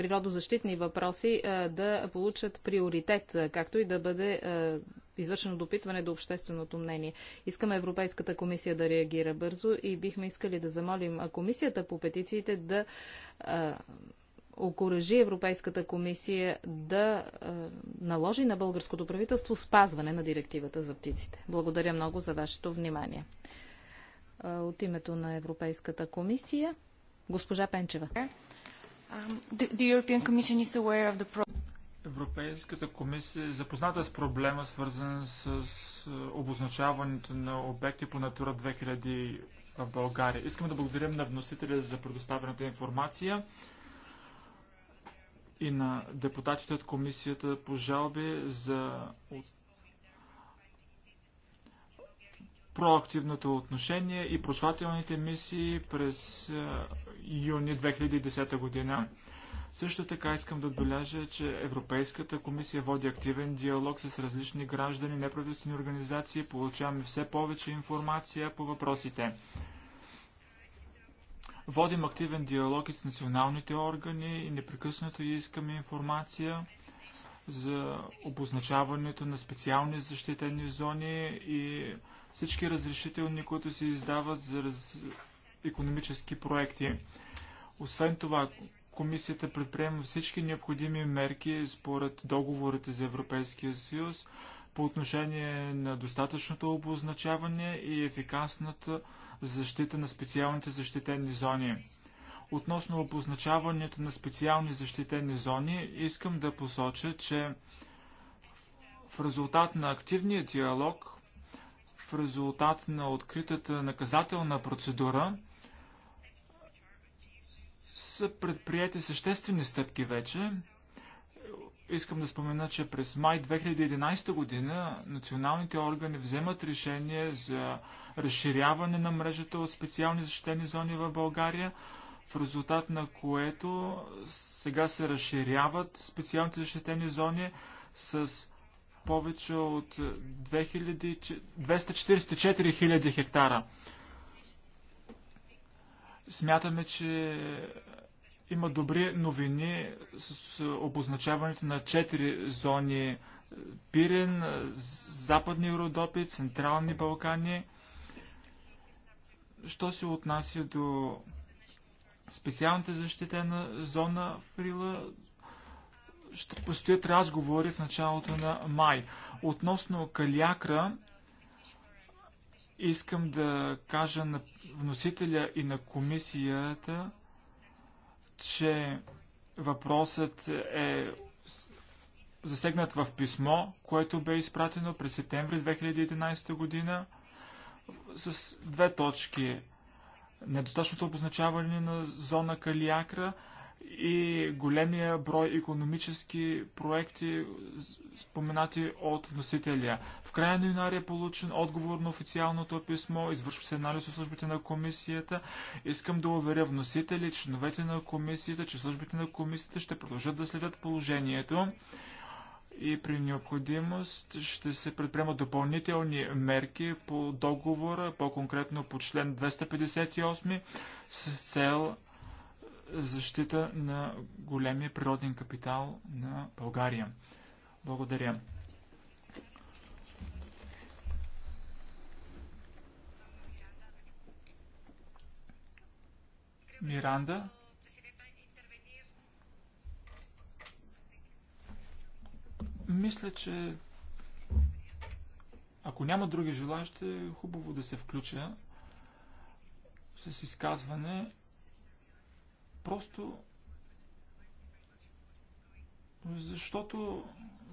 природозащитни въпроси е, да получат приоритет, е, както и да бъде е, извършено допитване до общественото мнение. Искаме Европейската комисия да реагира бързо и бихме искали да замолим комисията по петициите да окоръжи Европейската комисия да наложи на българското правителство спазване на директивата за птиците. Благодаря много за вашето внимание. от името на Европейската комисия, госпожа Пенчева. Um, Европейската комисия е запозната с проблема, свързан с е, обозначаването на обекти по Натура 2000 в България. Искаме да благодарим на вносителя за предоставената информация и на депутатите от комисията по жалби за проактивното отношение и прочвателните мисии през е, юни 2010 година. Също така искам да отбележа, че Европейската комисия води активен диалог с различни граждани, неправителствени организации, получаваме все повече информация по въпросите. Водим активен диалог и с националните органи и непрекъснато искаме информация за обозначаването на специални защитени зони и всички разрешителни, които се издават за раз економически проекти. Освен това, комисията предприема всички необходими мерки според договорите за Европейския съюз по отношение на достатъчното обозначаване и ефикасната защита на специалните защитени зони. Относно обозначаването на специални защитени зони, искам да посоча, че в резултат на активния диалог, в резултат на откритата наказателна процедура, са предприяти съществени стъпки вече. Искам да спомена, че през май 2011 година националните органи вземат решение за разширяване на мрежата от специални защитени зони в България, в резултат на което сега се разширяват специалните защитени зони с повече от 2000, 244 000 хектара. Смятаме, че има добри новини с обозначаването на четири зони е, Пирен, е, Западни Родопи, Централни Балкани. Що се отнася до специалната защитена зона в Рила, ще постоят разговори в началото на май. Относно Калиакра, искам да кажа на вносителя и на комисията, че въпросът е засегнат в писмо, което бе изпратено през септември 2011 година с две точки. Недостатъчното обозначаване на зона Калиакра – и големия брой економически проекти, споменати от вносителя. В края на юнари е получен отговор на официалното писмо, извършва се анализ от службите на комисията. Искам да уверя вносители членовете на комисията, че службите на комисията ще продължат да следят положението и при необходимост ще се предприемат допълнителни мерки по договора, по-конкретно по член 258, с цел защита на големия природен капитал на България. Благодаря. Миранда. Мисля, че ако няма други желаящи, е хубаво да се включа с изказване Просто защото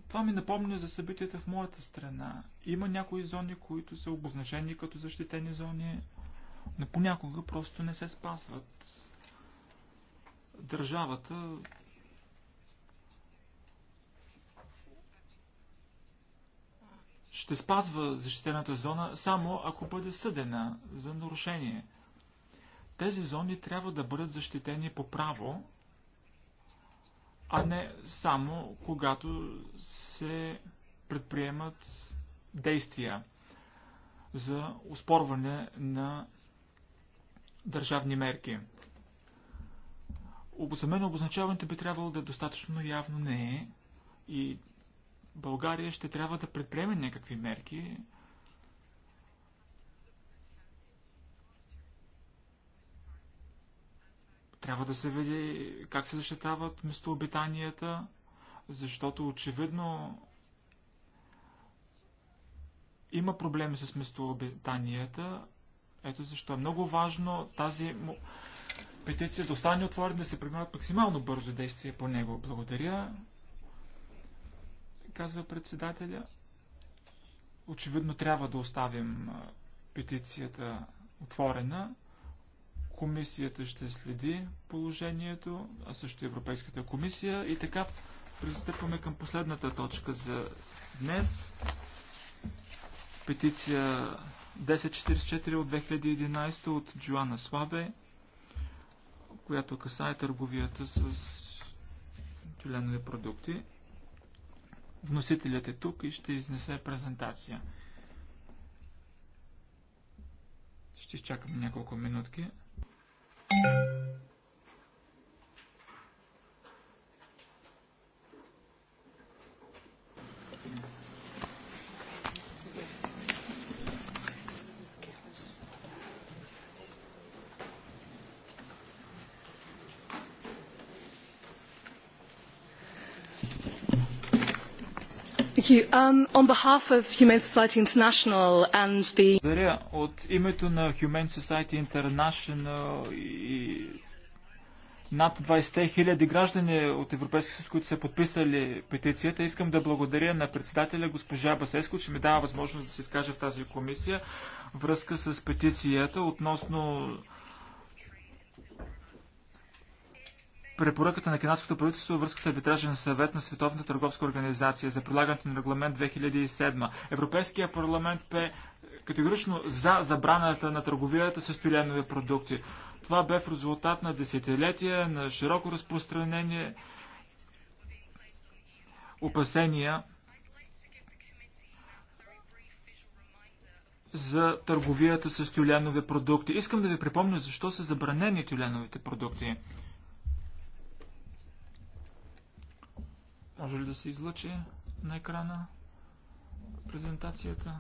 това ми напомня за събитията в моята страна. Има някои зони, които са обозначени като защитени зони, но понякога просто не се спазват. Държавата ще спазва защитената зона само ако бъде съдена за нарушение – тези зони трябва да бъдат защитени по право, а не само когато се предприемат действия за успорване на държавни мерки. Обосъмено обозначаването би трябвало да е достатъчно явно не е и България ще трябва да предприеме някакви мерки, Трябва да се види как се защитават местообитанията, защото очевидно има проблеми с местообитанията. Ето защо е много важно тази петиция да остане отворена, да се приемат максимално бързо действие по него. Благодаря, казва председателя. Очевидно трябва да оставим петицията отворена. Комисията ще следи положението, а също и Европейската комисия. И така пристъпваме към последната точка за днес. Петиция 1044 от 2011 от Джоана Слабе, която касае търговията с тюленови продукти. Вносителят е тук и ще изнесе презентация. Ще изчакаме няколко минутки. Thank you. Um, благодаря. От името на Humane Society International и над 20 хиляди граждани от Европейския съюз, които са подписали петицията. Искам да благодаря на председателя госпожа Басеско, че ми дава възможност да се изкаже в тази комисия връзка с петицията относно препоръката на канадското правителство във връзка с арбитражен съвет на Световната търговска организация за прилагането на регламент 2007. Европейския парламент бе категорично за забраната на търговията с тюленови продукти. Това бе в резултат на десетилетия на широко разпространение опасения за търговията с тюленови продукти. Искам да ви припомня защо са забранени тюленовите продукти. Може ли да се излъчи на екрана презентацията?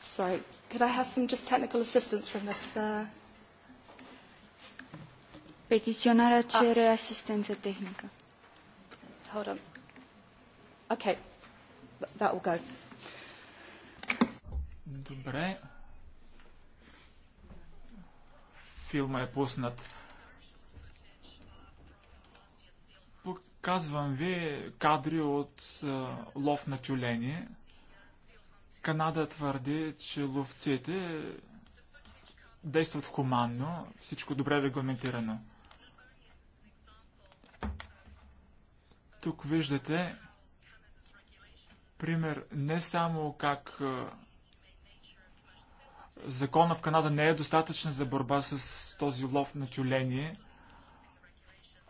Sorry, could I have some just technical assistance from this? Uh... Petiționarea cere ah. asistență tehnică. Hold on. Okay, that will go. Добре. Филма е пуснат. Показвам ви кадри от лов на тюлени. Канада твърди, че ловците действат хуманно, всичко добре е регламентирано. Тук виждате пример не само как закона в Канада не е достатъчен за борба с този лов на тюлени,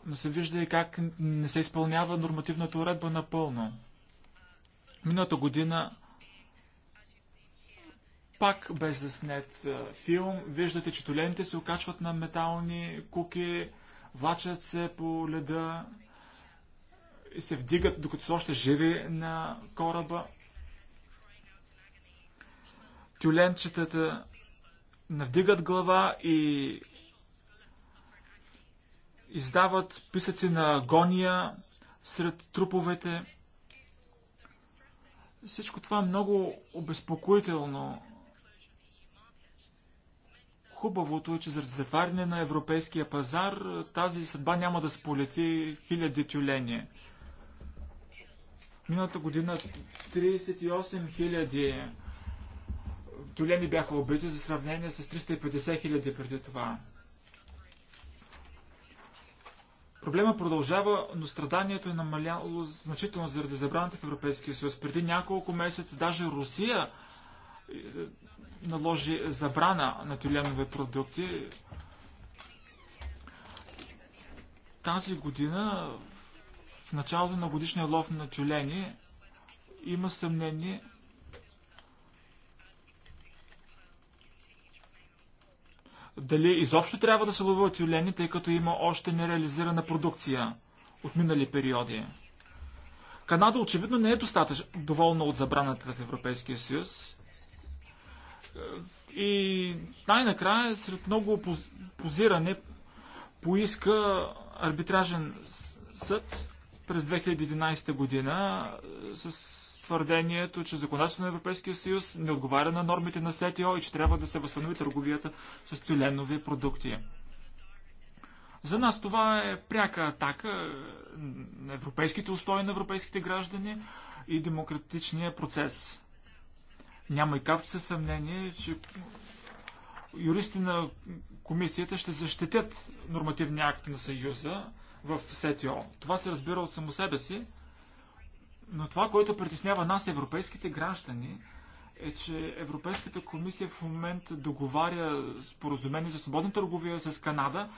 но се вижда и как не се изпълнява нормативната уредба напълно. Миналата година пак бе заснет филм. Виждате, че толените се окачват на метални куки, влачат се по леда и се вдигат, докато са още живи на кораба. Тюленчетата навдигат глава и издават писъци на агония сред труповете. Всичко това е много обезпокоително. Хубавото е, че заради затваряне на европейския пазар тази съдба няма да сполети хиляди тюлени. Миналата година 38 хиляди тюлени бяха убити за сравнение с 350 хиляди преди това. Проблема продължава, но страданието е намаляло значително заради забраната в Европейския съюз. Преди няколко месеца даже Русия е, наложи забрана на тюленови продукти. Тази година, в началото на годишния лов на тюлени, има съмнение, дали изобщо трябва да се лови тюлени, тъй като има още нереализирана продукция от минали периоди. Канада очевидно не е достатъчно доволна от забраната в Европейския съюз. Е, и най-накрая, сред много позиране, поиска арбитражен съд през 2011 година е, с твърдението, че законодателството на Европейския съюз не отговаря на нормите на СТО и че трябва да се възстанови търговията с тюленови продукти. За нас това е пряка атака на европейските устои на европейските граждани и демократичния процес. Няма и капто се съмнение, че юристи на комисията ще защитят нормативния акт на Съюза в СТО. Това се разбира от само себе си, но това, което притеснява нас, европейските граждани, е, че Европейската комисия в момента договаря споразумение за свободна търговия с Канада,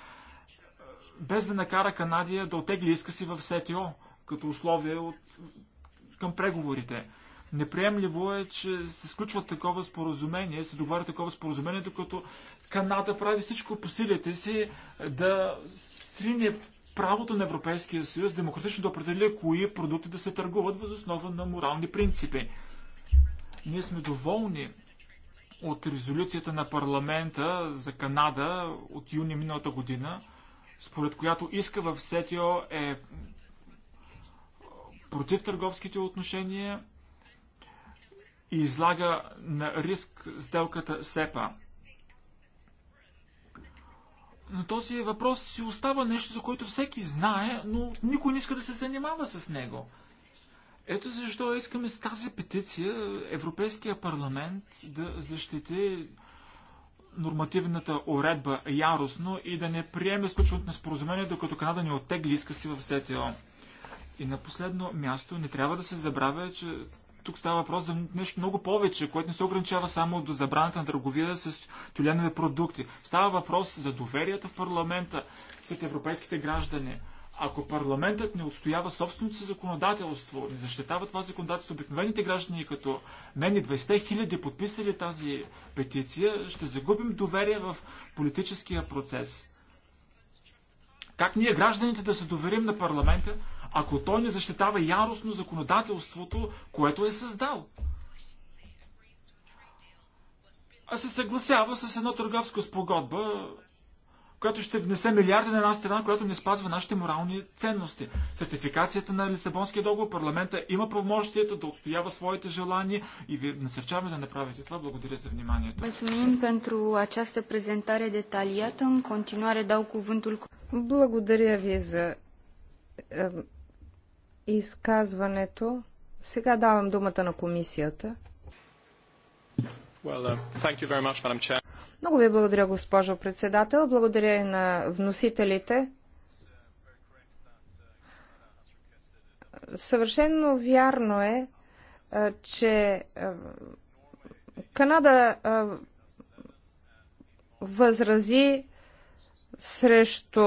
без да накара Канадия да отегли иска си в СТО, като условие от... към преговорите. Неприемливо е, че се сключва такова споразумение, се договаря такова споразумение, докато Канада прави всичко по силите си да срине правото на Европейския съюз демократично да определя кои продукти да се търгуват въз основа на морални принципи. Ние сме доволни от резолюцията на парламента за Канада от юни миналата година, според която иска в СЕТИО е против търговските отношения и излага на риск сделката СЕПА на този въпрос си остава нещо, за което всеки знае, но никой не иска да се занимава с него. Ето защо искаме с тази петиция Европейския парламент да защити нормативната уредба яростно и да не приеме сключването на споразумение, докато Канада не оттегли иска си в СТО. И на последно място не трябва да се забравя, че тук става въпрос за нещо много повече, което не се ограничава само до забраната на търговия с тюленови продукти. Става въпрос за доверията в парламента сред европейските граждани. Ако парламентът не отстоява собственото си законодателство, не защитава това законодателство, обикновените граждани като мен и 20 хиляди подписали тази петиция, ще загубим доверие в политическия процес. Как ние гражданите да се доверим на парламента, ако той не защитава яростно законодателството, което е създал. А се съгласява с една търговска спогодба, която ще внесе милиарди на една страна, която не спазва нашите морални ценности. Сертификацията на Лисабонския договор, парламента има правомощието да отстоява своите желания и ви насърчаваме да направите това. Благодаря за вниманието. Mulțumim pentru această prezentare detaliată. În continuare dau cuvântul. Благодаря ви за изказването. Сега давам думата на комисията. Well, uh, much, Много ви благодаря, госпожо председател. Благодаря и на вносителите. Съвършенно вярно е, е че е, Канада е, възрази срещу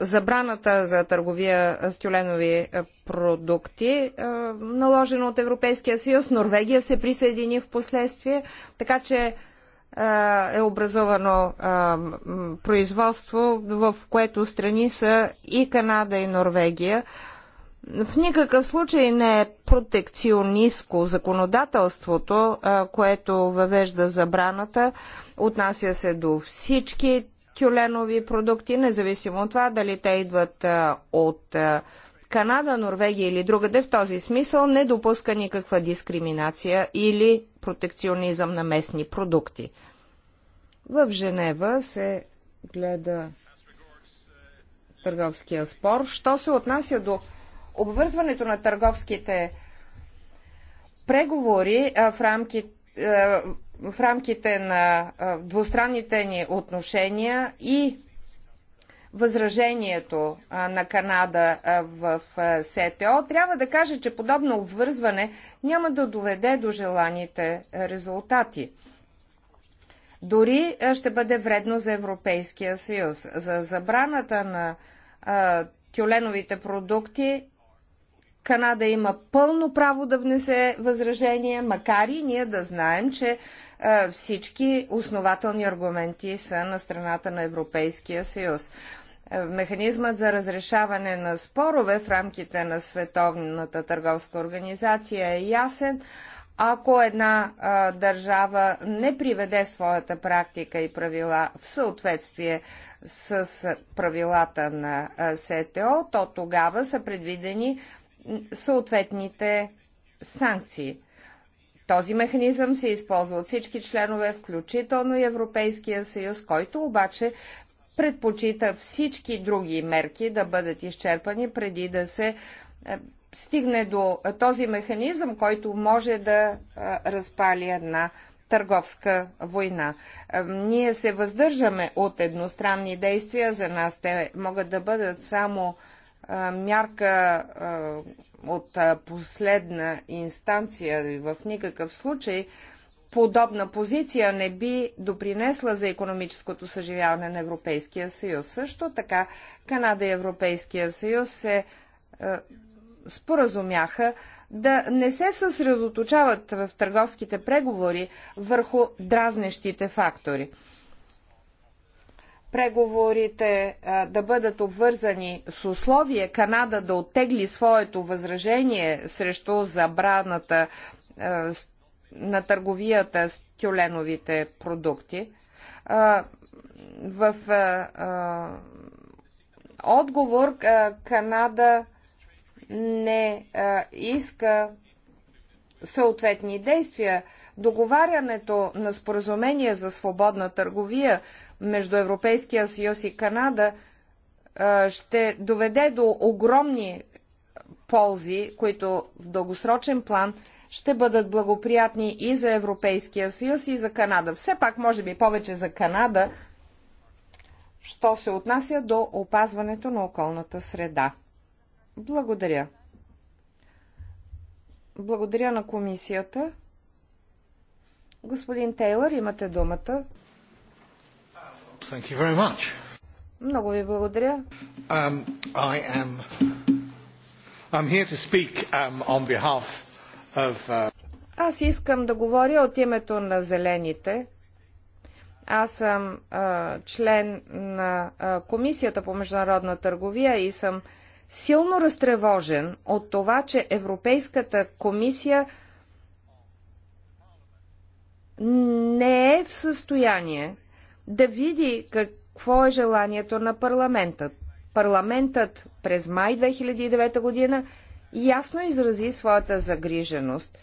забраната за търговия с тюленови продукти, наложена от Европейския съюз. Норвегия се присъедини в последствие, така че е образовано производство, в което страни са и Канада, и Норвегия. В никакъв случай не е протекционистко законодателството, което въвежда забраната. Отнася се до всички тюленови продукти, независимо от това дали те идват от Канада, Норвегия или другаде. В този смисъл не допуска никаква дискриминация или протекционизъм на местни продукти. В Женева се гледа търговския спор. Що се отнася до обвързването на търговските преговори в рамките в рамките на двустранните ни отношения и възражението на Канада в СТО, трябва да кажа, че подобно обвързване няма да доведе до желаните резултати. Дори ще бъде вредно за Европейския съюз. За забраната на тюленовите продукти Канада има пълно право да внесе възражение, макар и ние да знаем, че е, всички основателни аргументи са на страната на Европейския съюз. Е, механизмът за разрешаване на спорове в рамките на Световната търговска организация е ясен. Ако една а, е, държава не приведе своята практика и правила в съответствие с правилата на СТО, то тогава са предвидени съответните санкции. Този механизъм се използва от всички членове, включително и Европейския съюз, който обаче предпочита всички други мерки да бъдат изчерпани преди да се е, стигне до този механизъм, който може да е, разпали една търговска война. Е, ние се въздържаме от едностранни действия, за нас те могат да бъдат само мярка от последна инстанция и в никакъв случай подобна позиция не би допринесла за економическото съживяване на Европейския съюз. Също така Канада и Европейския съюз се споразумяха да не се съсредоточават в търговските преговори върху дразнещите фактори преговорите да бъдат обвързани с условие Канада да оттегли своето възражение срещу забраната на търговията с тюленовите продукти. в отговор Канада не иска съответни действия. Договарянето на споразумение за свободна търговия между Европейския съюз и Канада ще доведе до огромни ползи, които в дългосрочен план ще бъдат благоприятни и за Европейския съюз, и за Канада. Все пак, може би повече за Канада, що се отнася до опазването на околната среда. Благодаря. Благодаря на комисията. Господин Тейлър, имате думата. Thank you very much. Много ви благодаря. Um, I am... I'm here to speak um, on behalf of... Uh... Аз искам да говоря от името на зелените. Аз съм а, член на а, Комисията по международна търговия и съм силно разтревожен от това, че Европейската комисия не е в състояние да види какво е желанието на парламентът. Парламентът през май 2009 година ясно изрази своята загриженост.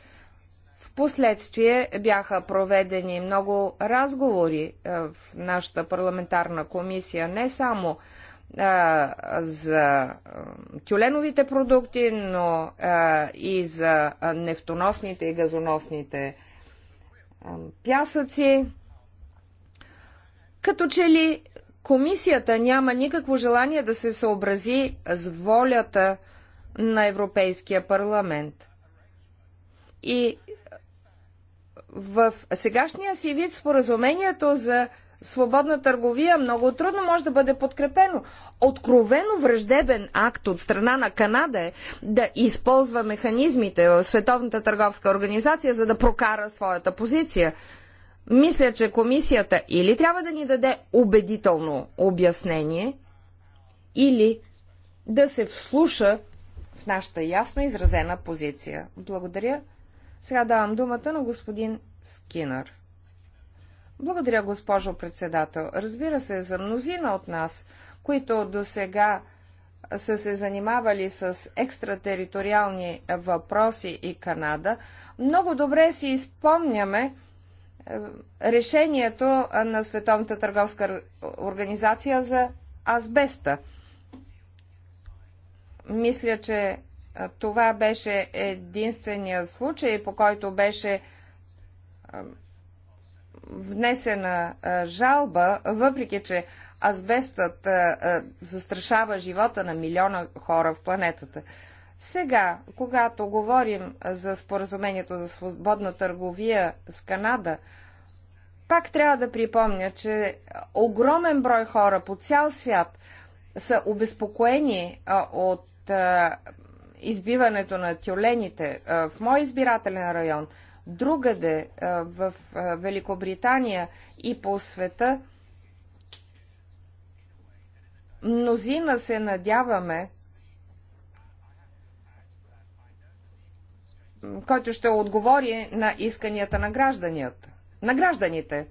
В последствие бяха проведени много разговори е, в нашата парламентарна комисия, не само е, за е, тюленовите продукти, но и за нефтоносните и газоносните пясъци. Като че ли комисията няма никакво желание да се съобрази с волята на Европейския парламент. И в сегашния си вид споразумението за свободна търговия много трудно може да бъде подкрепено. Откровено враждебен акт от страна на Канада е да използва механизмите в Световната търговска организация, за да прокара своята позиция. Мисля, че комисията или трябва да ни даде убедително обяснение, или да се вслуша в нашата ясно изразена позиция. Благодаря. Сега давам думата на господин Скинър. Благодаря, госпожо председател. Разбира се, за мнозина от нас, които до сега са се занимавали с екстратериториални въпроси и Канада, много добре си изпомняме решението на Световната търговска организация за азбеста. Мисля, че това беше единствения случай, по който беше внесена жалба, въпреки че азбестът застрашава живота на милиона хора в планетата. Сега, когато говорим за споразумението за свободна търговия с Канада, пак трябва да припомня, че огромен брой хора по цял свят са обезпокоени от избиването на тюлените в мой избирателен район, другаде в Великобритания и по света. Мнозина се надяваме, който ще отговори на исканията на гражданията. На гражданите.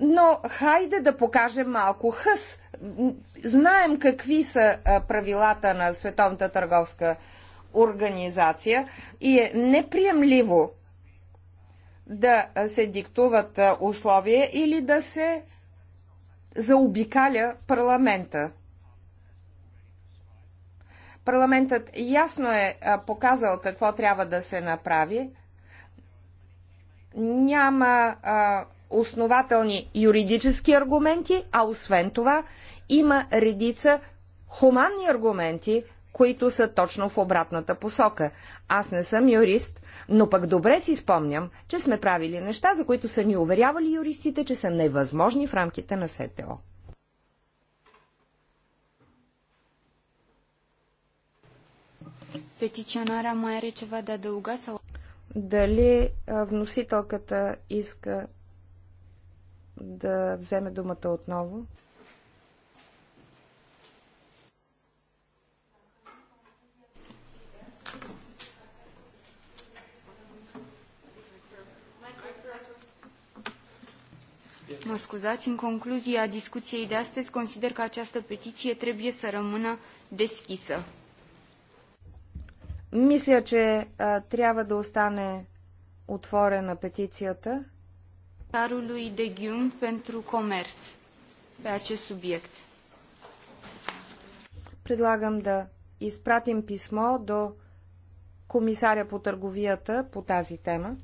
Но хайде да покажем малко хъс. Знаем какви са правилата на Световната търговска организация и е неприемливо да се диктуват условия или да се заобикаля парламента. Парламентът ясно е показал какво трябва да се направи. Няма а, основателни юридически аргументи, а освен това има редица хуманни аргументи, които са точно в обратната посока. Аз не съм юрист, но пък добре си спомням, че сме правили неща, за които са ни уверявали юристите, че са невъзможни в рамките на СТО. Petiționarea mai are ceva de adăugat sau... Дали вносителката иска да вземе думата отново? Mă scuzați, în concluzia discuției de astăzi, consider că această petiție trebuie să rămână deschisă. Мисля, че а, трябва да остане отворена петицията. Carului de Ghiun pentru comerț pe acest субект. Предлагам да изпратим писмо до комисаря по търговията по тази тема.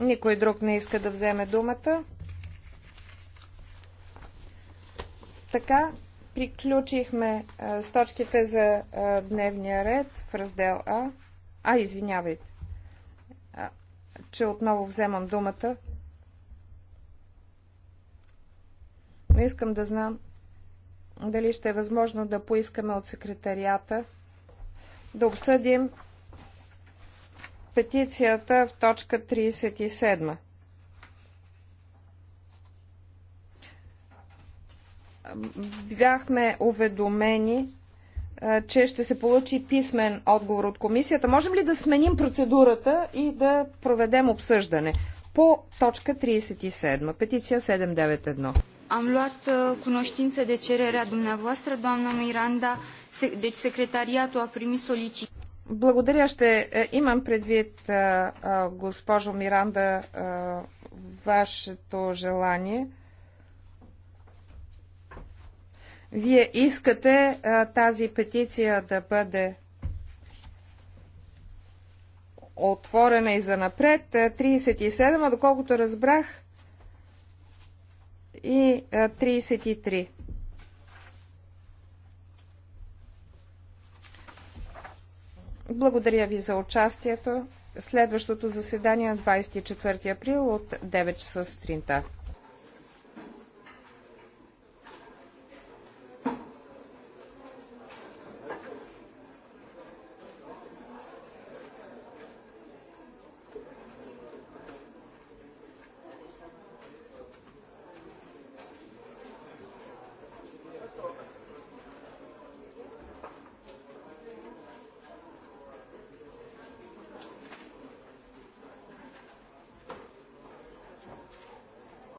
Никой друг не иска да вземе думата. Така, Приключихме а, с точките за а, дневния ред в раздел А. А, извинявайте, а, че отново вземам думата. Но искам да знам дали ще е възможно да поискаме от секретарията да обсъдим петицията в точка 37. бяхме уведомени, че ще се получи писмен отговор от комисията. Можем ли да сменим процедурата и да проведем обсъждане по точка 37, петиция 791? Am luat cunoștință de cererea dumneavoastră, doamna Miranda, deci secretariatul a primit solicitări. Благодаря, ще имам предвид, госпожо Миранда, вашето желание Вие искате а, тази петиция да бъде отворена и за напред. 37, а доколкото разбрах, и 33. Благодаря ви за участието. Следващото заседание на 24 април от 9 часа сутринта.